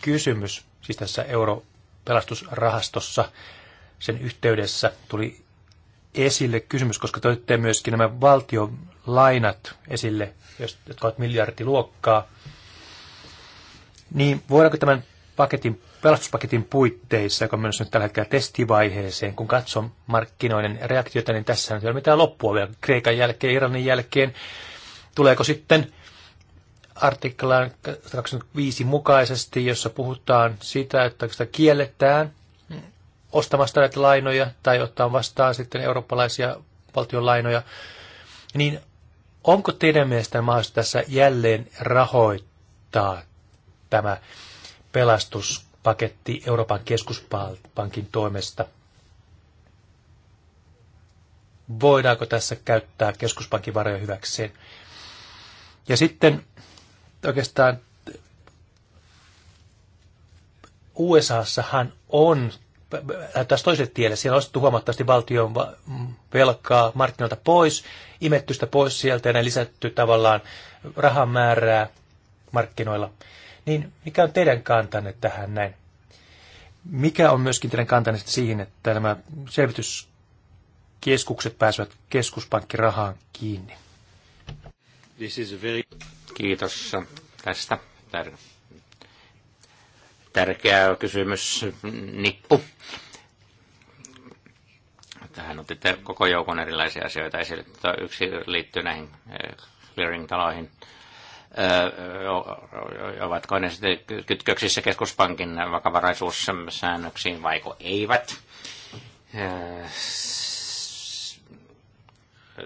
kysymys, siis tässä europelastusrahastossa, sen yhteydessä tuli esille kysymys, koska toitte myöskin nämä valtiolainat lainat esille, jotka ovat miljardiluokkaa. Niin voidaanko tämän paketin, pelastuspaketin puitteissa, joka on menossa nyt tällä hetkellä testivaiheeseen, kun katson markkinoiden reaktiota, niin tässä ei ole mitään loppua vielä Kreikan jälkeen, Iranin jälkeen. Tuleeko sitten artiklaan 25 mukaisesti, jossa puhutaan sitä, että sitä kielletään – ostamasta näitä lainoja tai ottaa vastaan sitten eurooppalaisia valtion lainoja, niin onko teidän mielestä mahdollista tässä jälleen rahoittaa tämä pelastuspaketti Euroopan keskuspankin toimesta? Voidaanko tässä käyttää keskuspankin varoja hyväkseen? Ja sitten oikeastaan USAssahan on lähdettäisiin toiselle tielle. Siellä on huomattavasti valtion velkaa markkinoilta pois, imettystä pois sieltä ja ne lisätty tavallaan rahan määrää markkinoilla. Niin mikä on teidän kantanne tähän näin? Mikä on myöskin teidän kantanne siihen, että nämä selvityskeskukset pääsevät keskuspankkirahaan kiinni? This is a very... Kiitos tästä tärkeä kysymys, nippu. Tähän otitte koko joukon erilaisia asioita esille. Tuota, yksi liittyy näihin eh, clearing-taloihin. Eh, ovatko ne sitten kytköksissä keskuspankin vakavaraisuussäännöksiin vaiko eivät? Eh,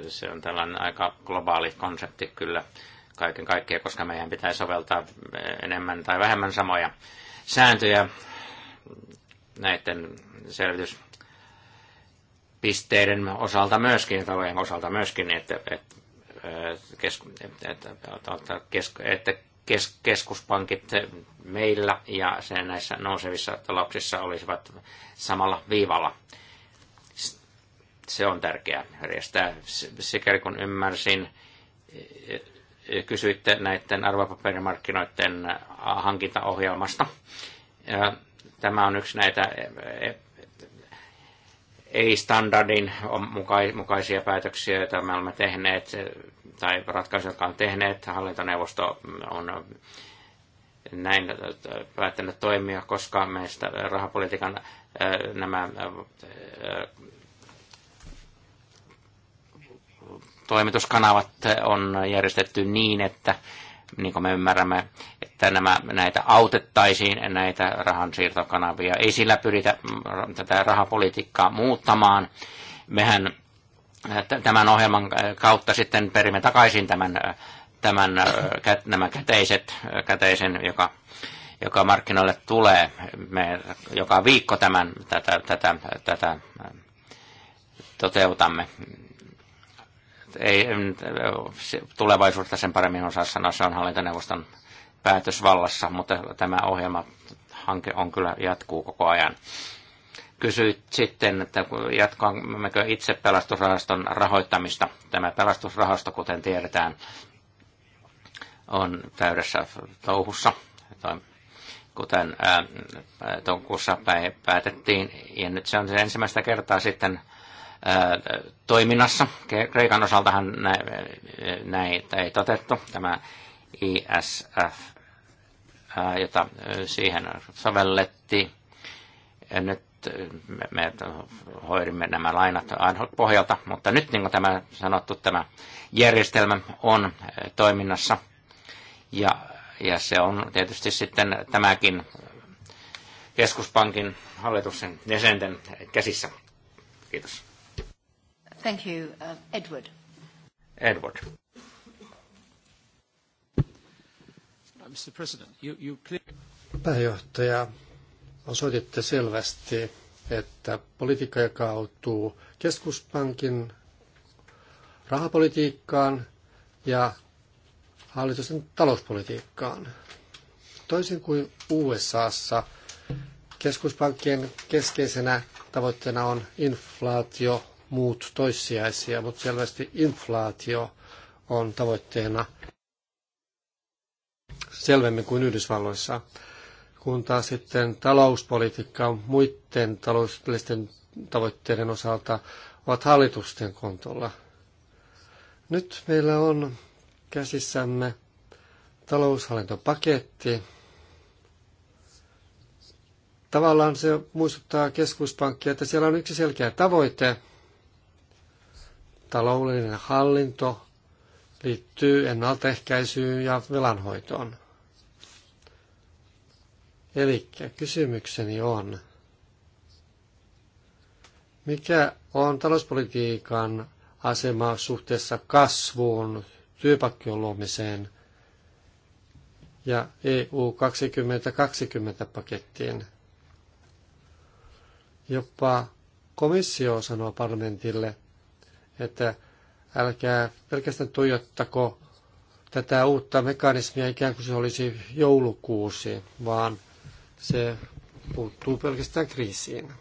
se on tällainen aika globaali konsepti kyllä kaiken kaikkiaan, koska meidän pitää soveltaa enemmän tai vähemmän samoja sääntöjä näiden selvityspisteiden osalta myöskin, tavojen osalta myöskin, että, että, äh, että että, että, että kes, keskuspankit meillä ja se näissä nousevissa talouksissa olisivat samalla viivalla. Se on tärkeää järjestää. Sikäli kun ymmärsin, kysyitte näiden arvopaperimarkkinoiden hankintaohjelmasta. Tämä on yksi näitä ei-standardin mukaisia päätöksiä, joita me olemme tehneet, tai ratkaisuja, jotka on tehneet. Hallintoneuvosto on näin päättänyt toimia, koska meistä rahapolitiikan nämä toimituskanavat on järjestetty niin, että niin kuin me ymmärrämme, että nämä, näitä autettaisiin, näitä rahansiirtokanavia. Ei sillä pyritä tätä rahapolitiikkaa muuttamaan. Mehän tämän ohjelman kautta sitten perimme takaisin tämän, tämän, nämä käteiset, käteisen, joka, joka markkinoille tulee. Me joka viikko tämän, tätä, tätä, tätä toteutamme ei tulevaisuutta sen paremmin osaa sanoa, se on hallintoneuvoston päätösvallassa, mutta tämä ohjelma hanke on kyllä jatkuu koko ajan. Kysyit sitten, että jatkammeko itse pelastusrahaston rahoittamista. Tämä pelastusrahasto, kuten tiedetään, on täydessä touhussa, kuten toukokuussa päätettiin. Ja nyt se on ensimmäistä kertaa sitten toiminnassa. Kreikan osaltahan näitä ei totettu. Tämä ISF, jota siihen sovellettiin. Nyt me, me hoidimme nämä lainat pohjalta, mutta nyt niin kuin tämä sanottu, tämä järjestelmä on toiminnassa ja, ja se on tietysti sitten tämäkin keskuspankin hallituksen jäsenten käsissä. Kiitos. Thank you. Uh, Edward. Edward. Uh, Mr. President, you, you Pääjohtaja, osoititte selvästi, että politiikka jakautuu keskuspankin rahapolitiikkaan ja hallitusten talouspolitiikkaan. Toisin kuin USAssa, keskuspankkien keskeisenä tavoitteena on inflaatio muut toissijaisia, mutta selvästi inflaatio on tavoitteena selvemmin kuin Yhdysvalloissa. Kun taas sitten talouspolitiikka on muiden taloudellisten tavoitteiden osalta ovat hallitusten kontolla. Nyt meillä on käsissämme taloushallintopaketti. Tavallaan se muistuttaa keskuspankkia, että siellä on yksi selkeä tavoite – Taloudellinen hallinto liittyy ennaltaehkäisyyn ja velanhoitoon. Eli kysymykseni on, mikä on talouspolitiikan asema suhteessa kasvuun, työpakkion luomiseen ja EU 2020 pakettiin? Jopa komissio sanoo parlamentille, että älkää pelkästään tuijottako tätä uutta mekanismia ikään kuin se olisi joulukuusi, vaan se puuttuu pelkästään kriisiin.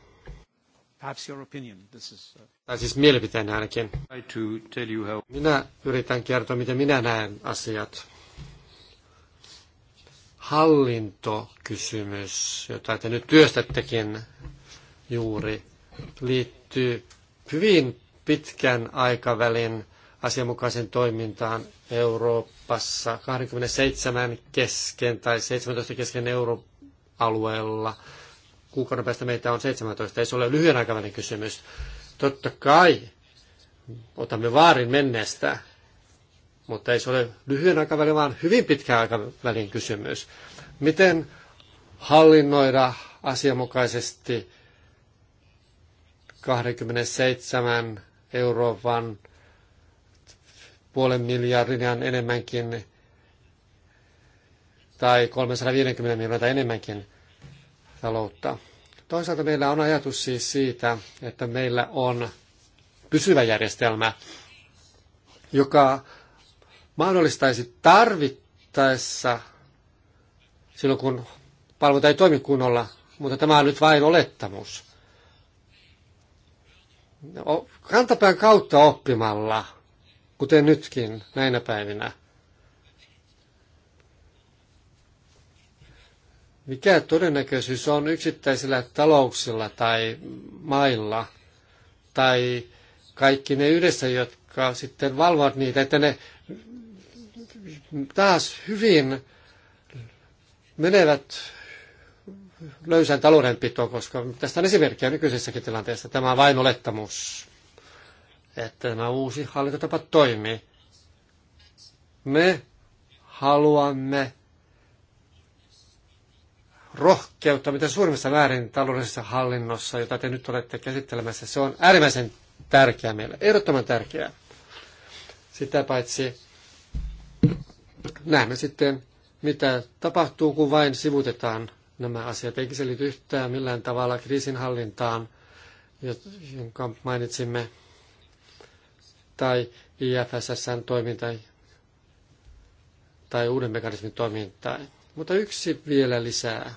Perhaps your opinion. This is... Uh, tai siis mielipiteen ainakin. How... Minä yritän kertoa, miten minä näen asiat. Hallintokysymys, jota te nyt työstättekin juuri, liittyy hyvin pitkän aikavälin asianmukaisen toimintaan Euroopassa 27 kesken tai 17 kesken euroalueella. Kuukauden päästä meitä on 17. Ei se ole lyhyen aikavälin kysymys. Totta kai otamme vaarin menneestä, mutta ei se ole lyhyen aikavälin, vaan hyvin pitkän aikavälin kysymys. Miten hallinnoida asianmukaisesti 27 vaan puolen miljardin enemmänkin tai 350 miljoonaa enemmänkin taloutta. Toisaalta meillä on ajatus siis siitä, että meillä on pysyvä järjestelmä, joka mahdollistaisi tarvittaessa silloin, kun palvelut ei toimi kunnolla, mutta tämä on nyt vain olettamus kantapään kautta oppimalla, kuten nytkin näinä päivinä. Mikä todennäköisyys on yksittäisillä talouksilla tai mailla tai kaikki ne yhdessä, jotka sitten valvovat niitä, että ne taas hyvin menevät löysän taloudenpitoon, koska tästä on esimerkkiä nykyisessäkin tilanteessa. Tämä on vain olettamus, että tämä uusi hallintotapa toimii. Me haluamme rohkeutta mitä suurimmassa määrin taloudellisessa hallinnossa, jota te nyt olette käsittelemässä. Se on äärimmäisen tärkeää meille, ehdottoman tärkeää. Sitä paitsi näemme sitten, mitä tapahtuu, kun vain sivutetaan nämä asiat. Eikä se liity yhtään millään tavalla kriisinhallintaan, jonka mainitsimme, tai IFSSn toimintaan tai uuden mekanismin toimintaan. Mutta yksi vielä lisää.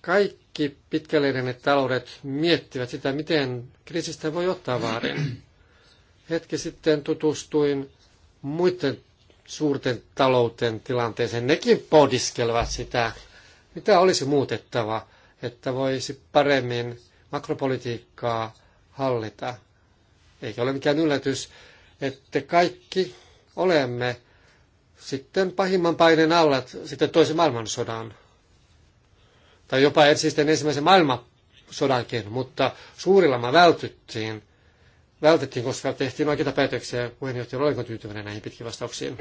Kaikki pitkälle taloudet miettivät sitä, miten kriisistä voi ottaa vaarin. Hetki sitten tutustuin muiden suurten talouten tilanteeseen. Nekin pohdiskelevat sitä, mitä olisi muutettava, että voisi paremmin makropolitiikkaa hallita. Eikä ole mikään yllätys, että kaikki olemme sitten pahimman paineen alla sitten toisen maailmansodan. Tai jopa sitten ensimmäisen maailmansodankin, mutta suurilla me vältyttiin vältettiin, koska tehtiin oikeita päätöksiä. Puheenjohtaja, olenko tyytyväinen näihin pitkiin vastauksiin?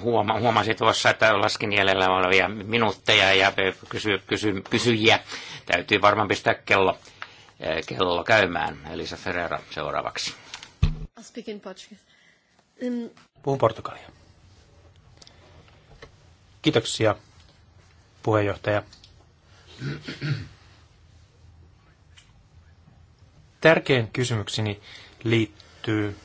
Huoma, huomasin tuossa, että laskin jäljellä olevia minuutteja ja kysy, kysy, kysyjiä. Täytyy varmaan pistää kello, kello käymään. Elisa Ferreira seuraavaksi. Um, Puhun portugalia. Kiitoksia, puheenjohtaja. Tärkein kysymykseni liittyy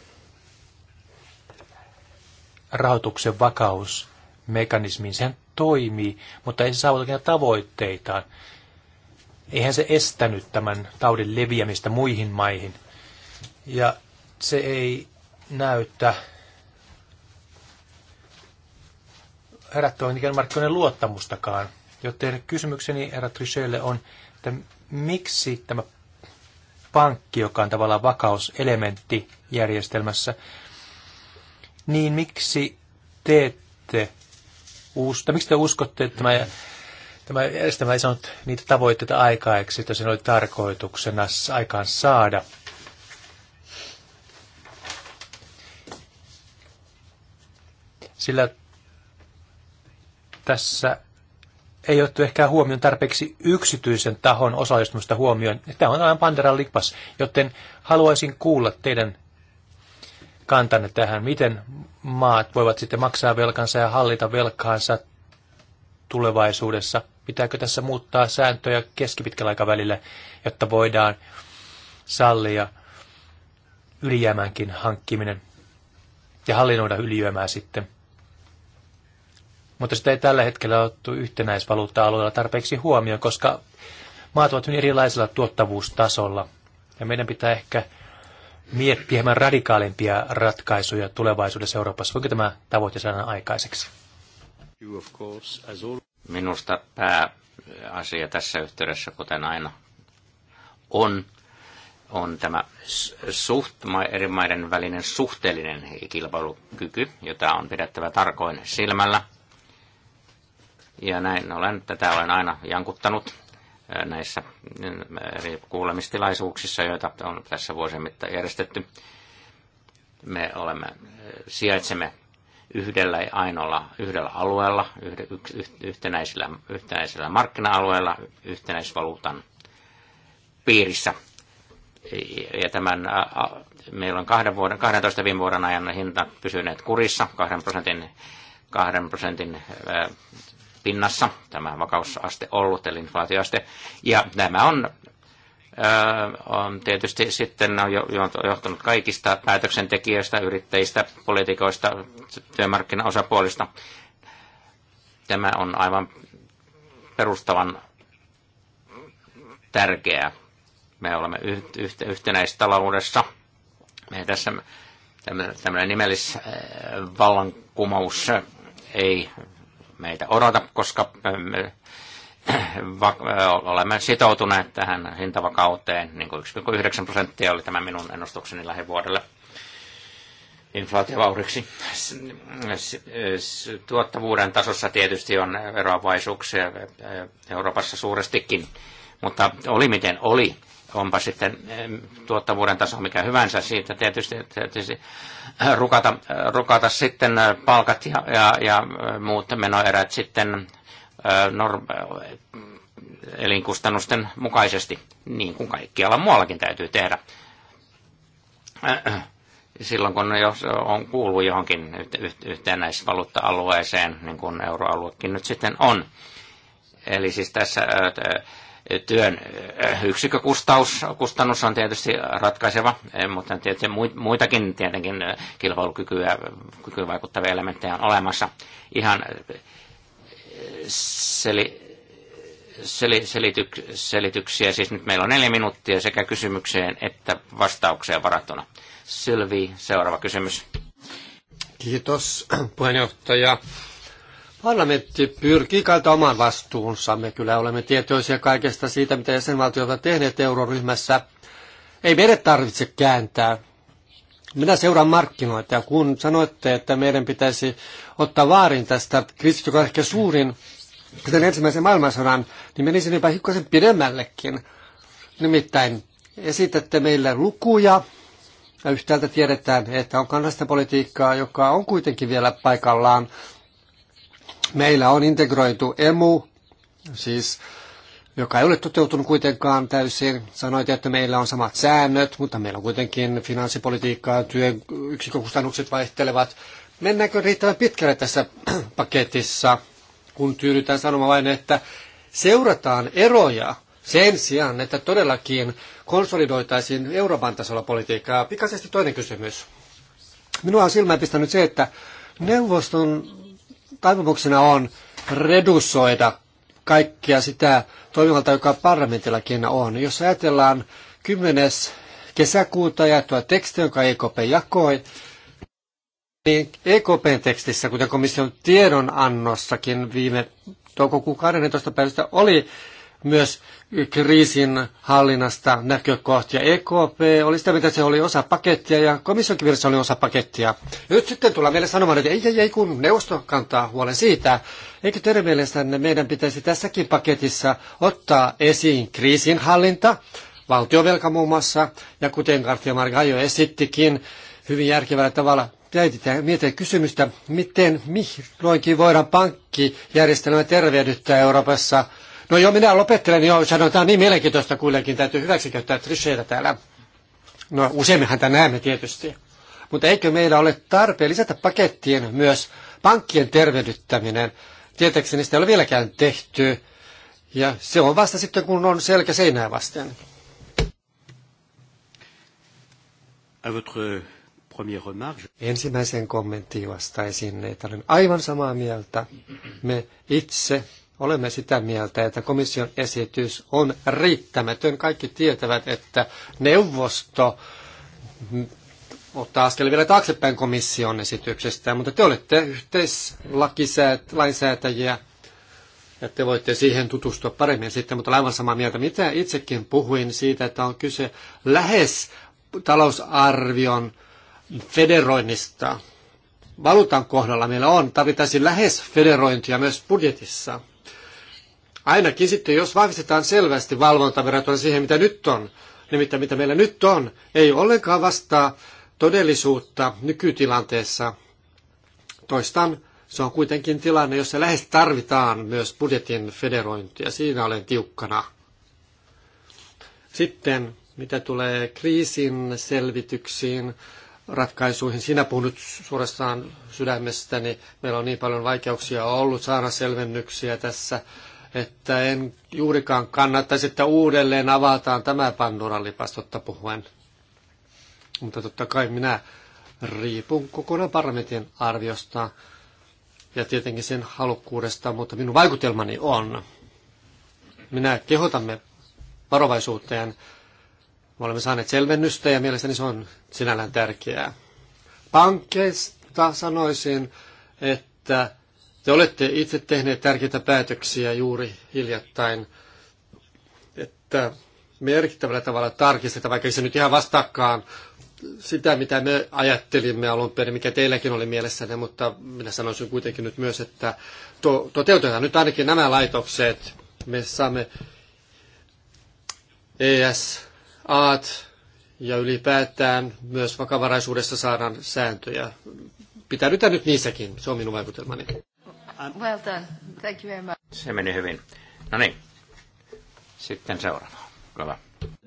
rahoituksen vakausmekanismiin. Sehän toimii, mutta ei se saavuta tavoitteitaan. Eihän se estänyt tämän taudin leviämistä muihin maihin. Ja se ei näytä herättävän niinkään markkinoiden luottamustakaan. Joten kysymykseni herra Trichelle on, että miksi tämä pankki, joka on tavallaan vakauselementti järjestelmässä, niin miksi teette, uusta, miksi te uskotte, että tämä, tämä järjestelmä ei saanut niitä tavoitteita aikaiseksi, että sen oli tarkoituksena aikaan saada? Sillä tässä ei ottu ehkä huomioon tarpeeksi yksityisen tahon osallistumista huomioon. Tämä on aivan Pandera lipas, joten haluaisin kuulla teidän kantanne tähän, miten maat voivat sitten maksaa velkansa ja hallita velkaansa tulevaisuudessa. Pitääkö tässä muuttaa sääntöjä keskipitkällä aikavälillä, jotta voidaan sallia ylijäämänkin hankkiminen ja hallinnoida ylijäämää sitten. Mutta sitä ei tällä hetkellä ottu yhtenäisvaluutta-alueella tarpeeksi huomioon, koska maat ovat hyvin erilaisella tuottavuustasolla. Ja meidän pitää ehkä miettiä hieman radikaalimpia ratkaisuja tulevaisuudessa Euroopassa. voiko tämä tavoite saada aikaiseksi? Minusta pääasia tässä yhteydessä, kuten aina, on, on tämä suht, eri maiden välinen suhteellinen kilpailukyky, jota on pidettävä tarkoin silmällä – ja näin olen, tätä olen aina jankuttanut näissä eri kuulemistilaisuuksissa, joita on tässä vuosien mittaan järjestetty. Me olemme, sijaitsemme yhdellä ainoalla yhdellä alueella, yhtenäisellä, yhtenäisellä markkina-alueella, yhtenäisvaluutan piirissä. Ja tämän, meillä on kahden vuoden, 12 viime vuoden ajan hinta pysyneet kurissa, kahden prosentin, kahden prosentin pinnassa, tämä vakausaste ollut, eli inflaatioaste. Ja nämä on, äh, on tietysti sitten johtunut kaikista päätöksentekijöistä, yrittäjistä, poliitikoista, työmarkkinaosapuolista. Tämä on aivan perustavan tärkeää. Me olemme yhtenäistaloudessa. Me tässä tämmöinen nimellisvallankumous ei meitä odota, koska me ähm, äh, äh, olemme sitoutuneet tähän hintavakauteen, niin kuin 1,9 prosenttia oli tämä minun ennustukseni lähivuodelle inflaatiovauhdiksi. Tuottavuuden tasossa tietysti on eroavaisuuksia äh, Euroopassa suurestikin, mutta oli miten oli onpa sitten eh, tuottavuuden taso mikä hyvänsä siitä tietysti, tietysti eh, rukata, eh, rukata sitten palkat ja, ja, ja muut menoerät sitten norm- elinkustannusten mukaisesti, niin kuin kaikkialla muuallakin täytyy tehdä. Silloin kun jos on kuuluu johonkin valuutta alueeseen niin kuin euroaluekin nyt sitten on. Eli siis tässä työn äh, yksikkökustannus on tietysti ratkaiseva, eh, mutta tietysti muitakin tietenkin äh, kilpailukykyä kykyyn vaikuttavia elementtejä on olemassa. Ihan äh, seli, seli, selityk, selityksiä, siis nyt meillä on neljä minuuttia sekä kysymykseen että vastaukseen varattuna. Sylvi, seuraava kysymys. Kiitos puheenjohtaja. Parlamentti pyrkii kaita oman vastuunsa. Me kyllä olemme tietoisia kaikesta siitä, mitä jäsenvaltiot ovat tehneet euroryhmässä. Ei meidän tarvitse kääntää. Minä seuraan markkinoita ja kun sanoitte, että meidän pitäisi ottaa vaarin tästä kriisistä, joka on ehkä suurin kuten ensimmäisen maailmansodan, niin menisin jopa hiukkasen pidemmällekin. Nimittäin esitätte meille lukuja, ja yhtäältä tiedetään, että on kansallista politiikkaa, joka on kuitenkin vielä paikallaan Meillä on integroitu emu, siis joka ei ole toteutunut kuitenkaan täysin. Sanoit, että meillä on samat säännöt, mutta meillä on kuitenkin finanssipolitiikkaa, työn yksikkökustannukset vaihtelevat. Mennäänkö riittävän pitkälle tässä paketissa, kun tyydytään sanomaan vain, että seurataan eroja sen sijaan, että todellakin konsolidoitaisiin Euroopan tasolla politiikkaa. Pikaisesti toinen kysymys. Minua on silmään pistänyt se, että neuvoston aivomuksena on redusoida kaikkia sitä toimivalta, joka parlamentillakin on. Jos ajatellaan 10. kesäkuuta jaettua tekstiä, jonka EKP jakoi, niin EKPn tekstissä, kuten komission tiedonannossakin viime toukokuun 12. päivästä oli myös kriisin hallinnasta näkökohtia. EKP oli sitä, mitä se oli osa pakettia ja komissionkin virassa oli osa pakettia. Ja nyt sitten tullaan meille sanomaan, että ei, ei, ei, kun neuvosto kantaa huolen siitä. Eikö teidän mielestänne meidän pitäisi tässäkin paketissa ottaa esiin kriisin hallinta, valtiovelka muun muassa, ja kuten Garcia Margallo esittikin hyvin järkevällä tavalla, täytetään miettiä kysymystä, miten milloinkin voidaan pankkijärjestelmä tervehdyttää Euroopassa – No joo, minä lopettelen jo, sanotaan niin mielenkiintoista kuitenkin, täytyy hyväksikäyttää trisheitä täällä. No useimmehan tämä näemme tietysti. Mutta eikö meillä ole tarpeen lisätä pakettiin myös pankkien tervehdyttäminen? Tietääkseni sitä ei ole vieläkään tehty. Ja se on vasta sitten, kun on selkä seinää vasten. À votre première remarque. Ensimmäisen kommenttiin vastaisin, että olen aivan samaa mieltä. Me itse Olemme sitä mieltä, että komission esitys on riittämätön. Kaikki tietävät, että neuvosto ottaa askel vielä taaksepäin komission esityksestä, mutta te olette yhteislainsäätäjiä ja te voitte siihen tutustua paremmin sitten, mutta olen aivan samaa mieltä, mitä itsekin puhuin siitä, että on kyse lähes talousarvion federoinnista. Valuutan kohdalla meillä on, tarvitaan lähes federointia myös budjetissa. Ainakin sitten, jos vahvistetaan selvästi valvonta verrattuna siihen, mitä nyt on, nimittäin mitä meillä nyt on, ei ollenkaan vastaa todellisuutta nykytilanteessa. Toistan, se on kuitenkin tilanne, jossa lähes tarvitaan myös budjetin federointia. Siinä olen tiukkana. Sitten, mitä tulee kriisin selvityksiin, ratkaisuihin. Siinä puhun nyt suorastaan sydämestäni. Meillä on niin paljon vaikeuksia ollut saada selvennyksiä tässä että en juurikaan kannattaisi, että uudelleen avataan tämä Pandoran lipas totta puhuen. Mutta totta kai minä riipun kokonaan parlamentin arviosta ja tietenkin sen halukkuudesta, mutta minun vaikutelmani on. Minä kehotamme varovaisuuteen. Me olemme saaneet selvennystä ja mielestäni se on sinällään tärkeää. Pankkeista sanoisin, että te olette itse tehneet tärkeitä päätöksiä juuri hiljattain, että merkittävällä tavalla tarkistetaan, vaikka se nyt ihan vastaakaan sitä, mitä me ajattelimme alun perin, mikä teilläkin oli mielessänne, mutta minä sanoisin kuitenkin nyt myös, että to, toteutetaan nyt ainakin nämä laitokset. Me saamme ESAat ja ylipäätään myös vakavaraisuudessa saadaan sääntöjä. Pitäydytään nyt niissäkin, se on minun vaikutelmani. Um, well done. Thank you very much. Se meni hyvin. No niin. Sitten seuraava. Kova.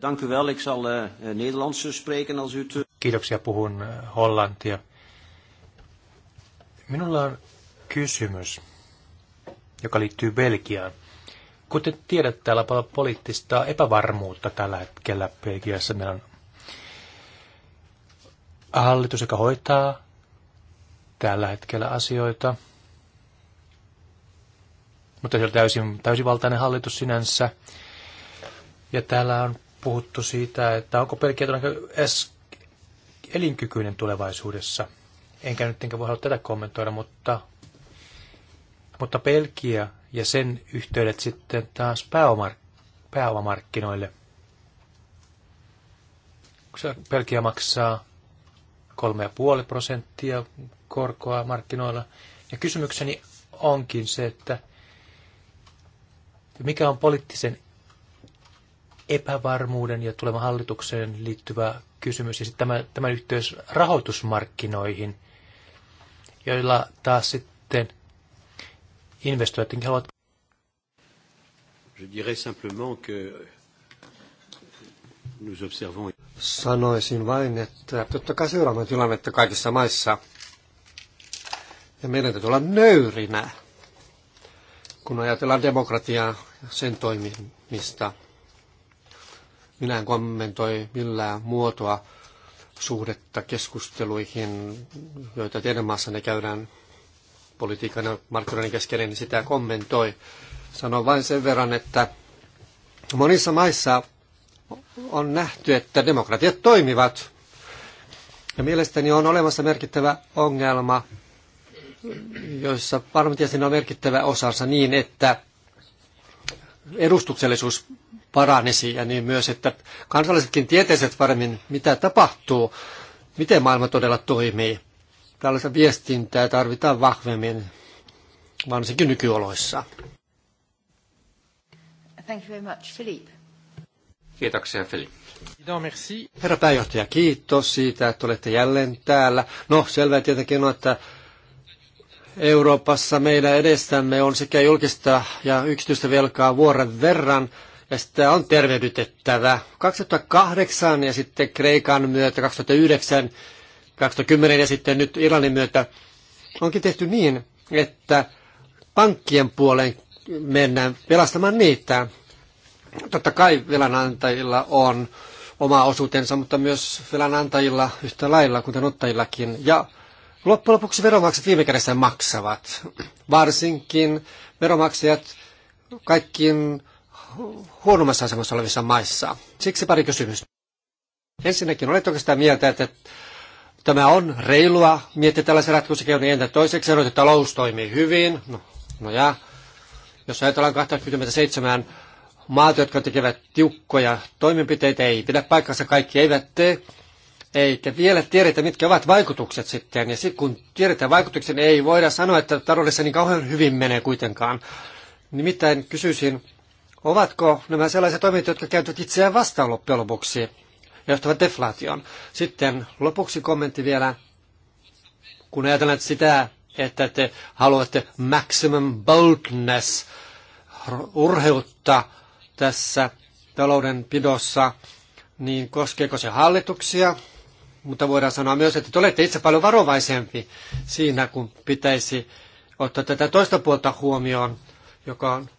Dank u wel. Ik zal uh, Nederlands spreken als u te... Eh, Kiitoksia. Puhun hollantia. Minulla on kysymys, joka liittyy Belgiaan. Kuten tiedät, täällä on paljon poliittista epävarmuutta tällä hetkellä Belgiassa. Meillä on hallitus, joka hoitaa tällä hetkellä asioita – mutta se on täysin, täysivaltainen hallitus sinänsä. Ja täällä on puhuttu siitä, että onko Belgia edes elinkykyinen tulevaisuudessa. Enkä nyt enkä voi halua tätä kommentoida, mutta, mutta Belgia ja sen yhteydet sitten taas pääomar, pääomamarkkinoille. Belgia maksaa 3,5 prosenttia korkoa markkinoilla. Ja kysymykseni onkin se, että mikä on poliittisen epävarmuuden ja tulevan hallitukseen liittyvä kysymys ja sitten tämä, tämä yhteys rahoitusmarkkinoihin, joilla taas sitten investoijatkin haluavat. Je dirais simplement que nous observons... Sanoisin vain, että totta kai seuraamme tilannetta kaikissa maissa. Ja meidän täytyy olla nöyrinä, kun ajatellaan demokratiaa sen toimimista. Minä en kommentoi millään muotoa suhdetta keskusteluihin, joita teidän maassanne käydään politiikan ja markkinoiden kesken, niin sitä kommentoi. Sanon vain sen verran, että monissa maissa on nähty, että demokratiat toimivat. Ja mielestäni on olemassa merkittävä ongelma, joissa parlamentin on merkittävä osansa niin, että edustuksellisuus paranisi ja niin myös, että kansalaisetkin tieteiset paremmin, mitä tapahtuu, miten maailma todella toimii. Tällaista viestintää tarvitaan vahvemmin, varsinkin nykyoloissa. Thank you very much, Philippe. Kiitoksia, Philippe. No, merci. Herra pääjohtaja, kiitos siitä, että olette jälleen täällä. No, selvää tietenkin on, että Euroopassa meidän edestämme on sekä julkista ja yksityistä velkaa vuoren verran, ja sitä on tervehdytettävä. 2008 ja sitten Kreikan myötä, 2009, 2010 ja sitten nyt Irlannin myötä onkin tehty niin, että pankkien puoleen mennään pelastamaan niitä. Totta kai velanantajilla on oma osuutensa, mutta myös velanantajilla yhtä lailla, kuten ottajillakin. Ja Loppujen lopuksi veromaksajat viime kädessä maksavat. Varsinkin veromaksajat kaikkiin huonommassa asemassa olevissa maissa. Siksi pari kysymystä. Ensinnäkin, olet oikeastaan mieltä, että tämä on reilua miettiä tällaisen ratkaisukeun, niin entä toiseksi sanoit, että talous toimii hyvin. No, no ja, jos ajatellaan 27 maata, jotka tekevät tiukkoja toimenpiteitä, ei pidä paikkansa, kaikki eivät tee eikä vielä tiedetä, mitkä ovat vaikutukset sitten. Ja sitten kun tiedetään vaikutuksen, niin ei voida sanoa, että taloudessa niin kauhean hyvin menee kuitenkaan. Nimittäin kysyisin, ovatko nämä sellaiset toimijat, jotka käytävät itseään vastaan loppujen lopuksi ja johtavat deflaation. Sitten lopuksi kommentti vielä, kun ajatellaan sitä, että te haluatte maximum boldness urheutta tässä talouden pidossa, niin koskeeko se hallituksia mutta voidaan sanoa myös, että te olette itse paljon varovaisempi siinä, kun pitäisi ottaa tätä toista puolta huomioon, joka on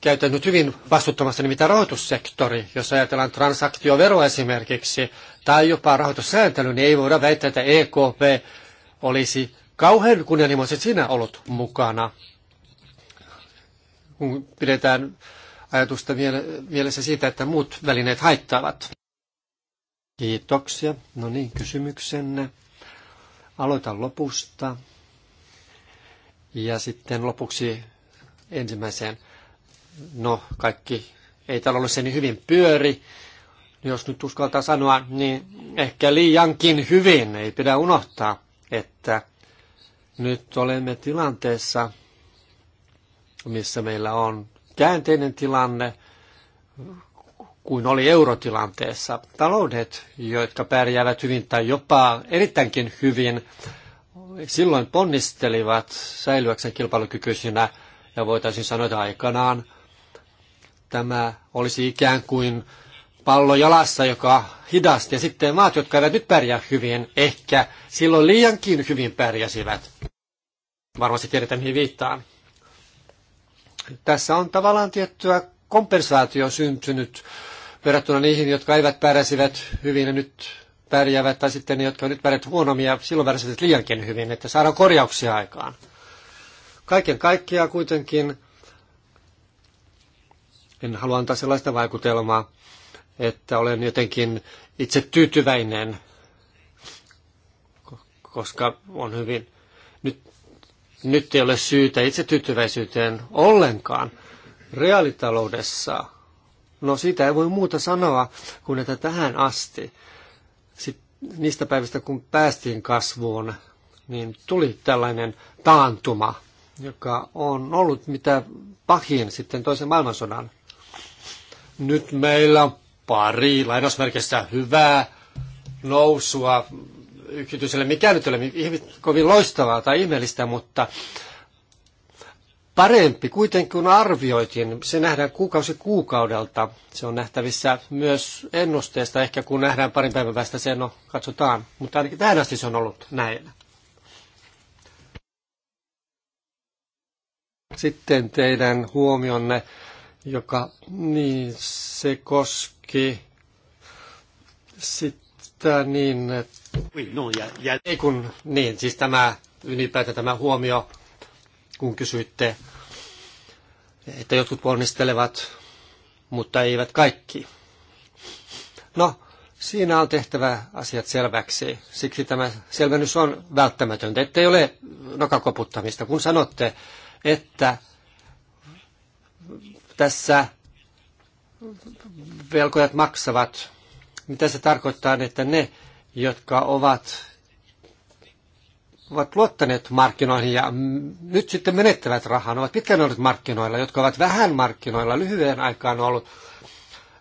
käytänyt hyvin vastuuttomasti nimittäin rahoitussektori. Jos ajatellaan transaktioveroa esimerkiksi tai jopa rahoitussääntely, niin ei voida väittää, että EKP olisi kauhean kunnianhimoisesti siinä ollut mukana. Kun pidetään ajatusta mielessä siitä, että muut välineet haittaavat. Kiitoksia. No niin, kysymyksenne. Aloitan lopusta. Ja sitten lopuksi ensimmäiseen. No, kaikki ei se niin hyvin pyöri. Jos nyt uskaltaa sanoa, niin ehkä liiankin hyvin. Ei pidä unohtaa, että nyt olemme tilanteessa, missä meillä on käänteinen tilanne kuin oli eurotilanteessa. Taloudet, jotka pärjäävät hyvin tai jopa erittäinkin hyvin, silloin ponnistelivat säilyäkseen kilpailukykyisinä ja voitaisiin sanoa, että aikanaan tämä olisi ikään kuin pallo jalassa, joka hidasti. Ja sitten maat, jotka eivät nyt pärjää hyvin, ehkä silloin liiankin hyvin pärjäsivät. Varmasti tiedetään, mihin viittaan. Tässä on tavallaan tiettyä kompensaatio syntynyt verrattuna niihin, jotka eivät pärjäsivät hyvin ja nyt pärjäävät, tai sitten ne, jotka nyt pärjäävät huonommin ja silloin pärjäsivät liiankin hyvin, että saadaan korjauksia aikaan. Kaiken kaikkiaan kuitenkin en halua antaa sellaista vaikutelmaa, että olen jotenkin itse tyytyväinen, koska on hyvin, nyt, nyt ei ole syytä itse tyytyväisyyteen ollenkaan. Reaalitaloudessa No siitä ei voi muuta sanoa kuin, että tähän asti, sit niistä päivistä kun päästiin kasvuun, niin tuli tällainen taantuma, joka on ollut mitä pahin sitten toisen maailmansodan. Nyt meillä on pari lainausmerkissä hyvää nousua yksityiselle, mikä nyt ei ole kovin loistavaa tai ihmeellistä, mutta parempi kuitenkin kuin arvioitiin. Se nähdään kuukausi kuukaudelta. Se on nähtävissä myös ennusteesta. Ehkä kun nähdään parin päivän päästä sen, no katsotaan. Mutta ainakin tähän asti se on ollut näin. Sitten teidän huomionne, joka niin se koski sitä niin, että... No, Ei kun, niin, siis tämä ylipäätään tämä huomio kun kysyitte, että jotkut ponnistelevat, mutta eivät kaikki. No, siinä on tehtävä asiat selväksi. Siksi tämä selvennys on välttämätöntä, ei ole nokakoputtamista. Kun sanotte, että tässä velkojat maksavat, mitä se tarkoittaa, että ne, jotka ovat ovat luottaneet markkinoihin ja nyt sitten menettävät rahaa. Ne ovat pitkään olleet markkinoilla, jotka ovat vähän markkinoilla, lyhyen aikaan ollut,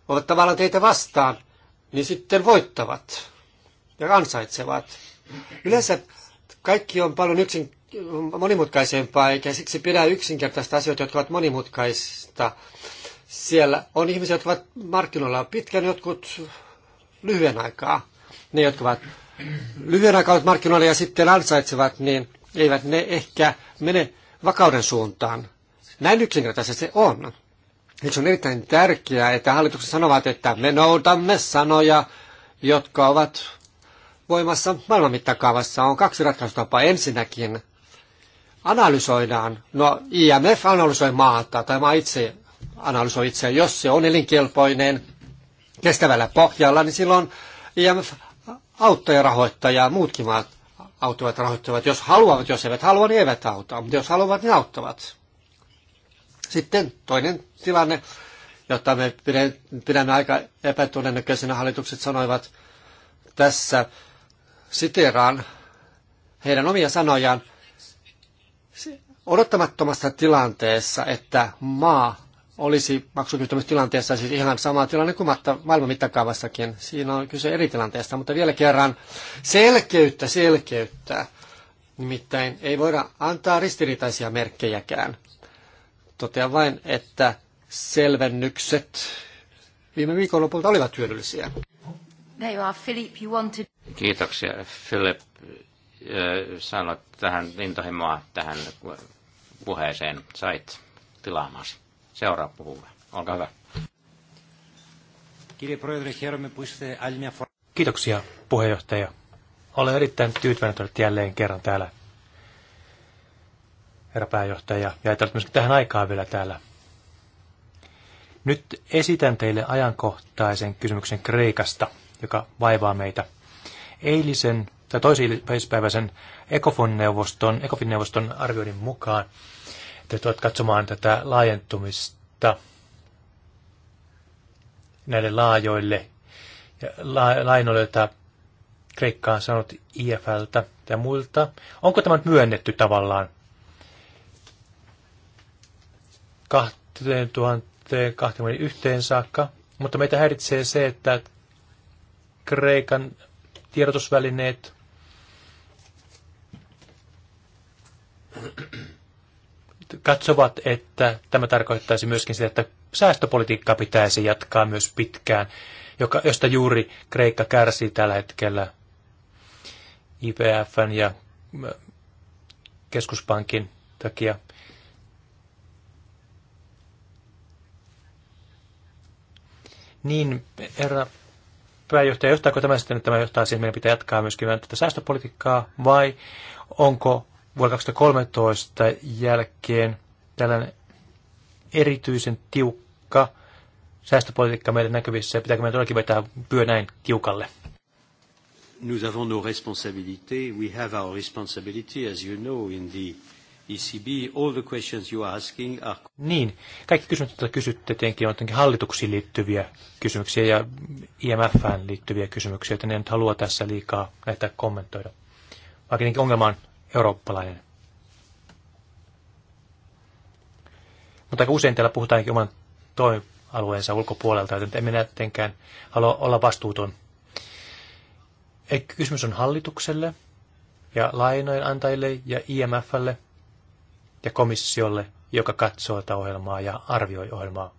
ovat tavallaan teitä vastaan, niin sitten voittavat ja ansaitsevat. Yleensä kaikki on paljon yksin, monimutkaisempaa, eikä siksi pidä yksinkertaista asioita, jotka ovat monimutkaista. Siellä on ihmisiä, jotka ovat markkinoilla pitkään, jotkut lyhyen aikaa. Ne, jotka ovat lyhyen aikaa markkinoille ja sitten ansaitsevat, niin eivät ne ehkä mene vakauden suuntaan. Näin yksinkertaisesti se on. Nyt on erittäin tärkeää, että hallitukset sanovat, että me noudamme sanoja, jotka ovat voimassa maailman mittakaavassa. On kaksi ratkaisutapaa. Ensinnäkin analysoidaan, no IMF analysoi maata, tai maa itse analysoi itseään, jos se on elinkelpoinen kestävällä pohjalla, niin silloin IMF auttaja ja muutkin maat auttavat rahoittavat. Jos haluavat, jos eivät halua, niin eivät auta, mutta jos haluavat, niin auttavat. Sitten toinen tilanne, jota me pidämme aika epätodennäköisenä, hallitukset sanoivat tässä siteraan heidän omia sanojaan odottamattomassa tilanteessa, että maa olisi maksukyvyttömyystilanteessa siis ihan sama tilanne kuin maailman mittakaavassakin. Siinä on kyse eri tilanteesta, mutta vielä kerran selkeyttä, selkeyttä. Nimittäin ei voida antaa ristiriitaisia merkkejäkään. Totean vain, että selvennykset viime lopulta olivat hyödyllisiä. There you are, Philip, you wanted... Kiitoksia, Philip. Sanoit tähän intohimoa tähän puheeseen. Sait tilaamaan seuraa puhuja. Olkaa hyvä. Kiitoksia puheenjohtaja. Olen erittäin tyytyväinen, että jälleen kerran täällä, herra pääjohtaja, ja että olet myöskin tähän aikaan vielä täällä. Nyt esitän teille ajankohtaisen kysymyksen Kreikasta, joka vaivaa meitä. Eilisen tai toisipäiväisen ECOFIN-neuvoston, ECOFIN-neuvoston arvioinnin mukaan tulevat katsomaan tätä laajentumista näille laajoille ja la, lainoille, joita Kreikka on saanut IFLtä ja muilta. Onko tämä nyt myönnetty tavallaan 2021 saakka? Mutta meitä häiritsee se, että Kreikan tiedotusvälineet katsovat, että tämä tarkoittaisi myöskin sitä, että säästöpolitiikkaa pitäisi jatkaa myös pitkään, joka, josta juuri Kreikka kärsii tällä hetkellä IPFn ja mm, keskuspankin takia. Niin, herra pääjohtaja, johtaako tämä sitten, että tämä johtaa siihen, että meidän pitää jatkaa myöskin tätä säästöpolitiikkaa, vai onko vuonna 2013 jälkeen tällainen erityisen tiukka säästöpolitiikka meille näkyvissä ja pitääkö meidän todellakin vetää pyö näin tiukalle? Nous avons nos responsabilités. We have our responsibility, as you know, in the ECB. All the questions you are asking are... Niin, kaikki kysymykset, joita kysytte, tietenkin on hallituksiin liittyviä kysymyksiä ja IMFään liittyviä kysymyksiä, joten en nyt halua tässä liikaa näitä kommentoida. Vaikka ongelma on eurooppalainen. Mutta aika usein täällä puhutaan oman toimialueensa ulkopuolelta, joten emme näettenkään halua olla vastuuton. Eli kysymys on hallitukselle ja lainojen antajille ja IMFlle ja komissiolle, joka katsoo tätä ohjelmaa ja arvioi ohjelmaa.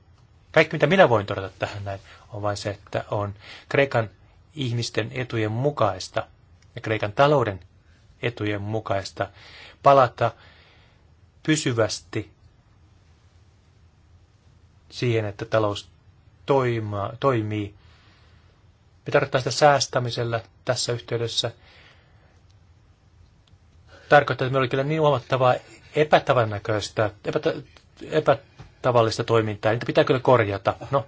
Kaikki, mitä minä voin todeta tähän näin, on vain se, että on Kreikan ihmisten etujen mukaista ja Kreikan talouden etujen mukaista palata pysyvästi siihen, että talous toima, toimii. Me tarkoittaa sitä säästämisellä tässä yhteydessä. Tarkoittaa, että meillä oli kyllä niin huomattavaa epätavannäköistä, epätä, epätavallista toimintaa. Niitä pitää kyllä korjata. No,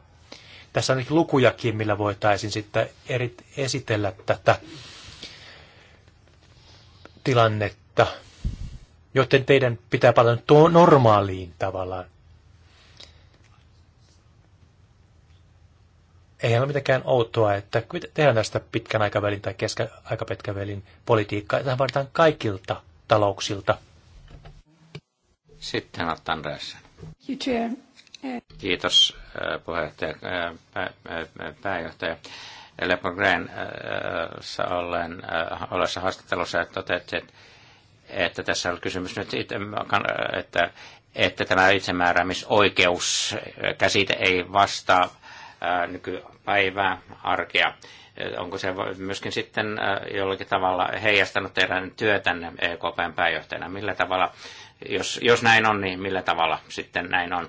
tässä on lukujakin, millä voitaisiin sitten eri, esitellä tätä tilannetta, joten teidän pitää palata normaaliin tavallaan. Ei ole mitenkään outoa, että tehdään tästä pitkän aikavälin tai kesken aikapätkävälin politiikkaa. Tähän vaaditaan kaikilta talouksilta. Sitten ottan Andreessen. Kiitos äh, puheenjohtaja, äh, äh, pääjohtaja. Le Progren äh, äh, äh, olessa olleessa haastattelussa totesi, että, että tässä on kysymys nyt, että, että tämä käsite ei vastaa nykypäivää, arkea. Onko se myöskin sitten jollakin tavalla heijastanut teidän työtänne EKPn pääjohtajana? Millä tavalla, jos, jos näin on, niin millä tavalla sitten näin on?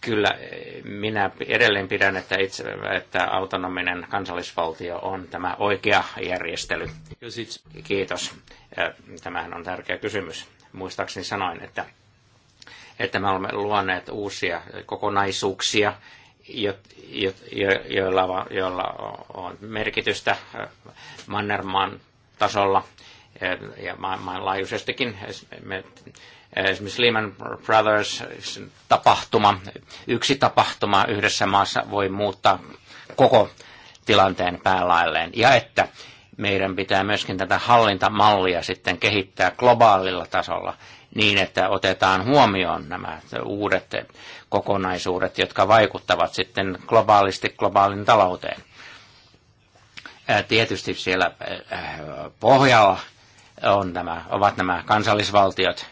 kyllä minä edelleen pidän, että, itse, että autonominen kansallisvaltio on tämä oikea järjestely. Kiitos. Tämähän on tärkeä kysymys. Muistaakseni sanoin, että, että me olemme luoneet uusia kokonaisuuksia, jo, jo, jo, joilla, joilla on merkitystä Mannermaan tasolla ja maailmanlaajuisestikin. Me Eh, esimerkiksi Lehman Brothers tapahtuma, yksi tapahtuma yhdessä maassa voi muuttaa koko tilanteen päälailleen. Ja että meidän pitää myöskin tätä hallintamallia sitten kehittää globaalilla tasolla niin, että otetaan huomioon nämä uudet kokonaisuudet, jotka vaikuttavat sitten globaalisti globaalin talouteen. Eh, tietysti siellä eh, pohjalla on nämä, ovat nämä kansallisvaltiot,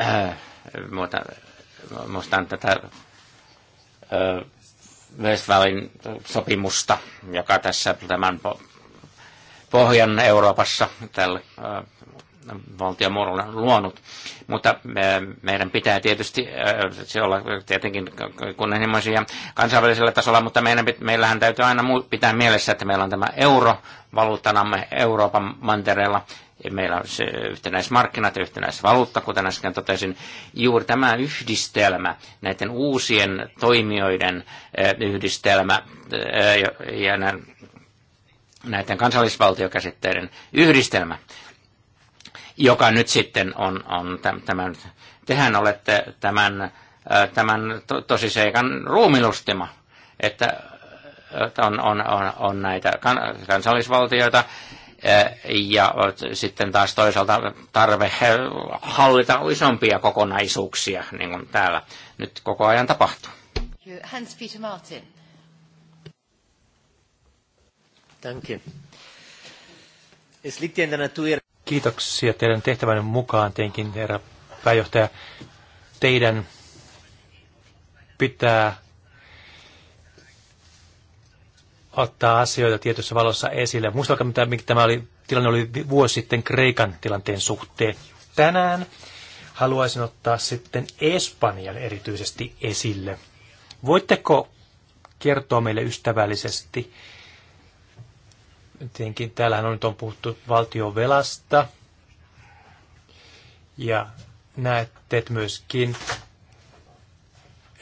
Äh, muuta, muistan tätä äh, Westfalin sopimusta, joka tässä tämän pohjan Euroopassa tälle äh, valtiomuodolle luonut. Mutta meidän pitää tietysti se olla tietenkin kunnianhimoisia kansainvälisellä tasolla, mutta meidän, meillähän täytyy aina pitää mielessä, että meillä on tämä euro valuuttanamme Euroopan mantereella, meillä on se yhtenäismarkkinat ja yhtenäisvaluutta, kuten äsken totesin. Juuri tämä yhdistelmä, näiden uusien toimijoiden eh, yhdistelmä eh, ja näiden kansallisvaltiokäsitteiden yhdistelmä, joka nyt sitten on, on tämän, tehän olette tämän, eh, tämän to, tosiseikan ruumilustima, että on, on, on, on näitä kansallisvaltioita, ja sitten taas toisaalta tarve hallita isompia kokonaisuuksia, niin kuin täällä nyt koko ajan tapahtuu. Hans-Peter Martin. Kiitoksia teidän tehtävänne mukaan, teinkin herra pääjohtaja. Teidän pitää ottaa asioita tietyssä valossa esille. Muistakaa, mitä, mikä tämä oli, tilanne oli vuosi sitten Kreikan tilanteen suhteen. Tänään haluaisin ottaa sitten Espanjan erityisesti esille. Voitteko kertoa meille ystävällisesti, tietenkin täällähän on nyt on puhuttu valtiovelasta ja näette, että myöskin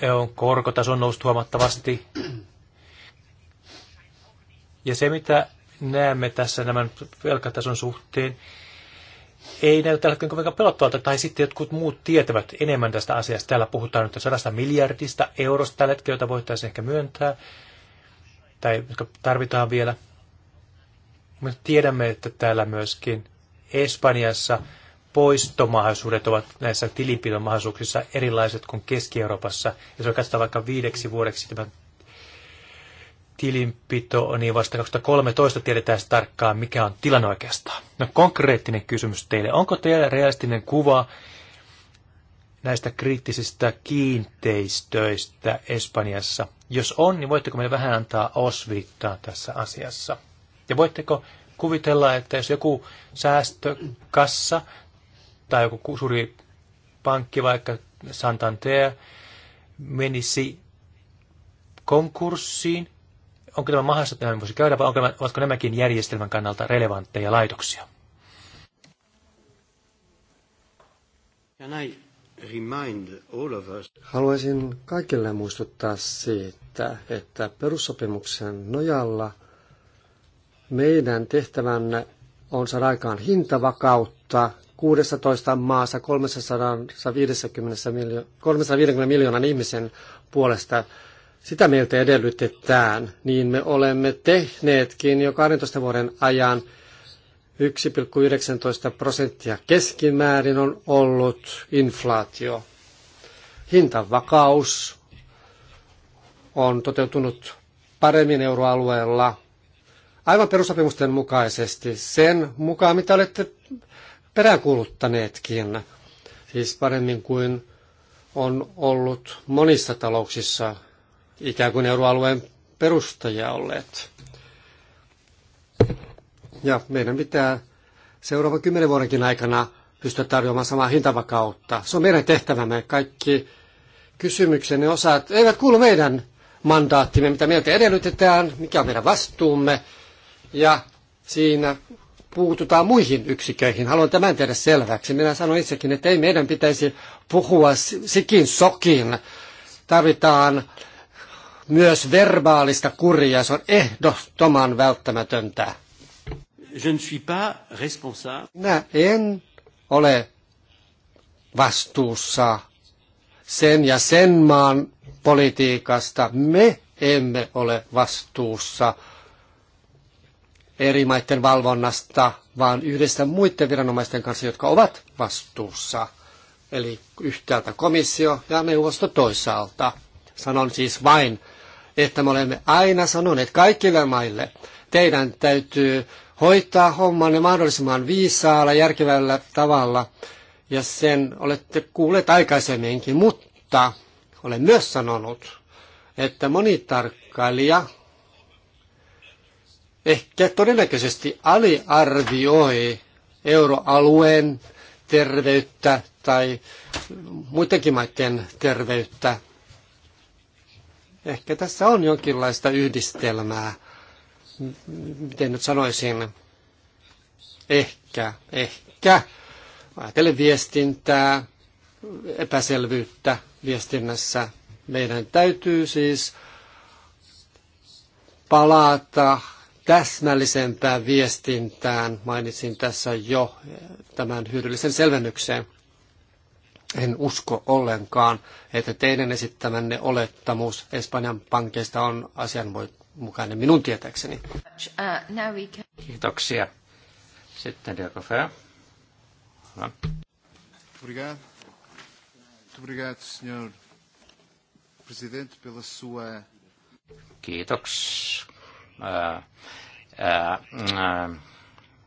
e on korkotason noussut huomattavasti ja se, mitä näemme tässä nämän velkatason suhteen, ei näytä tällä hetkellä kovinkaan pelottavalta, tai sitten jotkut muut tietävät enemmän tästä asiasta. Täällä puhutaan nyt sadasta miljardista eurosta tällä hetkellä, jota voitaisiin ehkä myöntää, tai jotka tarvitaan vielä. Mutta tiedämme, että täällä myöskin Espanjassa poistomahdollisuudet ovat näissä tilinpidon mahdollisuuksissa erilaiset kuin Keski-Euroopassa. Jos on katsotaan vaikka viideksi vuodeksi tämän tilinpito, niin vasta 2013 tiedetään tarkkaan, mikä on tilanne oikeastaan. No konkreettinen kysymys teille. Onko teillä realistinen kuva näistä kriittisistä kiinteistöistä Espanjassa? Jos on, niin voitteko meille vähän antaa osviittaa tässä asiassa? Ja voitteko kuvitella, että jos joku säästökassa tai joku suuri pankki, vaikka Santander, menisi konkurssiin, onko tämä mahdollista, että voisi käydä, vai onko, ovatko nämäkin järjestelmän kannalta relevantteja laitoksia? Haluaisin kaikille muistuttaa siitä, että perussopimuksen nojalla meidän tehtävänne on saada aikaan hintavakautta 16 maassa 350 miljo- 350 miljoonan ihmisen puolesta sitä meiltä edellytetään, niin me olemme tehneetkin jo 12 vuoden ajan 1,19 prosenttia keskimäärin on ollut inflaatio. Hintavakaus on toteutunut paremmin euroalueella aivan perusopimusten mukaisesti, sen mukaan mitä olette peräänkuuluttaneetkin, siis paremmin kuin on ollut monissa talouksissa ikään kuin euroalueen perustajia olleet. Ja meidän pitää seuraavan kymmenen vuodenkin aikana pystyä tarjoamaan samaa hintavakautta. Se on meidän tehtävämme. Kaikki kysymyksenne osat eivät kuulu meidän mandaattimme, mitä meiltä edellytetään, mikä on meidän vastuumme. Ja siinä puututaan muihin yksiköihin. Haluan tämän tehdä selväksi. Minä sanon itsekin, että ei meidän pitäisi puhua sikin sokin. Tarvitaan myös verbaalista kuria. Se on ehdottoman välttämätöntä. Je ne suis pas responsable. Minä en ole vastuussa sen ja sen maan politiikasta. Me emme ole vastuussa eri maiden valvonnasta, vaan yhdessä muiden viranomaisten kanssa, jotka ovat vastuussa. Eli yhtäältä komissio ja neuvosto toisaalta. Sanon siis vain että me olemme aina sanoneet kaikille maille, teidän täytyy hoitaa hommanne mahdollisimman viisaalla, järkevällä tavalla, ja sen olette kuulleet aikaisemminkin, mutta olen myös sanonut, että moni tarkkailija ehkä todennäköisesti aliarvioi euroalueen terveyttä tai muidenkin maiden terveyttä. Ehkä tässä on jonkinlaista yhdistelmää, miten nyt sanoisin, ehkä, ehkä, ajatellen viestintää, epäselvyyttä viestinnässä. Meidän täytyy siis palata täsmällisempään viestintään. Mainitsin tässä jo tämän hyödyllisen selvennyksen en usko ollenkaan, että teidän esittämänne olettamus Espanjan pankeista on asianmukainen minun tietääkseni. Uh, Kiitoksia. Sitten Diego Fea. Kiitoksia. Obrigado. Obrigado, senhor Kiitos.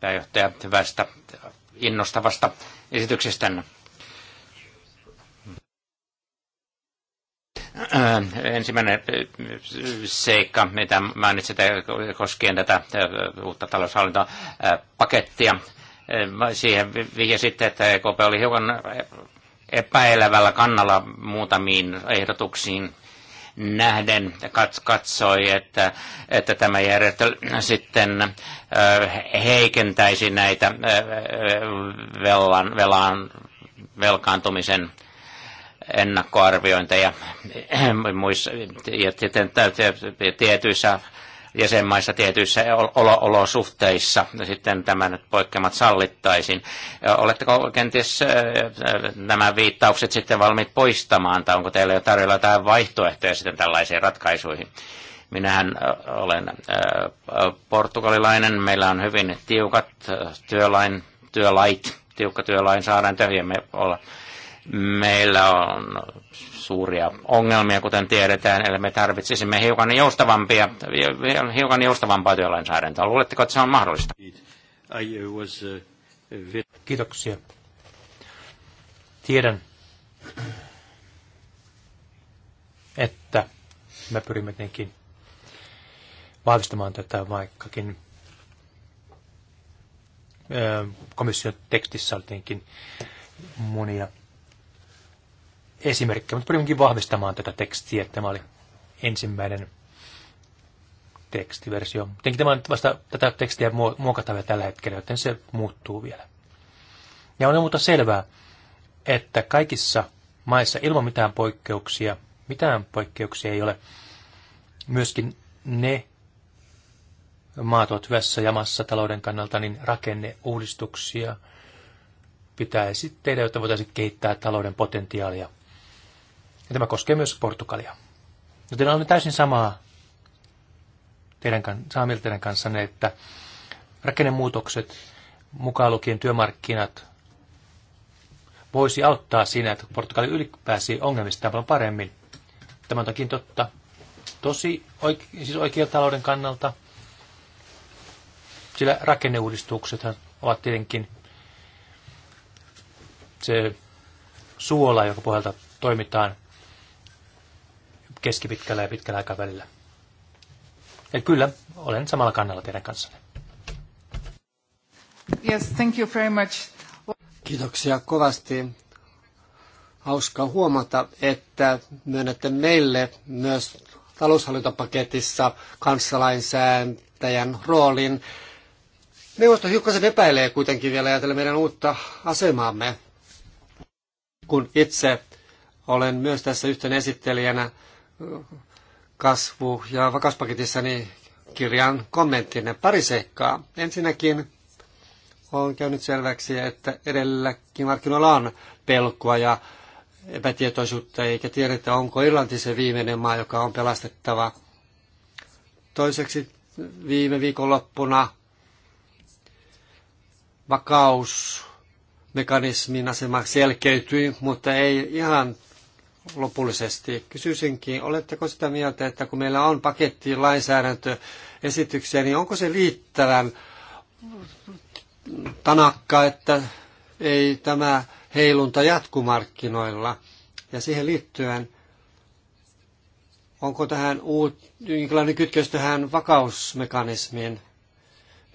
pääjohtaja, hyvästä innostavasta esityksestänne Äh, ensimmäinen äh, seikka, mitä mainitsitte koskien tätä äh, uutta taloushallintopakettia. Siihen sitten, että EKP oli hiukan epäilevällä kannalla muutamiin ehdotuksiin nähden katsoi, että, että tämä järjestely sitten heikentäisi näitä velan, velan velkaantumisen ennakkoarviointeja muissa, ja tietyissä jäsenmaissa tietyissä olosuhteissa sitten tämän poikkeamat sallittaisiin. Oletteko kenties nämä viittaukset sitten valmiit poistamaan, tai onko teillä jo tarjolla jotain vaihtoehtoja sitten tällaisiin ratkaisuihin? Minähän olen portugalilainen, meillä on hyvin tiukat työlain, työlait, tiukka työlainsäädäntö, ja me ollaan meillä on suuria ongelmia, kuten tiedetään, eli me tarvitsisimme hiukan joustavampia, hiukan joustavampaa työlainsäädäntöä. Luuletteko, että se on mahdollista? Kiitoksia. Tiedän, että me pyrimme tietenkin vahvistamaan tätä vaikkakin komission tekstissä oli monia esimerkkejä, mutta pyrimmekin vahvistamaan tätä tekstiä. Tämä oli ensimmäinen tekstiversio. Tietenkin tämä on vasta tätä tekstiä muokataan vielä tällä hetkellä, joten se muuttuu vielä. Ja on muuta selvää, että kaikissa maissa ilman mitään poikkeuksia, mitään poikkeuksia ei ole, myöskin ne maat ovat hyvässä jamassa talouden kannalta, niin rakenneuudistuksia pitäisi tehdä, jotta voitaisiin kehittää talouden potentiaalia ja tämä koskee myös Portugalia. Joten no, on täysin samaa teidän, samaa mieltä teidän kanssanne, että rakennemuutokset, mukaan lukien työmarkkinat, voisi auttaa siinä, että Portugali ylipääsi ongelmista paljon paremmin. Tämä on toki totta. Tosi oike, siis oikean talouden kannalta, sillä rakenneuudistuksethan ovat tietenkin se suola, joka pohjalta toimitaan keskipitkällä ja pitkällä aikavälillä. Ja kyllä, olen samalla kannalla teidän kanssanne. Yes, thank you very much. Kiitoksia kovasti. Hauska huomata, että myönnätte meille myös taloushallintopaketissa kansalainsääntäjän roolin. Neuvosto hiukkasen epäilee kuitenkin vielä ajatella meidän uutta asemaamme, kun itse olen myös tässä yhtenä esittelijänä kasvu- ja vakauspaketissani kirjan kommenttinne pari seikkaa. Ensinnäkin on käynyt selväksi, että edelläkin markkinoilla on pelkoa ja epätietoisuutta, eikä tiedetä, onko Irlanti se viimeinen maa, joka on pelastettava. Toiseksi viime viikonloppuna vakausmekanismin asema selkeytyi, mutta ei ihan lopullisesti. Kysyisinkin, oletteko sitä mieltä, että kun meillä on paketti lainsäädäntöesityksiä, niin onko se riittävän tanakka, että ei tämä heilunta jatkumarkkinoilla? Ja siihen liittyen, onko tähän uut, jonkinlainen kytkös tähän vakausmekanismiin?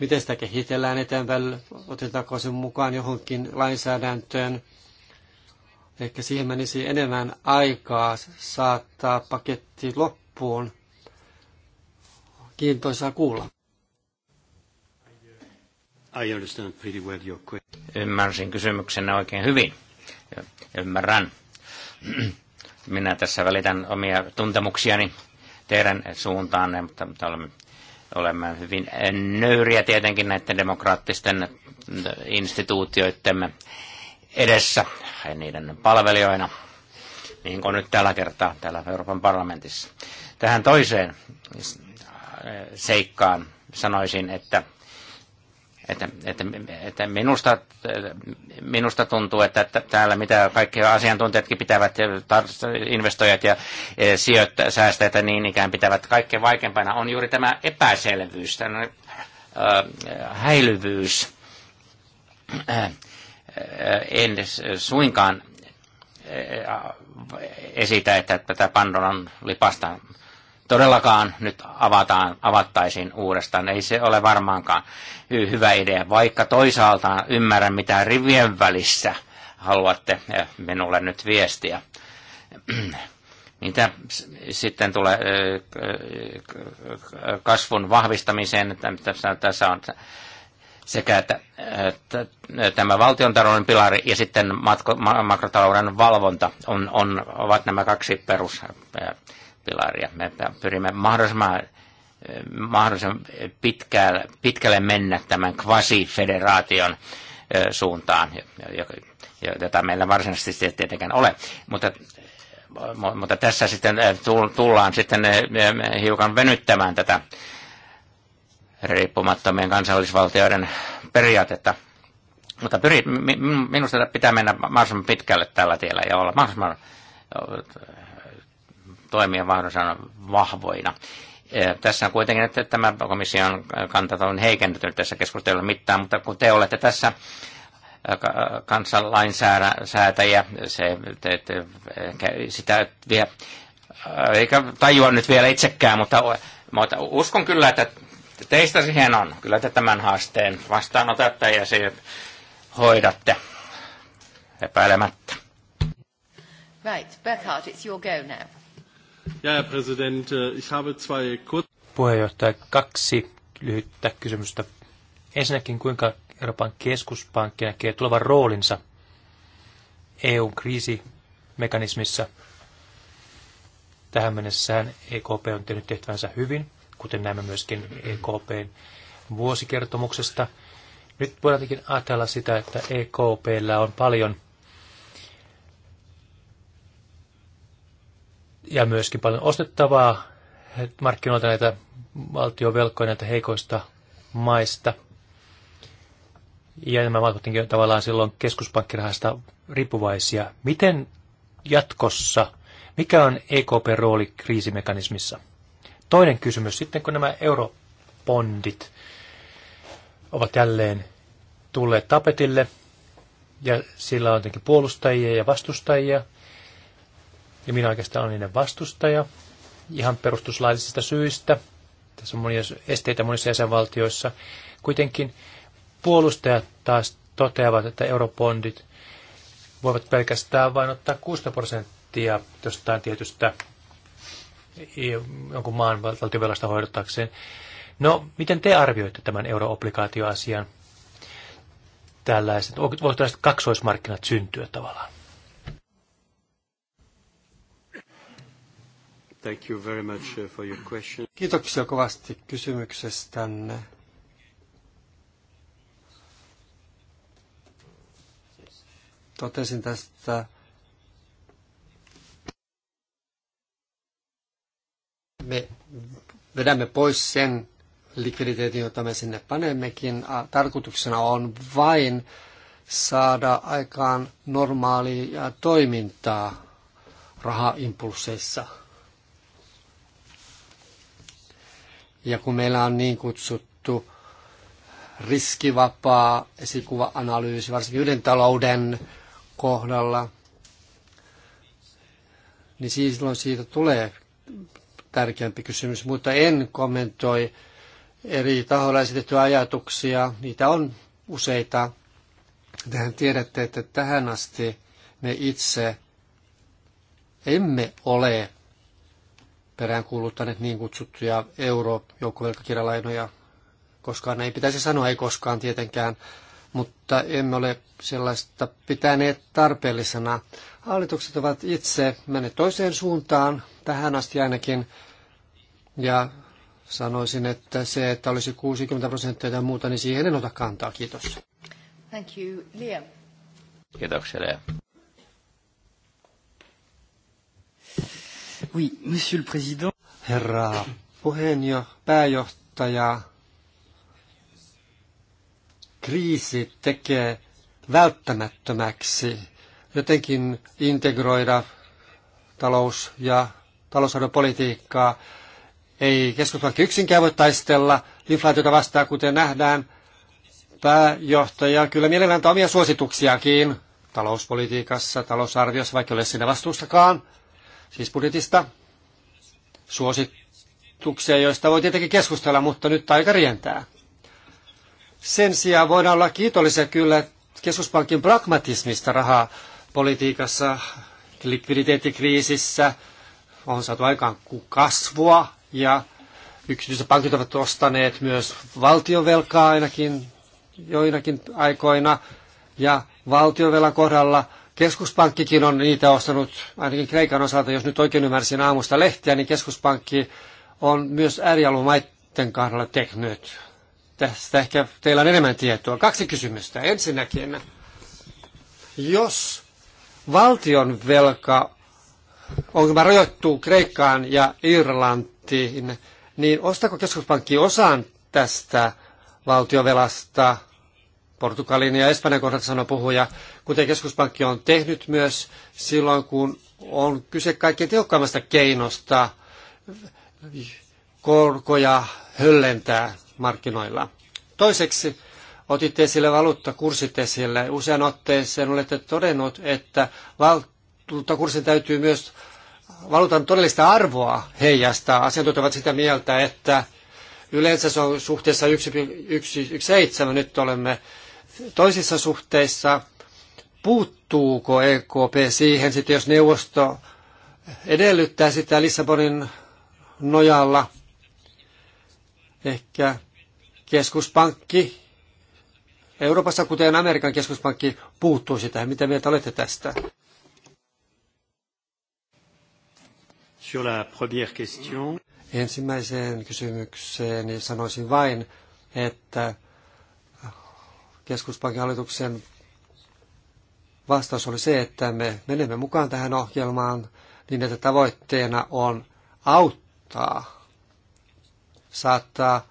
Miten sitä kehitellään eteenpäin? Otetaanko se mukaan johonkin lainsäädäntöön? Ehkä siihen menisi enemmän aikaa saattaa paketti loppuun. Kiintoisaa kuulla. I understand pretty well your question. Ymmärsin kysymyksenne oikein hyvin. Ymmärrän. Minä tässä välitän omia tuntemuksiani teidän suuntaanne, mutta, olemme, olemme hyvin nöyriä tietenkin näiden demokraattisten instituutioittemme edessä ja niiden palvelijoina, niin kuin nyt tällä kertaa täällä Euroopan parlamentissa. Tähän toiseen seikkaan sanoisin, että että, että, että minusta, minusta tuntuu, että täällä mitä kaikki asiantuntijatkin pitävät, investoijat ja e, sijoittajat, säästäjät ja niin ikään pitävät kaikkein vaikeimpana, on juuri tämä epäselvyys, tämä häilyvyys Eh, en suinkaan eh, eh, esitä, että tätä Pandoran lipasta todellakaan nyt avataan, avattaisiin uudestaan. Ei se ole varmaankaan hyvä idea, vaikka toisaalta ymmärrän, mitä rivien välissä haluatte minulle nyt viestiä. Mitä sitten tulee kasvun vahvistamiseen, tässä on sekä että, että tämä valtiontalouden pilari ja sitten matko, ma, makrotalouden valvonta on, on, ovat nämä kaksi peruspilaria. Me pyrimme mahdollisimman, mahdollisimman pitkälle, pitkälle mennä tämän kvasifederaation suuntaan, jota meillä varsinaisesti tietenkään ole. Mutta mutta tässä sitten tullaan sitten hiukan venyttämään tätä riippumattomien kansallisvaltioiden periaatetta. Mutta pyrit minusta pitää mennä mahdollisimman pitkälle tällä tiellä ja olla mahdollisimman toimia mahdollisimman vahvoina. Tässä on kuitenkin, että tämä komission kanta on heikentynyt tässä keskustelun mittaan, mutta kun te olette tässä kansanlainsäätäjä, se, te, te, sitä vielä, eikä tajua nyt vielä itsekään, mutta, mutta uskon kyllä, että Teistä siihen on. Kyllä te tämän haasteen vastaanotatte ja se hoidatte epäilemättä. Right, Burkhard, it's your go now. Ja, ja president, äh, ich habe zwei kurz... Puheenjohtaja, kaksi lyhyttä kysymystä. Ensinnäkin, kuinka Euroopan keskuspankki näkee tulevan roolinsa eu kriisimekanismissa? Tähän mennessään EKP on tehnyt tehtävänsä hyvin, kuten näemme myöskin EKPn vuosikertomuksesta. Nyt voidaan tietenkin ajatella sitä, että EKPllä on paljon ja myöskin paljon ostettavaa markkinoilta näitä valtiovelkoja näitä heikoista maista. Ja nämä ovat tavallaan silloin keskuspankkirahasta riippuvaisia. Miten jatkossa, mikä on EKP-rooli kriisimekanismissa? Toinen kysymys, sitten kun nämä eurobondit ovat jälleen tulleet tapetille, ja sillä on jotenkin puolustajia ja vastustajia, ja minä oikeastaan olen niiden vastustaja, ihan perustuslaillisista syistä. Tässä on monia esteitä monissa jäsenvaltioissa. Kuitenkin puolustajat taas toteavat, että eurobondit voivat pelkästään vain ottaa 6 prosenttia jostain tietystä jonkun maan valtiovelasta hoidottaakseen. No, miten te arvioitte tämän euroobligaatioasian? Tällaiset, voiko tällaiset kaksoismarkkinat syntyä tavallaan? Thank you very much uh, for your question. Kiitoksia kovasti kysymyksestänne. Totesin tästä me vedämme pois sen likviditeetin, jota me sinne panemmekin. Tarkoituksena on vain saada aikaan normaalia toimintaa rahaimpulseissa. Ja kun meillä on niin kutsuttu riskivapaa esikuva-analyysi, varsinkin yhden talouden kohdalla, niin silloin siitä tulee tärkeämpi kysymys, mutta en kommentoi eri tahoilla esitettyjä ajatuksia. Niitä on useita. Tehän tiedätte, että tähän asti me itse emme ole peräänkuuluttaneet niin kutsuttuja euro-joukkovelkakirjalainoja. Koskaan ei pitäisi sanoa, ei koskaan tietenkään, mutta emme ole sellaista pitäneet tarpeellisena. Hallitukset ovat itse menneet toiseen suuntaan, tähän asti ainakin, ja sanoisin, että se, että olisi 60 prosenttia tai muuta, niin siihen en ota kantaa. Kiitos. Thank you, Liam. Kiitoksia, Liam. Oui, monsieur le président. Herra puheenjo, pääjohtaja, kriisi tekee välttämättömäksi jotenkin integroida talous- ja talousarvopolitiikkaa ei keskuspankki yksinkään voi taistella inflaatiota vastaan, kuten nähdään. Pääjohtaja kyllä mielellään antaa omia suosituksiakin talouspolitiikassa, talousarviossa, vaikka ole siinä vastuustakaan, siis budjetista. Suosituksia, joista voi tietenkin keskustella, mutta nyt aika rientää. Sen sijaan voidaan olla kiitollisia kyllä keskuspankin pragmatismista politiikassa likviditeettikriisissä, on saatu aikaan kasvua ja yksityiset pankit ovat ostaneet myös valtiovelkaa ainakin joinakin aikoina ja valtiovelan kohdalla keskuspankkikin on niitä ostanut ainakin Kreikan osalta, jos nyt oikein ymmärsin aamusta lehtiä, niin keskuspankki on myös äärialumaiden kohdalla tehnyt. Tästä ehkä teillä on enemmän tietoa. Kaksi kysymystä. Ensinnäkin, jos valtion velka on rajoittuu Kreikkaan ja Irlantiin, budjettiin, niin ostako keskuspankki osan tästä valtiovelasta? Portugalin ja Espanjan kohdalta sanoi puhuja, kuten keskuspankki on tehnyt myös silloin, kun on kyse kaikkein tehokkaimmasta keinosta korkoja höllentää markkinoilla. Toiseksi otitte esille valuuttakurssit esille. Usean otteeseen olette todennut, että valuuttakurssin täytyy myös valuutan todellista arvoa heijastaa. Asiantuntijat ovat sitä mieltä, että yleensä se on suhteessa 1,17. Nyt olemme toisissa suhteissa. Puuttuuko EKP siihen, sitten jos neuvosto edellyttää sitä Lissabonin nojalla? Ehkä keskuspankki Euroopassa, kuten Amerikan keskuspankki, puuttuu sitä, Mitä mieltä olette tästä? Sur la première question. Ensimmäiseen kysymykseen sanoisin vain, että keskuspankin hallituksen vastaus oli se, että me menemme mukaan tähän ohjelmaan niin, että tavoitteena on auttaa, saattaa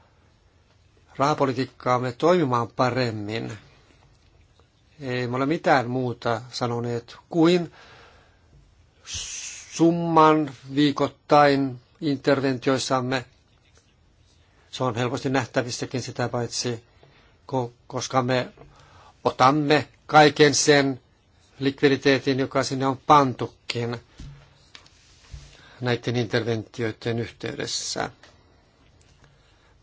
rahapolitiikkaamme toimimaan paremmin. Ei me ole mitään muuta sanoneet kuin summan viikoittain interventioissamme. Se on helposti nähtävissäkin sitä paitsi, koska me otamme kaiken sen likviditeetin, joka sinne on pantukin näiden interventioiden yhteydessä.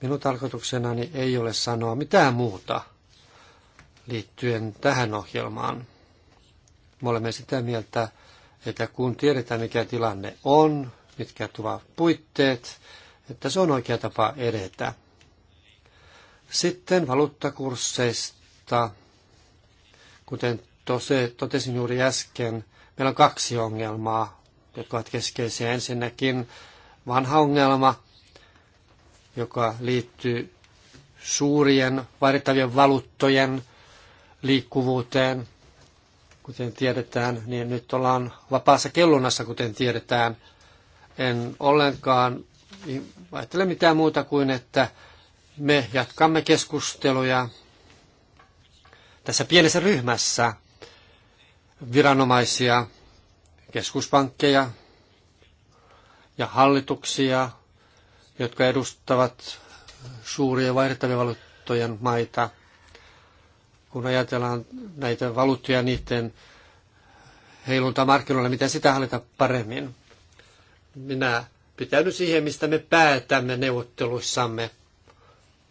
Minun tarkoituksenani ei ole sanoa mitään muuta liittyen tähän ohjelmaan. Me olemme sitä mieltä, että kun tiedetään mikä tilanne on, mitkä ovat puitteet, että se on oikea tapa edetä. Sitten valuuttakursseista, kuten tose, totesin juuri äsken, meillä on kaksi ongelmaa, jotka ovat keskeisiä. Ensinnäkin vanha ongelma, joka liittyy suurien vaihdettavien valuuttojen liikkuvuuteen kuten tiedetään, niin nyt ollaan vapaassa kellunassa, kuten tiedetään. En ollenkaan ajattele mitään muuta kuin, että me jatkamme keskusteluja tässä pienessä ryhmässä viranomaisia, keskuspankkeja ja hallituksia, jotka edustavat suuria vaihdettavia valuuttojen maita – kun ajatellaan näitä valuuttoja niiden heiluntamarkkinoilla, markkinoilla, miten sitä hallita paremmin. Minä pitäydyn siihen, mistä me päätämme neuvotteluissamme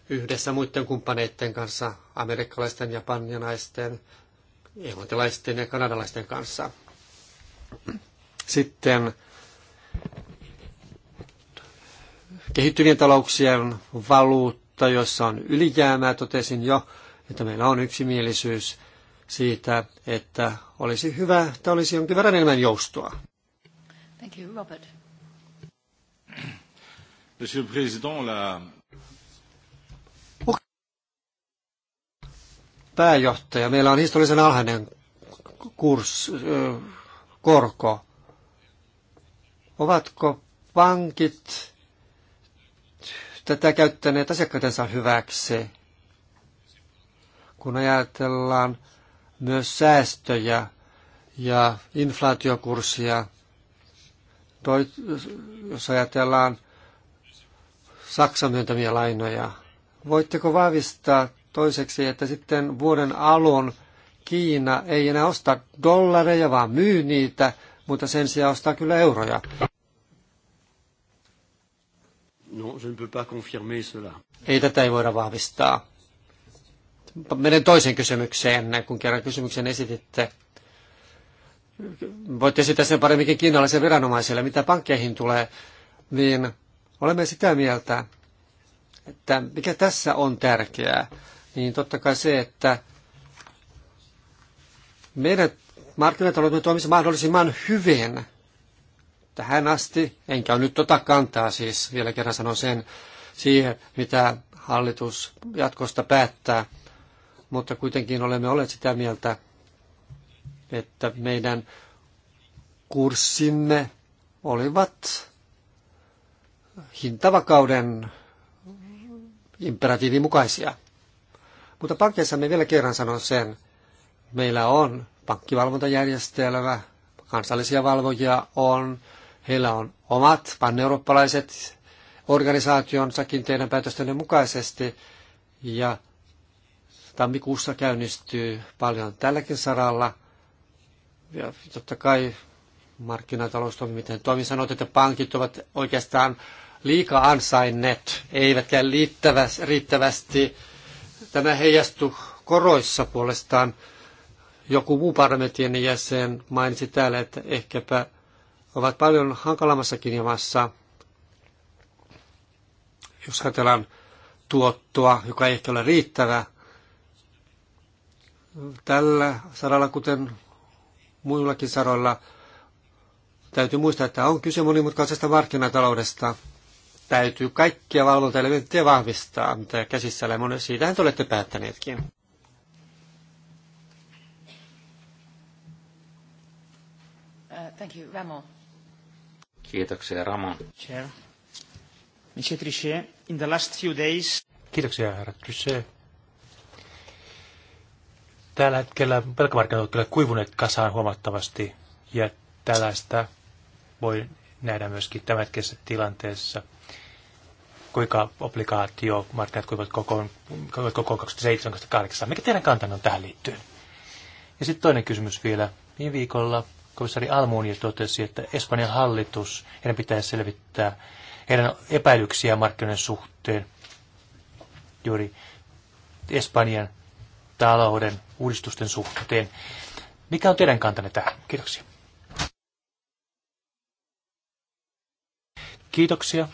yhdessä muiden kumppaneiden kanssa, amerikkalaisten, japanilaisten, englantilaisten ja kanadalaisten kanssa. Sitten kehittyvien talouksien valuutta, jossa on ylijäämää, totesin jo, että meillä on yksimielisyys siitä, että olisi hyvä, että olisi jonkin verran enemmän joustoa. Thank you, Robert. Monsieur le Président, la... Pääjohtaja, meillä on historiallisen alhainen kurs, korko. Ovatko pankit tätä käyttäneet asiakkaidensa hyväksi? kun ajatellaan myös säästöjä ja inflaatiokurssia, toi, jos ajatellaan Saksan myöntämiä lainoja. Voitteko vahvistaa toiseksi, että sitten vuoden alun Kiina ei enää osta dollareja, vaan myy niitä, mutta sen sijaan ostaa kyllä euroja? Non, je ne peux pas confirmer cela. Ei tätä ei voida vahvistaa menen toiseen kysymykseen, kun kerran kysymyksen esititte. Voitte esittää sen paremminkin kiinalaisen viranomaiselle, mitä pankkeihin tulee, niin olemme sitä mieltä, että mikä tässä on tärkeää, niin totta kai se, että meidän markkinataloutemme toimisi mahdollisimman hyvin tähän asti, enkä ole nyt tota kantaa siis, vielä kerran sanon sen, siihen, mitä hallitus jatkosta päättää mutta kuitenkin olemme olleet sitä mieltä, että meidän kurssimme olivat hintavakauden imperatiivin mukaisia. Mutta pankkeissa me vielä kerran sanon sen, meillä on pankkivalvontajärjestelmä, kansallisia valvojia on, heillä on omat panneurooppalaiset organisaationsakin teidän päätöstenne mukaisesti, ja Tammikuussa käynnistyy paljon tälläkin saralla. Ja totta kai markkinatalous toimii miten toimii. Sanoit, että pankit ovat oikeastaan liikaa ansainneet, eivätkä riittävästi. Tämä heijastu koroissa puolestaan. Joku muu parlamentin jäsen mainitsi täällä, että ehkäpä ovat paljon hankalammassakin jamassa, jos ajatellaan tuottoa, joka ei ehkä ole riittävä, tällä saralla, kuten muillakin saroilla, täytyy muistaa, että on kyse monimutkaisesta markkinataloudesta. Täytyy kaikkia valvontaelementtejä vahvistaa, mitä käsissä on. Siitähän te olette päättäneetkin. Uh, thank you, Ramon. Kiitoksia, Ramon. Chair. Monsieur Trichet, in the last few days... Kiitoksia, herra Trichet. Tällä hetkellä velkamarkkinat ovat kyllä kuivuneet kasaan huomattavasti ja tällaista voi nähdä myöskin tämänhetkisessä tilanteessa, kuinka obligaatiomarkkinat kuivat kokoon, kuivat kokoon 2007 Mikä teidän kantanne on tähän liittyen? Ja sitten toinen kysymys vielä. Viime viikolla komissaari Almuni totesi, että Espanjan hallitus, heidän pitäisi selvittää heidän epäilyksiä markkinoiden suhteen juuri Espanjan talouden uudistusten suhteen. Mikä on teidän kantanne tähän? Kiitoksia. Kiitoksia.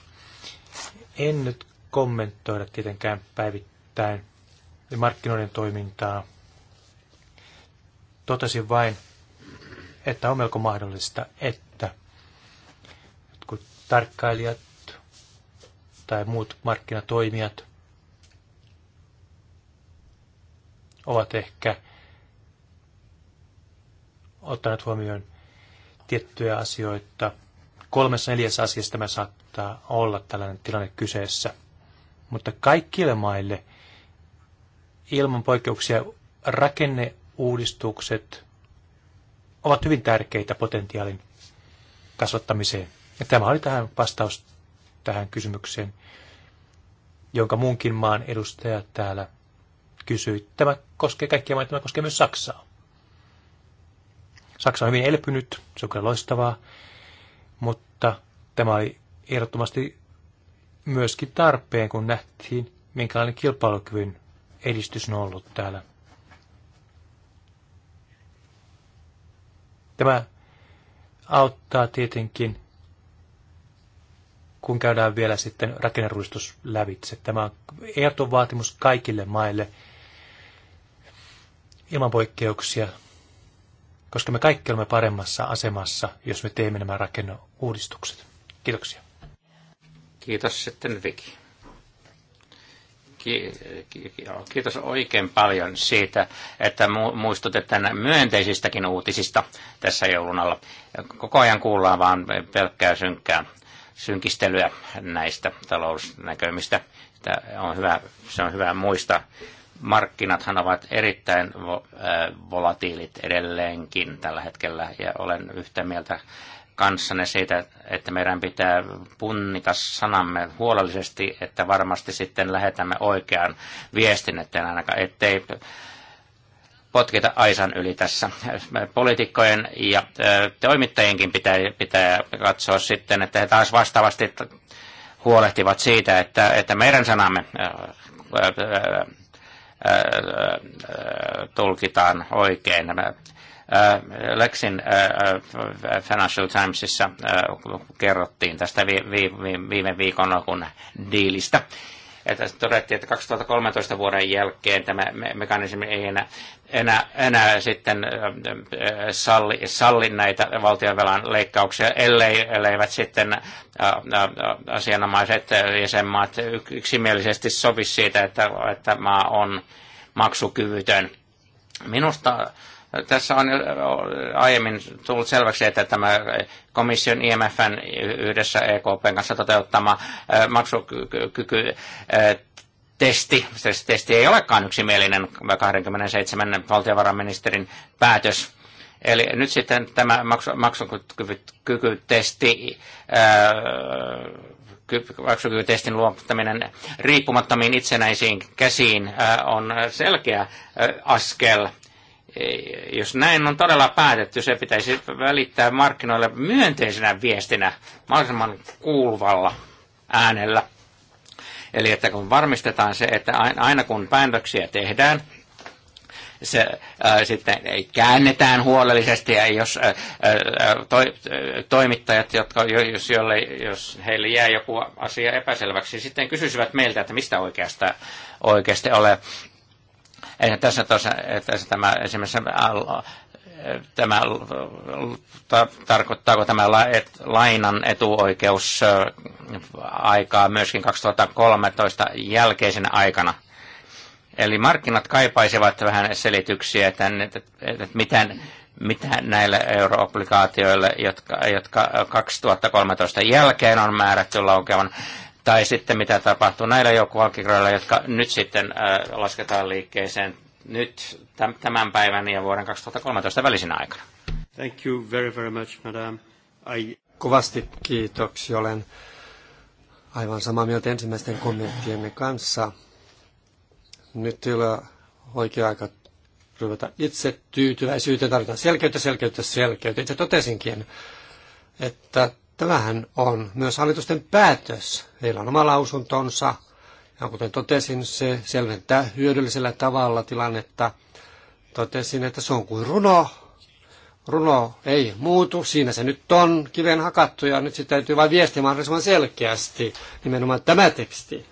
En nyt kommentoida tietenkään päivittäin markkinoiden toimintaa. Totesin vain, että on melko mahdollista, että kun tarkkailijat tai muut markkinatoimijat ovat ehkä ottaneet huomioon tiettyjä asioita. Kolmessa neljässä asiassa tämä saattaa olla tällainen tilanne kyseessä. Mutta kaikille maille ilman poikkeuksia rakenneuudistukset ovat hyvin tärkeitä potentiaalin kasvattamiseen. Ja tämä oli tähän vastaus tähän kysymykseen, jonka muunkin maan edustajat täällä kysyi. Tämä koskee kaikkia maita, tämä koskee myös Saksaa. Saksa on hyvin elpynyt, se on kyllä loistavaa, mutta tämä oli ehdottomasti myöskin tarpeen, kun nähtiin, minkälainen kilpailukyvyn edistys on ollut täällä. Tämä auttaa tietenkin, kun käydään vielä sitten rakennerullistus lävitse. Tämä on ehdoton vaatimus kaikille maille, ilman poikkeuksia, koska me kaikki olemme paremmassa asemassa, jos me teemme nämä rakenneuudistukset. Kiitoksia. Kiitos sitten Viki. Kiitos oikein paljon siitä, että muistutetaan myönteisistäkin uutisista tässä joulun alla. Koko ajan kuullaan vaan pelkkää synkkää synkistelyä näistä talousnäkömistä. on hyvä, se on hyvä muistaa markkinathan ovat erittäin äh, volatiilit edelleenkin tällä hetkellä ja olen yhtä mieltä kanssanne siitä, että meidän pitää punnita sanamme huolellisesti, että varmasti sitten lähetämme oikean viestin, että ainakaan ettei potkita aisan yli tässä. Poliitikkojen ja äh, toimittajienkin pitää, pitää katsoa sitten, että he taas vastaavasti huolehtivat siitä, että, että meidän sanamme äh, tulkitaan oikein. Lexin Financial Timesissa kerrottiin tästä viime viikon kun diilistä. Että todettiin, että 2013 vuoden jälkeen tämä mekanismi ei enää enää, enää sitten äh, salli, salli näitä valtionvelan leikkauksia, ellei, elleivät sitten äh, äh, asianomaiset jäsenmaat yksimielisesti sovi siitä, että, että maa on maksukyvytön. Minusta tässä on aiemmin tullut selväksi, että tämä komission IMFn yhdessä EKPn kanssa toteuttama maksukyky testi, testi ei olekaan yksimielinen 27 valtiovarainministerin päätös. Eli nyt sitten tämä maksukykytesti, maksukykytestin äh, luottaminen riippumattomiin itsenäisiin käsiin äh, on selkeä äh, askel. Jos näin on todella päätetty, se pitäisi välittää markkinoille myönteisenä viestinä mahdollisimman kuuluvalla äänellä Eli että kun varmistetaan se, että aina kun päätöksiä tehdään, se ää, sitten käännetään huolellisesti ja jos ää, to, toimittajat, jotka, jos, jolle, jos heille jää joku asia epäselväksi, niin sitten kysyisivät meiltä, että mistä oikeasta, oikeasti ole. Eli tässä, tuossa, tässä tämä esimerkiksi tämä, ta, tarkoittaako tämä la, et, lainan etuoikeus aikaa myöskin 2013 jälkeisen aikana? Eli markkinat kaipaisivat vähän selityksiä, että, että, että miten, mitä näille euroobligaatioille, jotka, jotka 2013 jälkeen on määrätty laukevan, tai sitten mitä tapahtuu näillä joukkuvalkikroilla, jotka nyt sitten lasketaan liikkeeseen nyt tämän päivän ja vuoden 2013 välisenä aikana. Thank you very, very much, madam. I... Kovasti kiitoksia. Olen aivan samaa mieltä ensimmäisten kommenttiemme kanssa. Nyt ei ole oikea aika ruveta itse tyytyväisyyteen. Tarvitaan selkeyttä, selkeyttä, selkeyttä. Itse totesinkin, että tämähän on myös hallitusten päätös. Heillä on oma lausuntonsa – ja kuten totesin, se selventää hyödyllisellä tavalla tilannetta. Totesin, että se on kuin runo. Runo ei muutu, siinä se nyt on kiven hakattu ja nyt se täytyy vain viestiä mahdollisimman selkeästi, nimenomaan tämä teksti,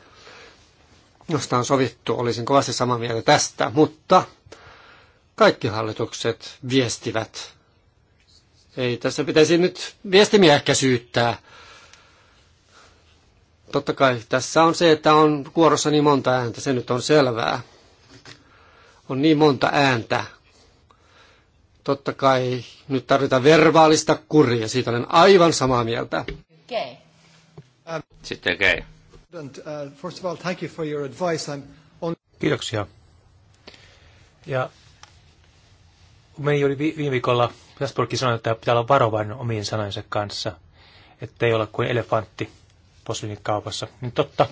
josta on sovittu. Olisin kovasti samaa mieltä tästä, mutta kaikki hallitukset viestivät. Ei tässä pitäisi nyt viestimiä ehkä syyttää Totta kai tässä on se, että on kuorossa niin monta ääntä, se nyt on selvää. On niin monta ääntä. Totta kai nyt tarvitaan verbaalista kuria, siitä olen aivan samaa mieltä. Okay. Sitten gay. Uh, first of all, thank you for your advice. I'm on... Kiitoksia. Ja meni oli viime viikolla Jasperkin sanoi, että pitää olla varovainen omiin sanojensa kanssa, ettei olla kuin elefantti kaupassa. Niin totta.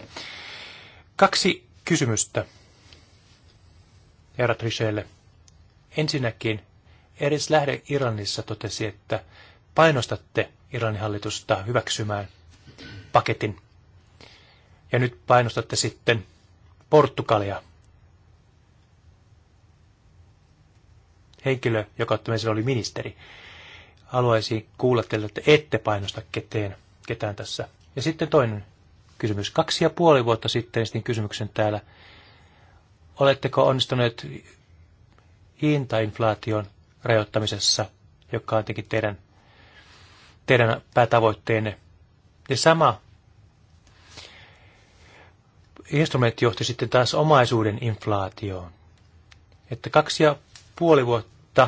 Kaksi kysymystä herra Trichelle. Ensinnäkin Eris Lähde Irlannissa totesi, että painostatte Irlannin hallitusta hyväksymään paketin. Ja nyt painostatte sitten Portugalia. Henkilö, joka meillä oli ministeri, haluaisi kuulla teille, että ette painosta ketään, ketään tässä ja sitten toinen kysymys. Kaksi ja puoli vuotta sitten esitin kysymyksen täällä. Oletteko onnistuneet hintainflaation rajoittamisessa, joka on tietenkin teidän, teidän päätavoitteenne? Ja sama instrumentti johti sitten taas omaisuuden inflaatioon. Että kaksi ja puoli vuotta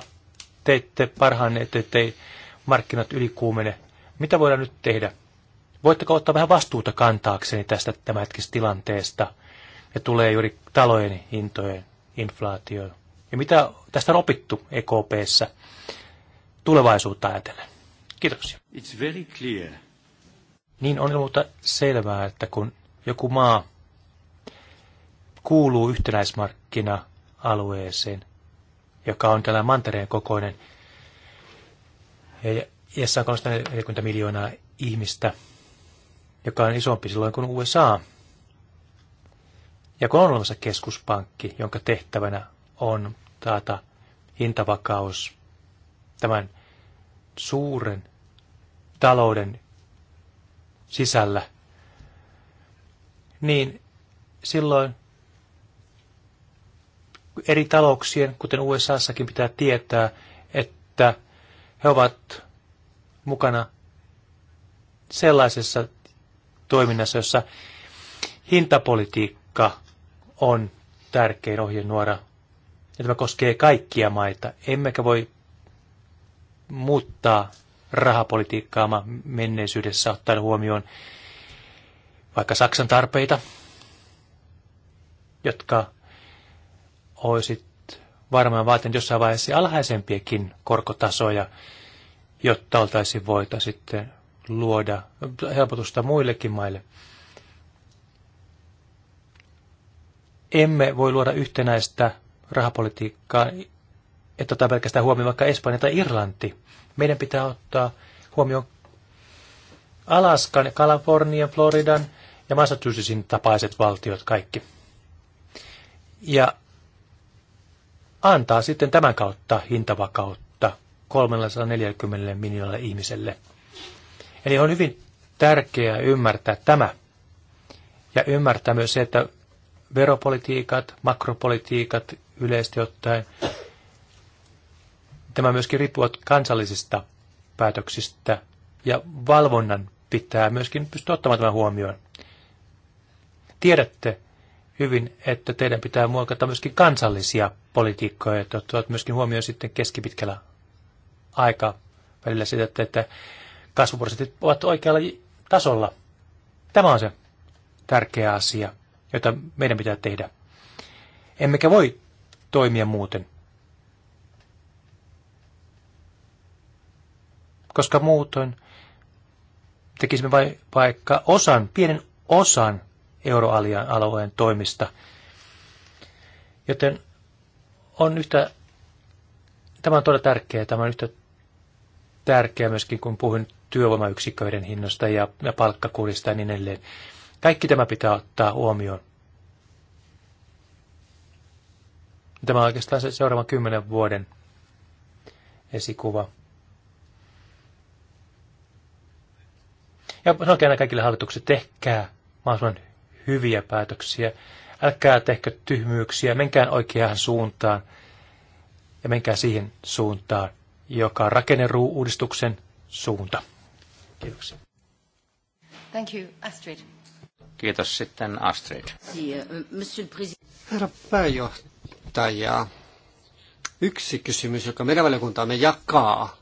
teitte parhaanne, ettei markkinat ylikuumene. Mitä voidaan nyt tehdä? Voitteko ottaa vähän vastuuta kantaakseni tästä tämänhetkisestä tilanteesta? Ja tulee juuri talojen hintojen inflaatio. Ja mitä tästä on opittu EKPssä tulevaisuutta ajatellen? Kiitoksia. It's very clear. Niin on ilman selvää, että kun joku maa kuuluu yhtenäismarkkina-alueeseen, joka on tällä mantereen kokoinen, ja jossa on 340 miljoonaa ihmistä, joka on isompi silloin kuin USA. Ja kun on olemassa keskuspankki, jonka tehtävänä on taata hintavakaus tämän suuren talouden sisällä, niin silloin eri talouksien, kuten USAssakin pitää tietää, että he ovat mukana sellaisessa toiminnassa, jossa hintapolitiikka on tärkein ohjenuora. Ja tämä koskee kaikkia maita. Emmekä voi muuttaa rahapolitiikkaa menneisyydessä ottaen huomioon vaikka Saksan tarpeita, jotka olisit varmaan vaatinut jossain vaiheessa alhaisempiakin korkotasoja, jotta oltaisiin voita sitten luoda helpotusta muillekin maille. Emme voi luoda yhtenäistä rahapolitiikkaa, että ottaa pelkästään huomioon vaikka Espanja tai Irlanti. Meidän pitää ottaa huomioon Alaskan, Kalifornian, Floridan ja Massachusettsin tapaiset valtiot kaikki. Ja antaa sitten tämän kautta hintavakautta 340 miljoonalle ihmiselle. Eli on hyvin tärkeää ymmärtää tämä. Ja ymmärtää myös se, että veropolitiikat, makropolitiikat yleisesti ottaen, tämä myöskin riippuu kansallisista päätöksistä ja valvonnan pitää myöskin pystyä ottamaan tämän huomioon. Tiedätte hyvin, että teidän pitää muokata myöskin kansallisia politiikkoja, että ottavat myöskin huomioon sitten keskipitkällä aika välillä sitä, että, että kasvuprosentit ovat oikealla tasolla. Tämä on se tärkeä asia, jota meidän pitää tehdä. Emmekä voi toimia muuten. Koska muutoin tekisimme vai, vaikka osan, pienen osan alueen toimista. Joten on yhtä, tämä on todella tärkeää, tämä on yhtä tärkeää myöskin, kun puhun työvoimayksiköiden hinnasta ja, ja palkkakurista ja niin edelleen. Kaikki tämä pitää ottaa huomioon. Tämä on oikeastaan se seuraavan kymmenen vuoden esikuva. Ja sanokaa aina kaikille hallitukset, tehkää mahdollisimman hyviä päätöksiä. Älkää tehkö tyhmyyksiä, menkää oikeaan suuntaan ja menkää siihen suuntaan, joka on rakenneruudistuksen suunta. Kiitoksia. Thank you, Astrid. Kiitos sitten Astrid. Euh, Herra pääjohtaja, yksi kysymys, joka meidän valiokuntaamme jakaa,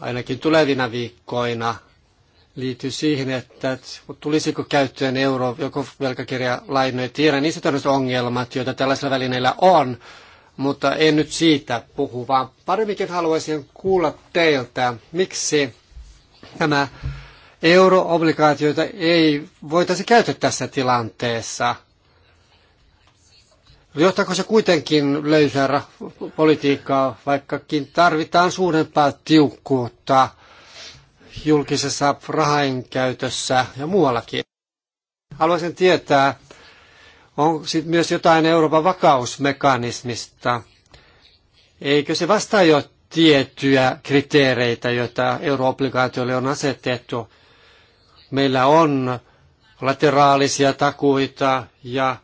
ainakin tulevina viikkoina, liittyy siihen, että tulisiko käyttöön euro, joko velkakirja lainoja. Tiedän niistä ongelmat, joita tällaisella välineellä on, mutta en nyt siitä puhu, vaan paremminkin haluaisin kuulla teiltä, miksi nämä euroobligaatioita ei voitaisi käyttää tässä tilanteessa. Johtaako se kuitenkin löysää politiikkaa, vaikkakin tarvitaan suurempaa tiukkuutta julkisessa rahainkäytössä ja muuallakin? Haluaisin tietää, on sitten myös jotain Euroopan vakausmekanismista. Eikö se vastaa jo tiettyjä kriteereitä, joita euroobligaatioille on asetettu? Meillä on lateraalisia takuita ja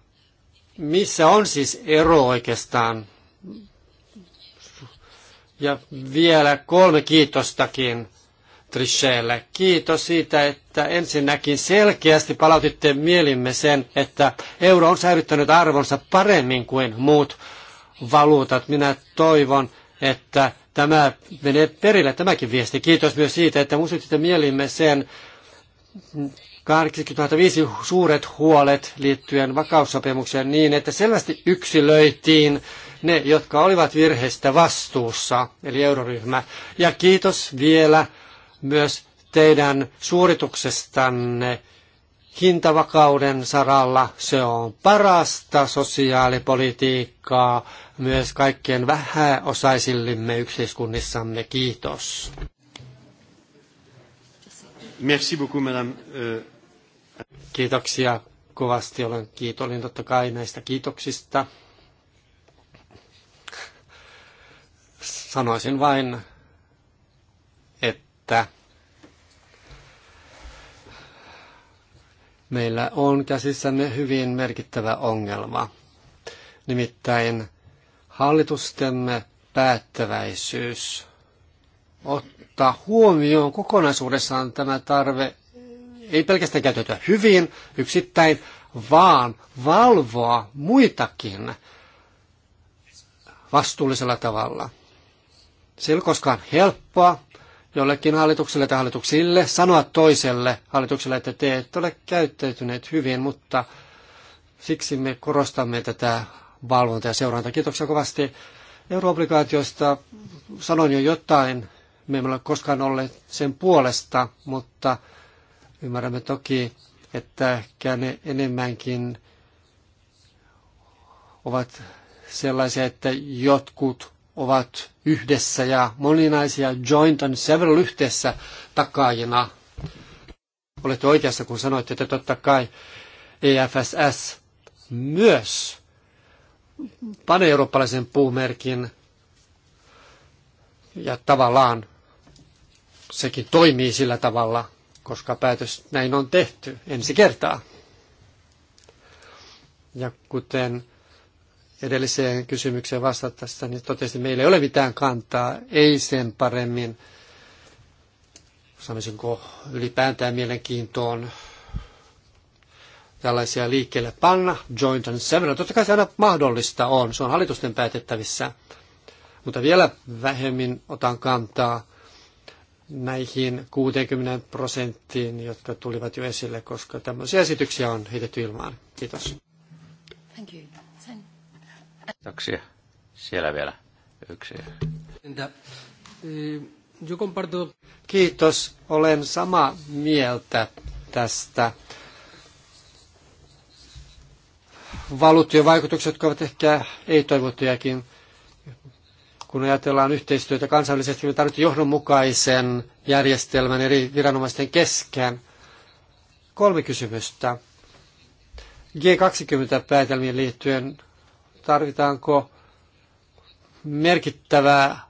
missä on siis ero oikeastaan? Ja vielä kolme kiitostakin Trichelle, Kiitos siitä, että ensinnäkin selkeästi palautitte mielimme sen, että euro on säilyttänyt arvonsa paremmin kuin muut valuutat. Minä toivon, että tämä menee perille tämäkin viesti. Kiitos myös siitä, että muistutitte mielimme sen 2005 suuret huolet liittyen vakaussopimukseen niin, että selvästi yksilöitiin ne, jotka olivat virheistä vastuussa, eli euroryhmä. Ja kiitos vielä myös teidän suorituksestanne hintavakauden saralla. Se on parasta sosiaalipolitiikkaa myös kaikkien vähäosaisillemme yhteiskunnissamme. Kiitos. Merci beaucoup, madame. Euh, Kiitoksia kovasti. Olen kiitollinen totta kai näistä kiitoksista. Sanoisin vain että meillä on käsissämme hyvin merkittävä ongelma. Nimittäin hallitustemme päättäväisyys ottaa huomioon kokonaisuudessaan tämä tarve ei pelkästään käytetä hyvin yksittäin, vaan valvoa muitakin vastuullisella tavalla. Se ei ole koskaan helppoa, jollekin hallitukselle tai hallituksille, sanoa toiselle hallitukselle, että te ette ole käyttäytyneet hyvin, mutta siksi me korostamme tätä valvontaa ja seurantaa. Kiitoksia kovasti euroobligaatioista. Sanoin jo jotain, me emme ole koskaan olleet sen puolesta, mutta ymmärrämme toki, että ehkä ne enemmänkin ovat sellaisia, että jotkut ovat yhdessä ja moninaisia joint on several yhteessä takaajina. Olette oikeassa, kun sanoitte, että totta kai EFSS myös eurooppalaisen puumerkin ja tavallaan sekin toimii sillä tavalla, koska päätös näin on tehty ensi kertaa. Ja kuten edelliseen kysymykseen vastattaessa, niin totesin, että meillä ei ole mitään kantaa, ei sen paremmin, sanoisinko ylipäätään mielenkiintoon tällaisia liikkeelle panna, joint and several. Totta kai se aina mahdollista on, se on hallitusten päätettävissä, mutta vielä vähemmin otan kantaa näihin 60 prosenttiin, jotka tulivat jo esille, koska tämmöisiä esityksiä on heitetty ilmaan. Kiitos. Thank you. Kiitoksia. Siellä vielä yksi. Eh, Kiitos. Olen samaa mieltä tästä. Valuuttiovaikutukset, jotka ovat ehkä ei-toivottujakin, kun ajatellaan yhteistyötä kansainvälisesti, me tarvitsemme johdonmukaisen järjestelmän eri viranomaisten kesken. Kolme kysymystä. G20-päätelmiin liittyen tarvitaanko merkittävää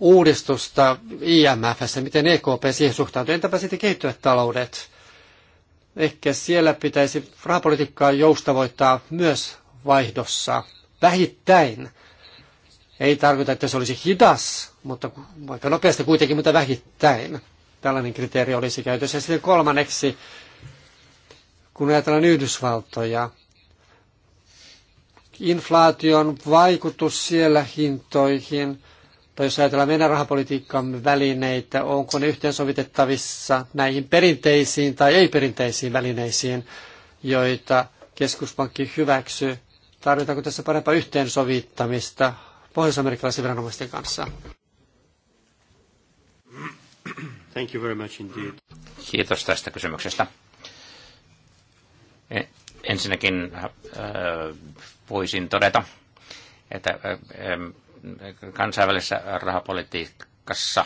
uudistusta IMFssä, miten EKP siihen suhtautuu. Entäpä sitten kehittyvät taloudet? Ehkä siellä pitäisi rahapolitiikkaa joustavoittaa myös vaihdossa vähittäin. Ei tarkoita, että se olisi hidas, mutta vaikka nopeasti kuitenkin, mutta vähittäin. Tällainen kriteeri olisi käytössä. Ja sitten kolmanneksi, kun ajatellaan Yhdysvaltoja, inflaation vaikutus siellä hintoihin, tai jos ajatellaan meidän rahapolitiikkamme välineitä, onko ne yhteensovitettavissa näihin perinteisiin tai ei-perinteisiin välineisiin, joita keskuspankki hyväksyy. Tarvitaanko tässä parempaa yhteensovittamista pohjois-amerikkalaisen viranomaisten kanssa? Thank you very much indeed. Kiitos tästä kysymyksestä. E- ensinnäkin äh, voisin todeta, että kansainvälisessä rahapolitiikassa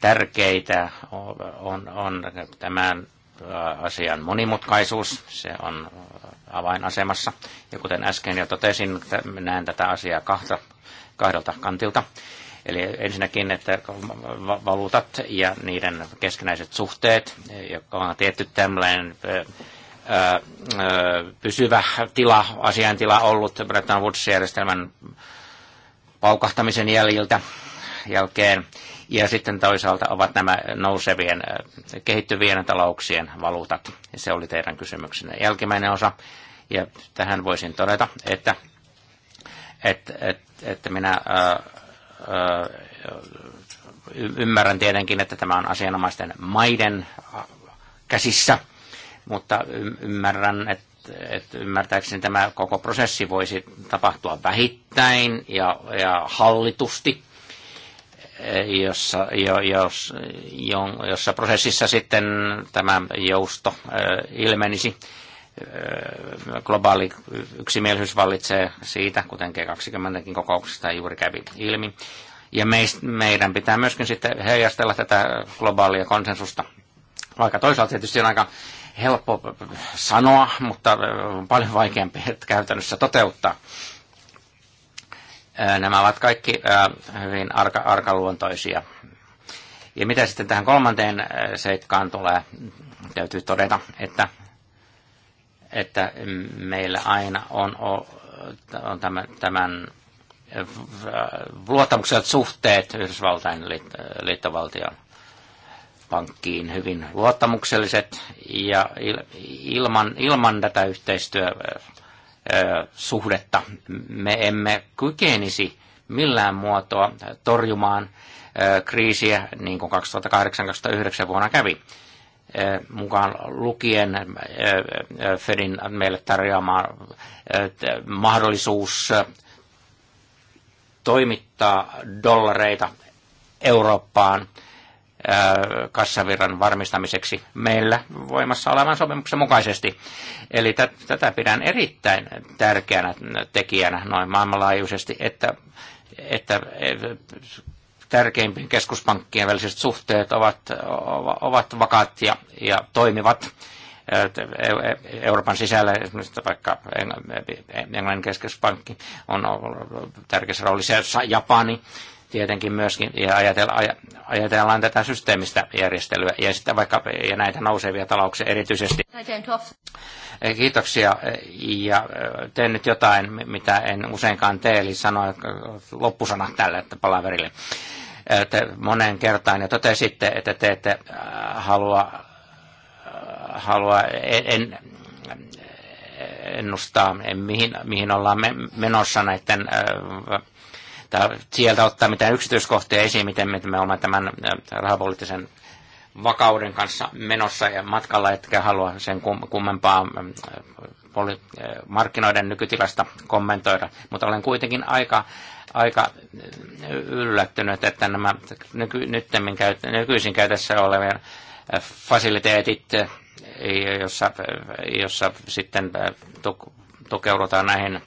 tärkeitä on, on tämän asian monimutkaisuus. Se on avainasemassa. Ja kuten äsken jo totesin, näen tätä asiaa kahta, kahdelta kantilta. Eli ensinnäkin, että valuutat ja niiden keskinäiset suhteet, jotka on tietty tämmöinen pysyvä tila, asiantila ollut Bretton Woods-järjestelmän paukahtamisen jäljiltä jälkeen. Ja sitten toisaalta ovat nämä nousevien, kehittyvien talouksien valuutat. Se oli teidän kysymyksenne jälkimmäinen osa. Ja tähän voisin todeta, että, että, että, että minä ää, ää, ymmärrän tietenkin, että tämä on asianomaisten maiden käsissä – mutta ymmärrän, että että ymmärtääkseni tämä koko prosessi voisi tapahtua vähittäin ja, ja hallitusti, jossa, jo, jos, jo, jossa prosessissa sitten tämä jousto ilmenisi. Globaali yksimielisyys vallitsee siitä, kuten G20 kokouksesta juuri kävi ilmi. Ja meidän pitää myöskin sitten heijastella tätä globaalia konsensusta vaikka toisaalta tietysti on aika helppo sanoa, mutta paljon vaikeampi käytännössä toteuttaa. Nämä ovat kaikki hyvin arka, arkaluontoisia. Ja mitä sitten tähän kolmanteen seikkaan tulee, täytyy todeta, että, että meillä aina on, on tämän, tämän luottamukselliset suhteet Yhdysvaltain liittovaltioon pankkiin hyvin luottamukselliset ja ilman, ilman tätä yhteistyösuhdetta me emme kykenisi millään muotoa torjumaan kriisiä niin kuin 2008-2009 vuonna kävi mukaan lukien Fedin meille tarjoama mahdollisuus toimittaa dollareita Eurooppaan – Äh, kassavirran varmistamiseksi meillä voimassa olevan sopimuksen mukaisesti. Eli tätä pidän erittäin tärkeänä tekijänä noin maailmanlaajuisesti, että, että äh, tärkeimpien keskuspankkien väliset suhteet ovat, ovat vakaat ja, ja toimivat. Äh, e-, e-, Euroopan sisällä esimerkiksi vaikka Englannin keskuspankki on tärkeässä roolissa, Japani tietenkin myöskin, ja ajatellaan tätä systeemistä järjestelyä, ja sitten vaikka ja näitä nousevia talouksia erityisesti. Kiitoksia, ja teen nyt jotain, mitä en useinkaan tee, eli sanoa loppusana tälle palaverille. Te monen kertaan ja totesitte, että te ette halua, halua en, en ennustaa, mihin, mihin ollaan menossa näiden sieltä ottaa mitään yksityiskohtia esiin, miten me olemme tämän äh, rahapoliittisen vakauden kanssa menossa ja matkalla, etkä halua sen kummempaa mm, äh, äh, markkinoiden nykytilasta kommentoida. Mutta olen kuitenkin aika, aika yllättynyt, että nämä nyky, nyttemmin, nykyisin käytössä olevien fasiliteetit, jossa, jossa sitten tukeudutaan näihin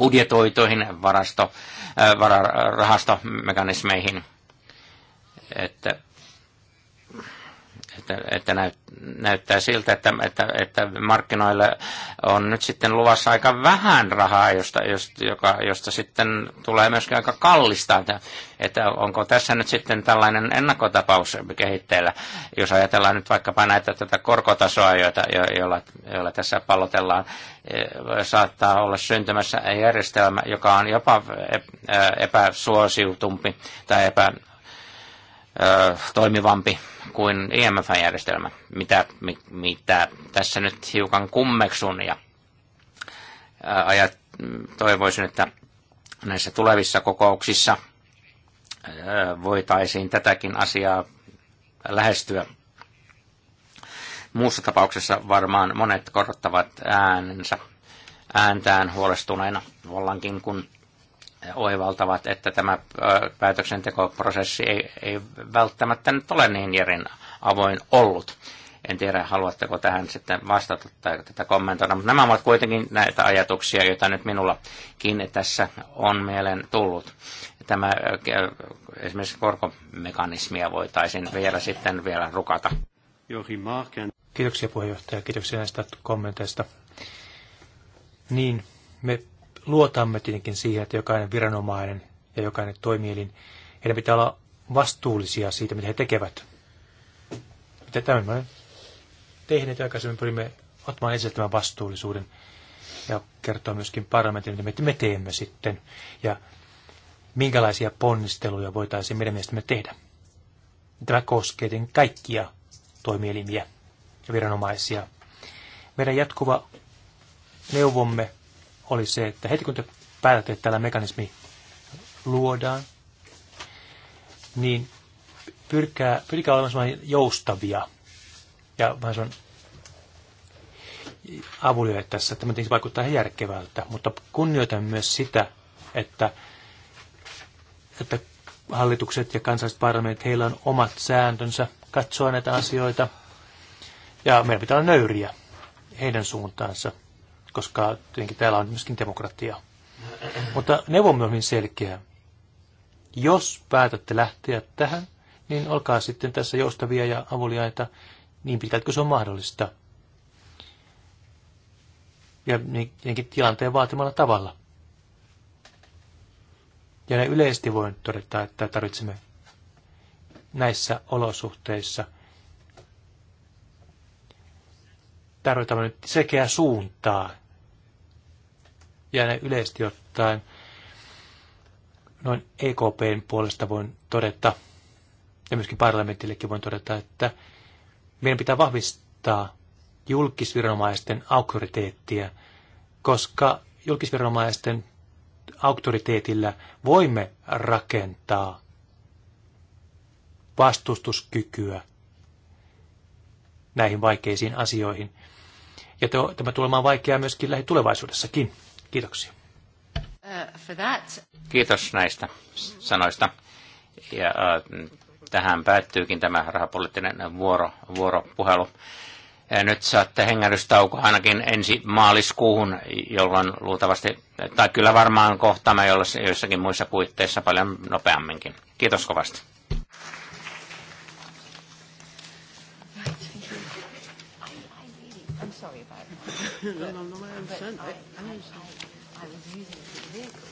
budjetoitoihin varasto, äh, vararahastomekanismeihin. Että että, että näyt, näyttää siltä, että, että, että markkinoille on nyt sitten luvassa aika vähän rahaa, josta, josta, joka, josta sitten tulee myöskin aika kallista. Että, että onko tässä nyt sitten tällainen ennakkotapaus kehitteillä, jos ajatellaan nyt vaikkapa näitä tätä korkotasoa, joita, jo, jolla, jolla tässä pallotellaan, eh, saattaa olla syntymässä järjestelmä, joka on jopa eh, epäsuosiutumpi tai epä eh, toimivampi kuin IMF-järjestelmä, mitä, mitä tässä nyt hiukan kummeksun ja ajat, toivoisin, että näissä tulevissa kokouksissa voitaisiin tätäkin asiaa lähestyä. Muussa tapauksessa varmaan monet korottavat äänensä ääntään huolestuneena vallankin, kun oivaltavat, että tämä päätöksentekoprosessi ei, ei välttämättä nyt ole niin järin avoin ollut. En tiedä, haluatteko tähän sitten vastata tai tätä kommentoida, mutta nämä ovat kuitenkin näitä ajatuksia, joita nyt minullakin tässä on mieleen tullut. Tämä esimerkiksi korkomekanismia voitaisiin vielä sitten vielä rukata. Kiitoksia puheenjohtaja, kiitoksia näistä kommenteista. Niin, me luotamme tietenkin siihen, että jokainen viranomainen ja jokainen toimielin, heidän pitää olla vastuullisia siitä, mitä he tekevät. Mitä tämä me tehneet aikaisemmin, pyrimme ottamaan esille tämän vastuullisuuden ja kertoa myöskin parlamentille, mitä me teemme sitten ja minkälaisia ponnisteluja voitaisiin meidän mielestämme tehdä. Tämä koskee kaikkia toimielimiä ja viranomaisia. Meidän jatkuva neuvomme oli se, että heti kun te päätätte, että tällä mekanismi luodaan, niin pyrkää, pyrkää olemaan joustavia ja vähän avulioja tässä. Tämä tietysti vaikuttaa ihan järkevältä, mutta kunnioitan myös sitä, että, että hallitukset ja kansalliset parlamentit, heillä on omat sääntönsä katsoa näitä asioita. Ja meidän pitää olla nöyriä heidän suuntaansa koska tietenkin täällä on myöskin demokratia. Mutta neuvomme on hyvin selkeä. Jos päätätte lähteä tähän, niin olkaa sitten tässä joustavia ja avuliaita niin pitkälti kuin se on mahdollista. Ja jotenkin niin, tilanteen vaatimalla tavalla. Ja yleisesti voin todeta, että tarvitsemme näissä olosuhteissa – tarvitaan nyt sekä suuntaa. Ja näin yleisesti ottaen noin EKPn puolesta voin todeta, ja myöskin parlamentillekin voin todeta, että meidän pitää vahvistaa julkisviranomaisten auktoriteettia, koska julkisviranomaisten auktoriteetillä voimme rakentaa vastustuskykyä näihin vaikeisiin asioihin. Ja to, tämä olemaan vaikeaa myöskin lähitulevaisuudessakin. Kiitoksia. Uh, Kiitos näistä sanoista. Ja, uh, tähän päättyykin tämä rahapoliittinen vuoro, vuoropuhelu. Ja uh, nyt saatte hengähdystauko ainakin ensi maaliskuuhun, jolloin luultavasti, tai kyllä varmaan kohtaamme jossakin muissa puitteissa paljon nopeamminkin. Kiitos kovasti. no, I no, no, no, no, no, no,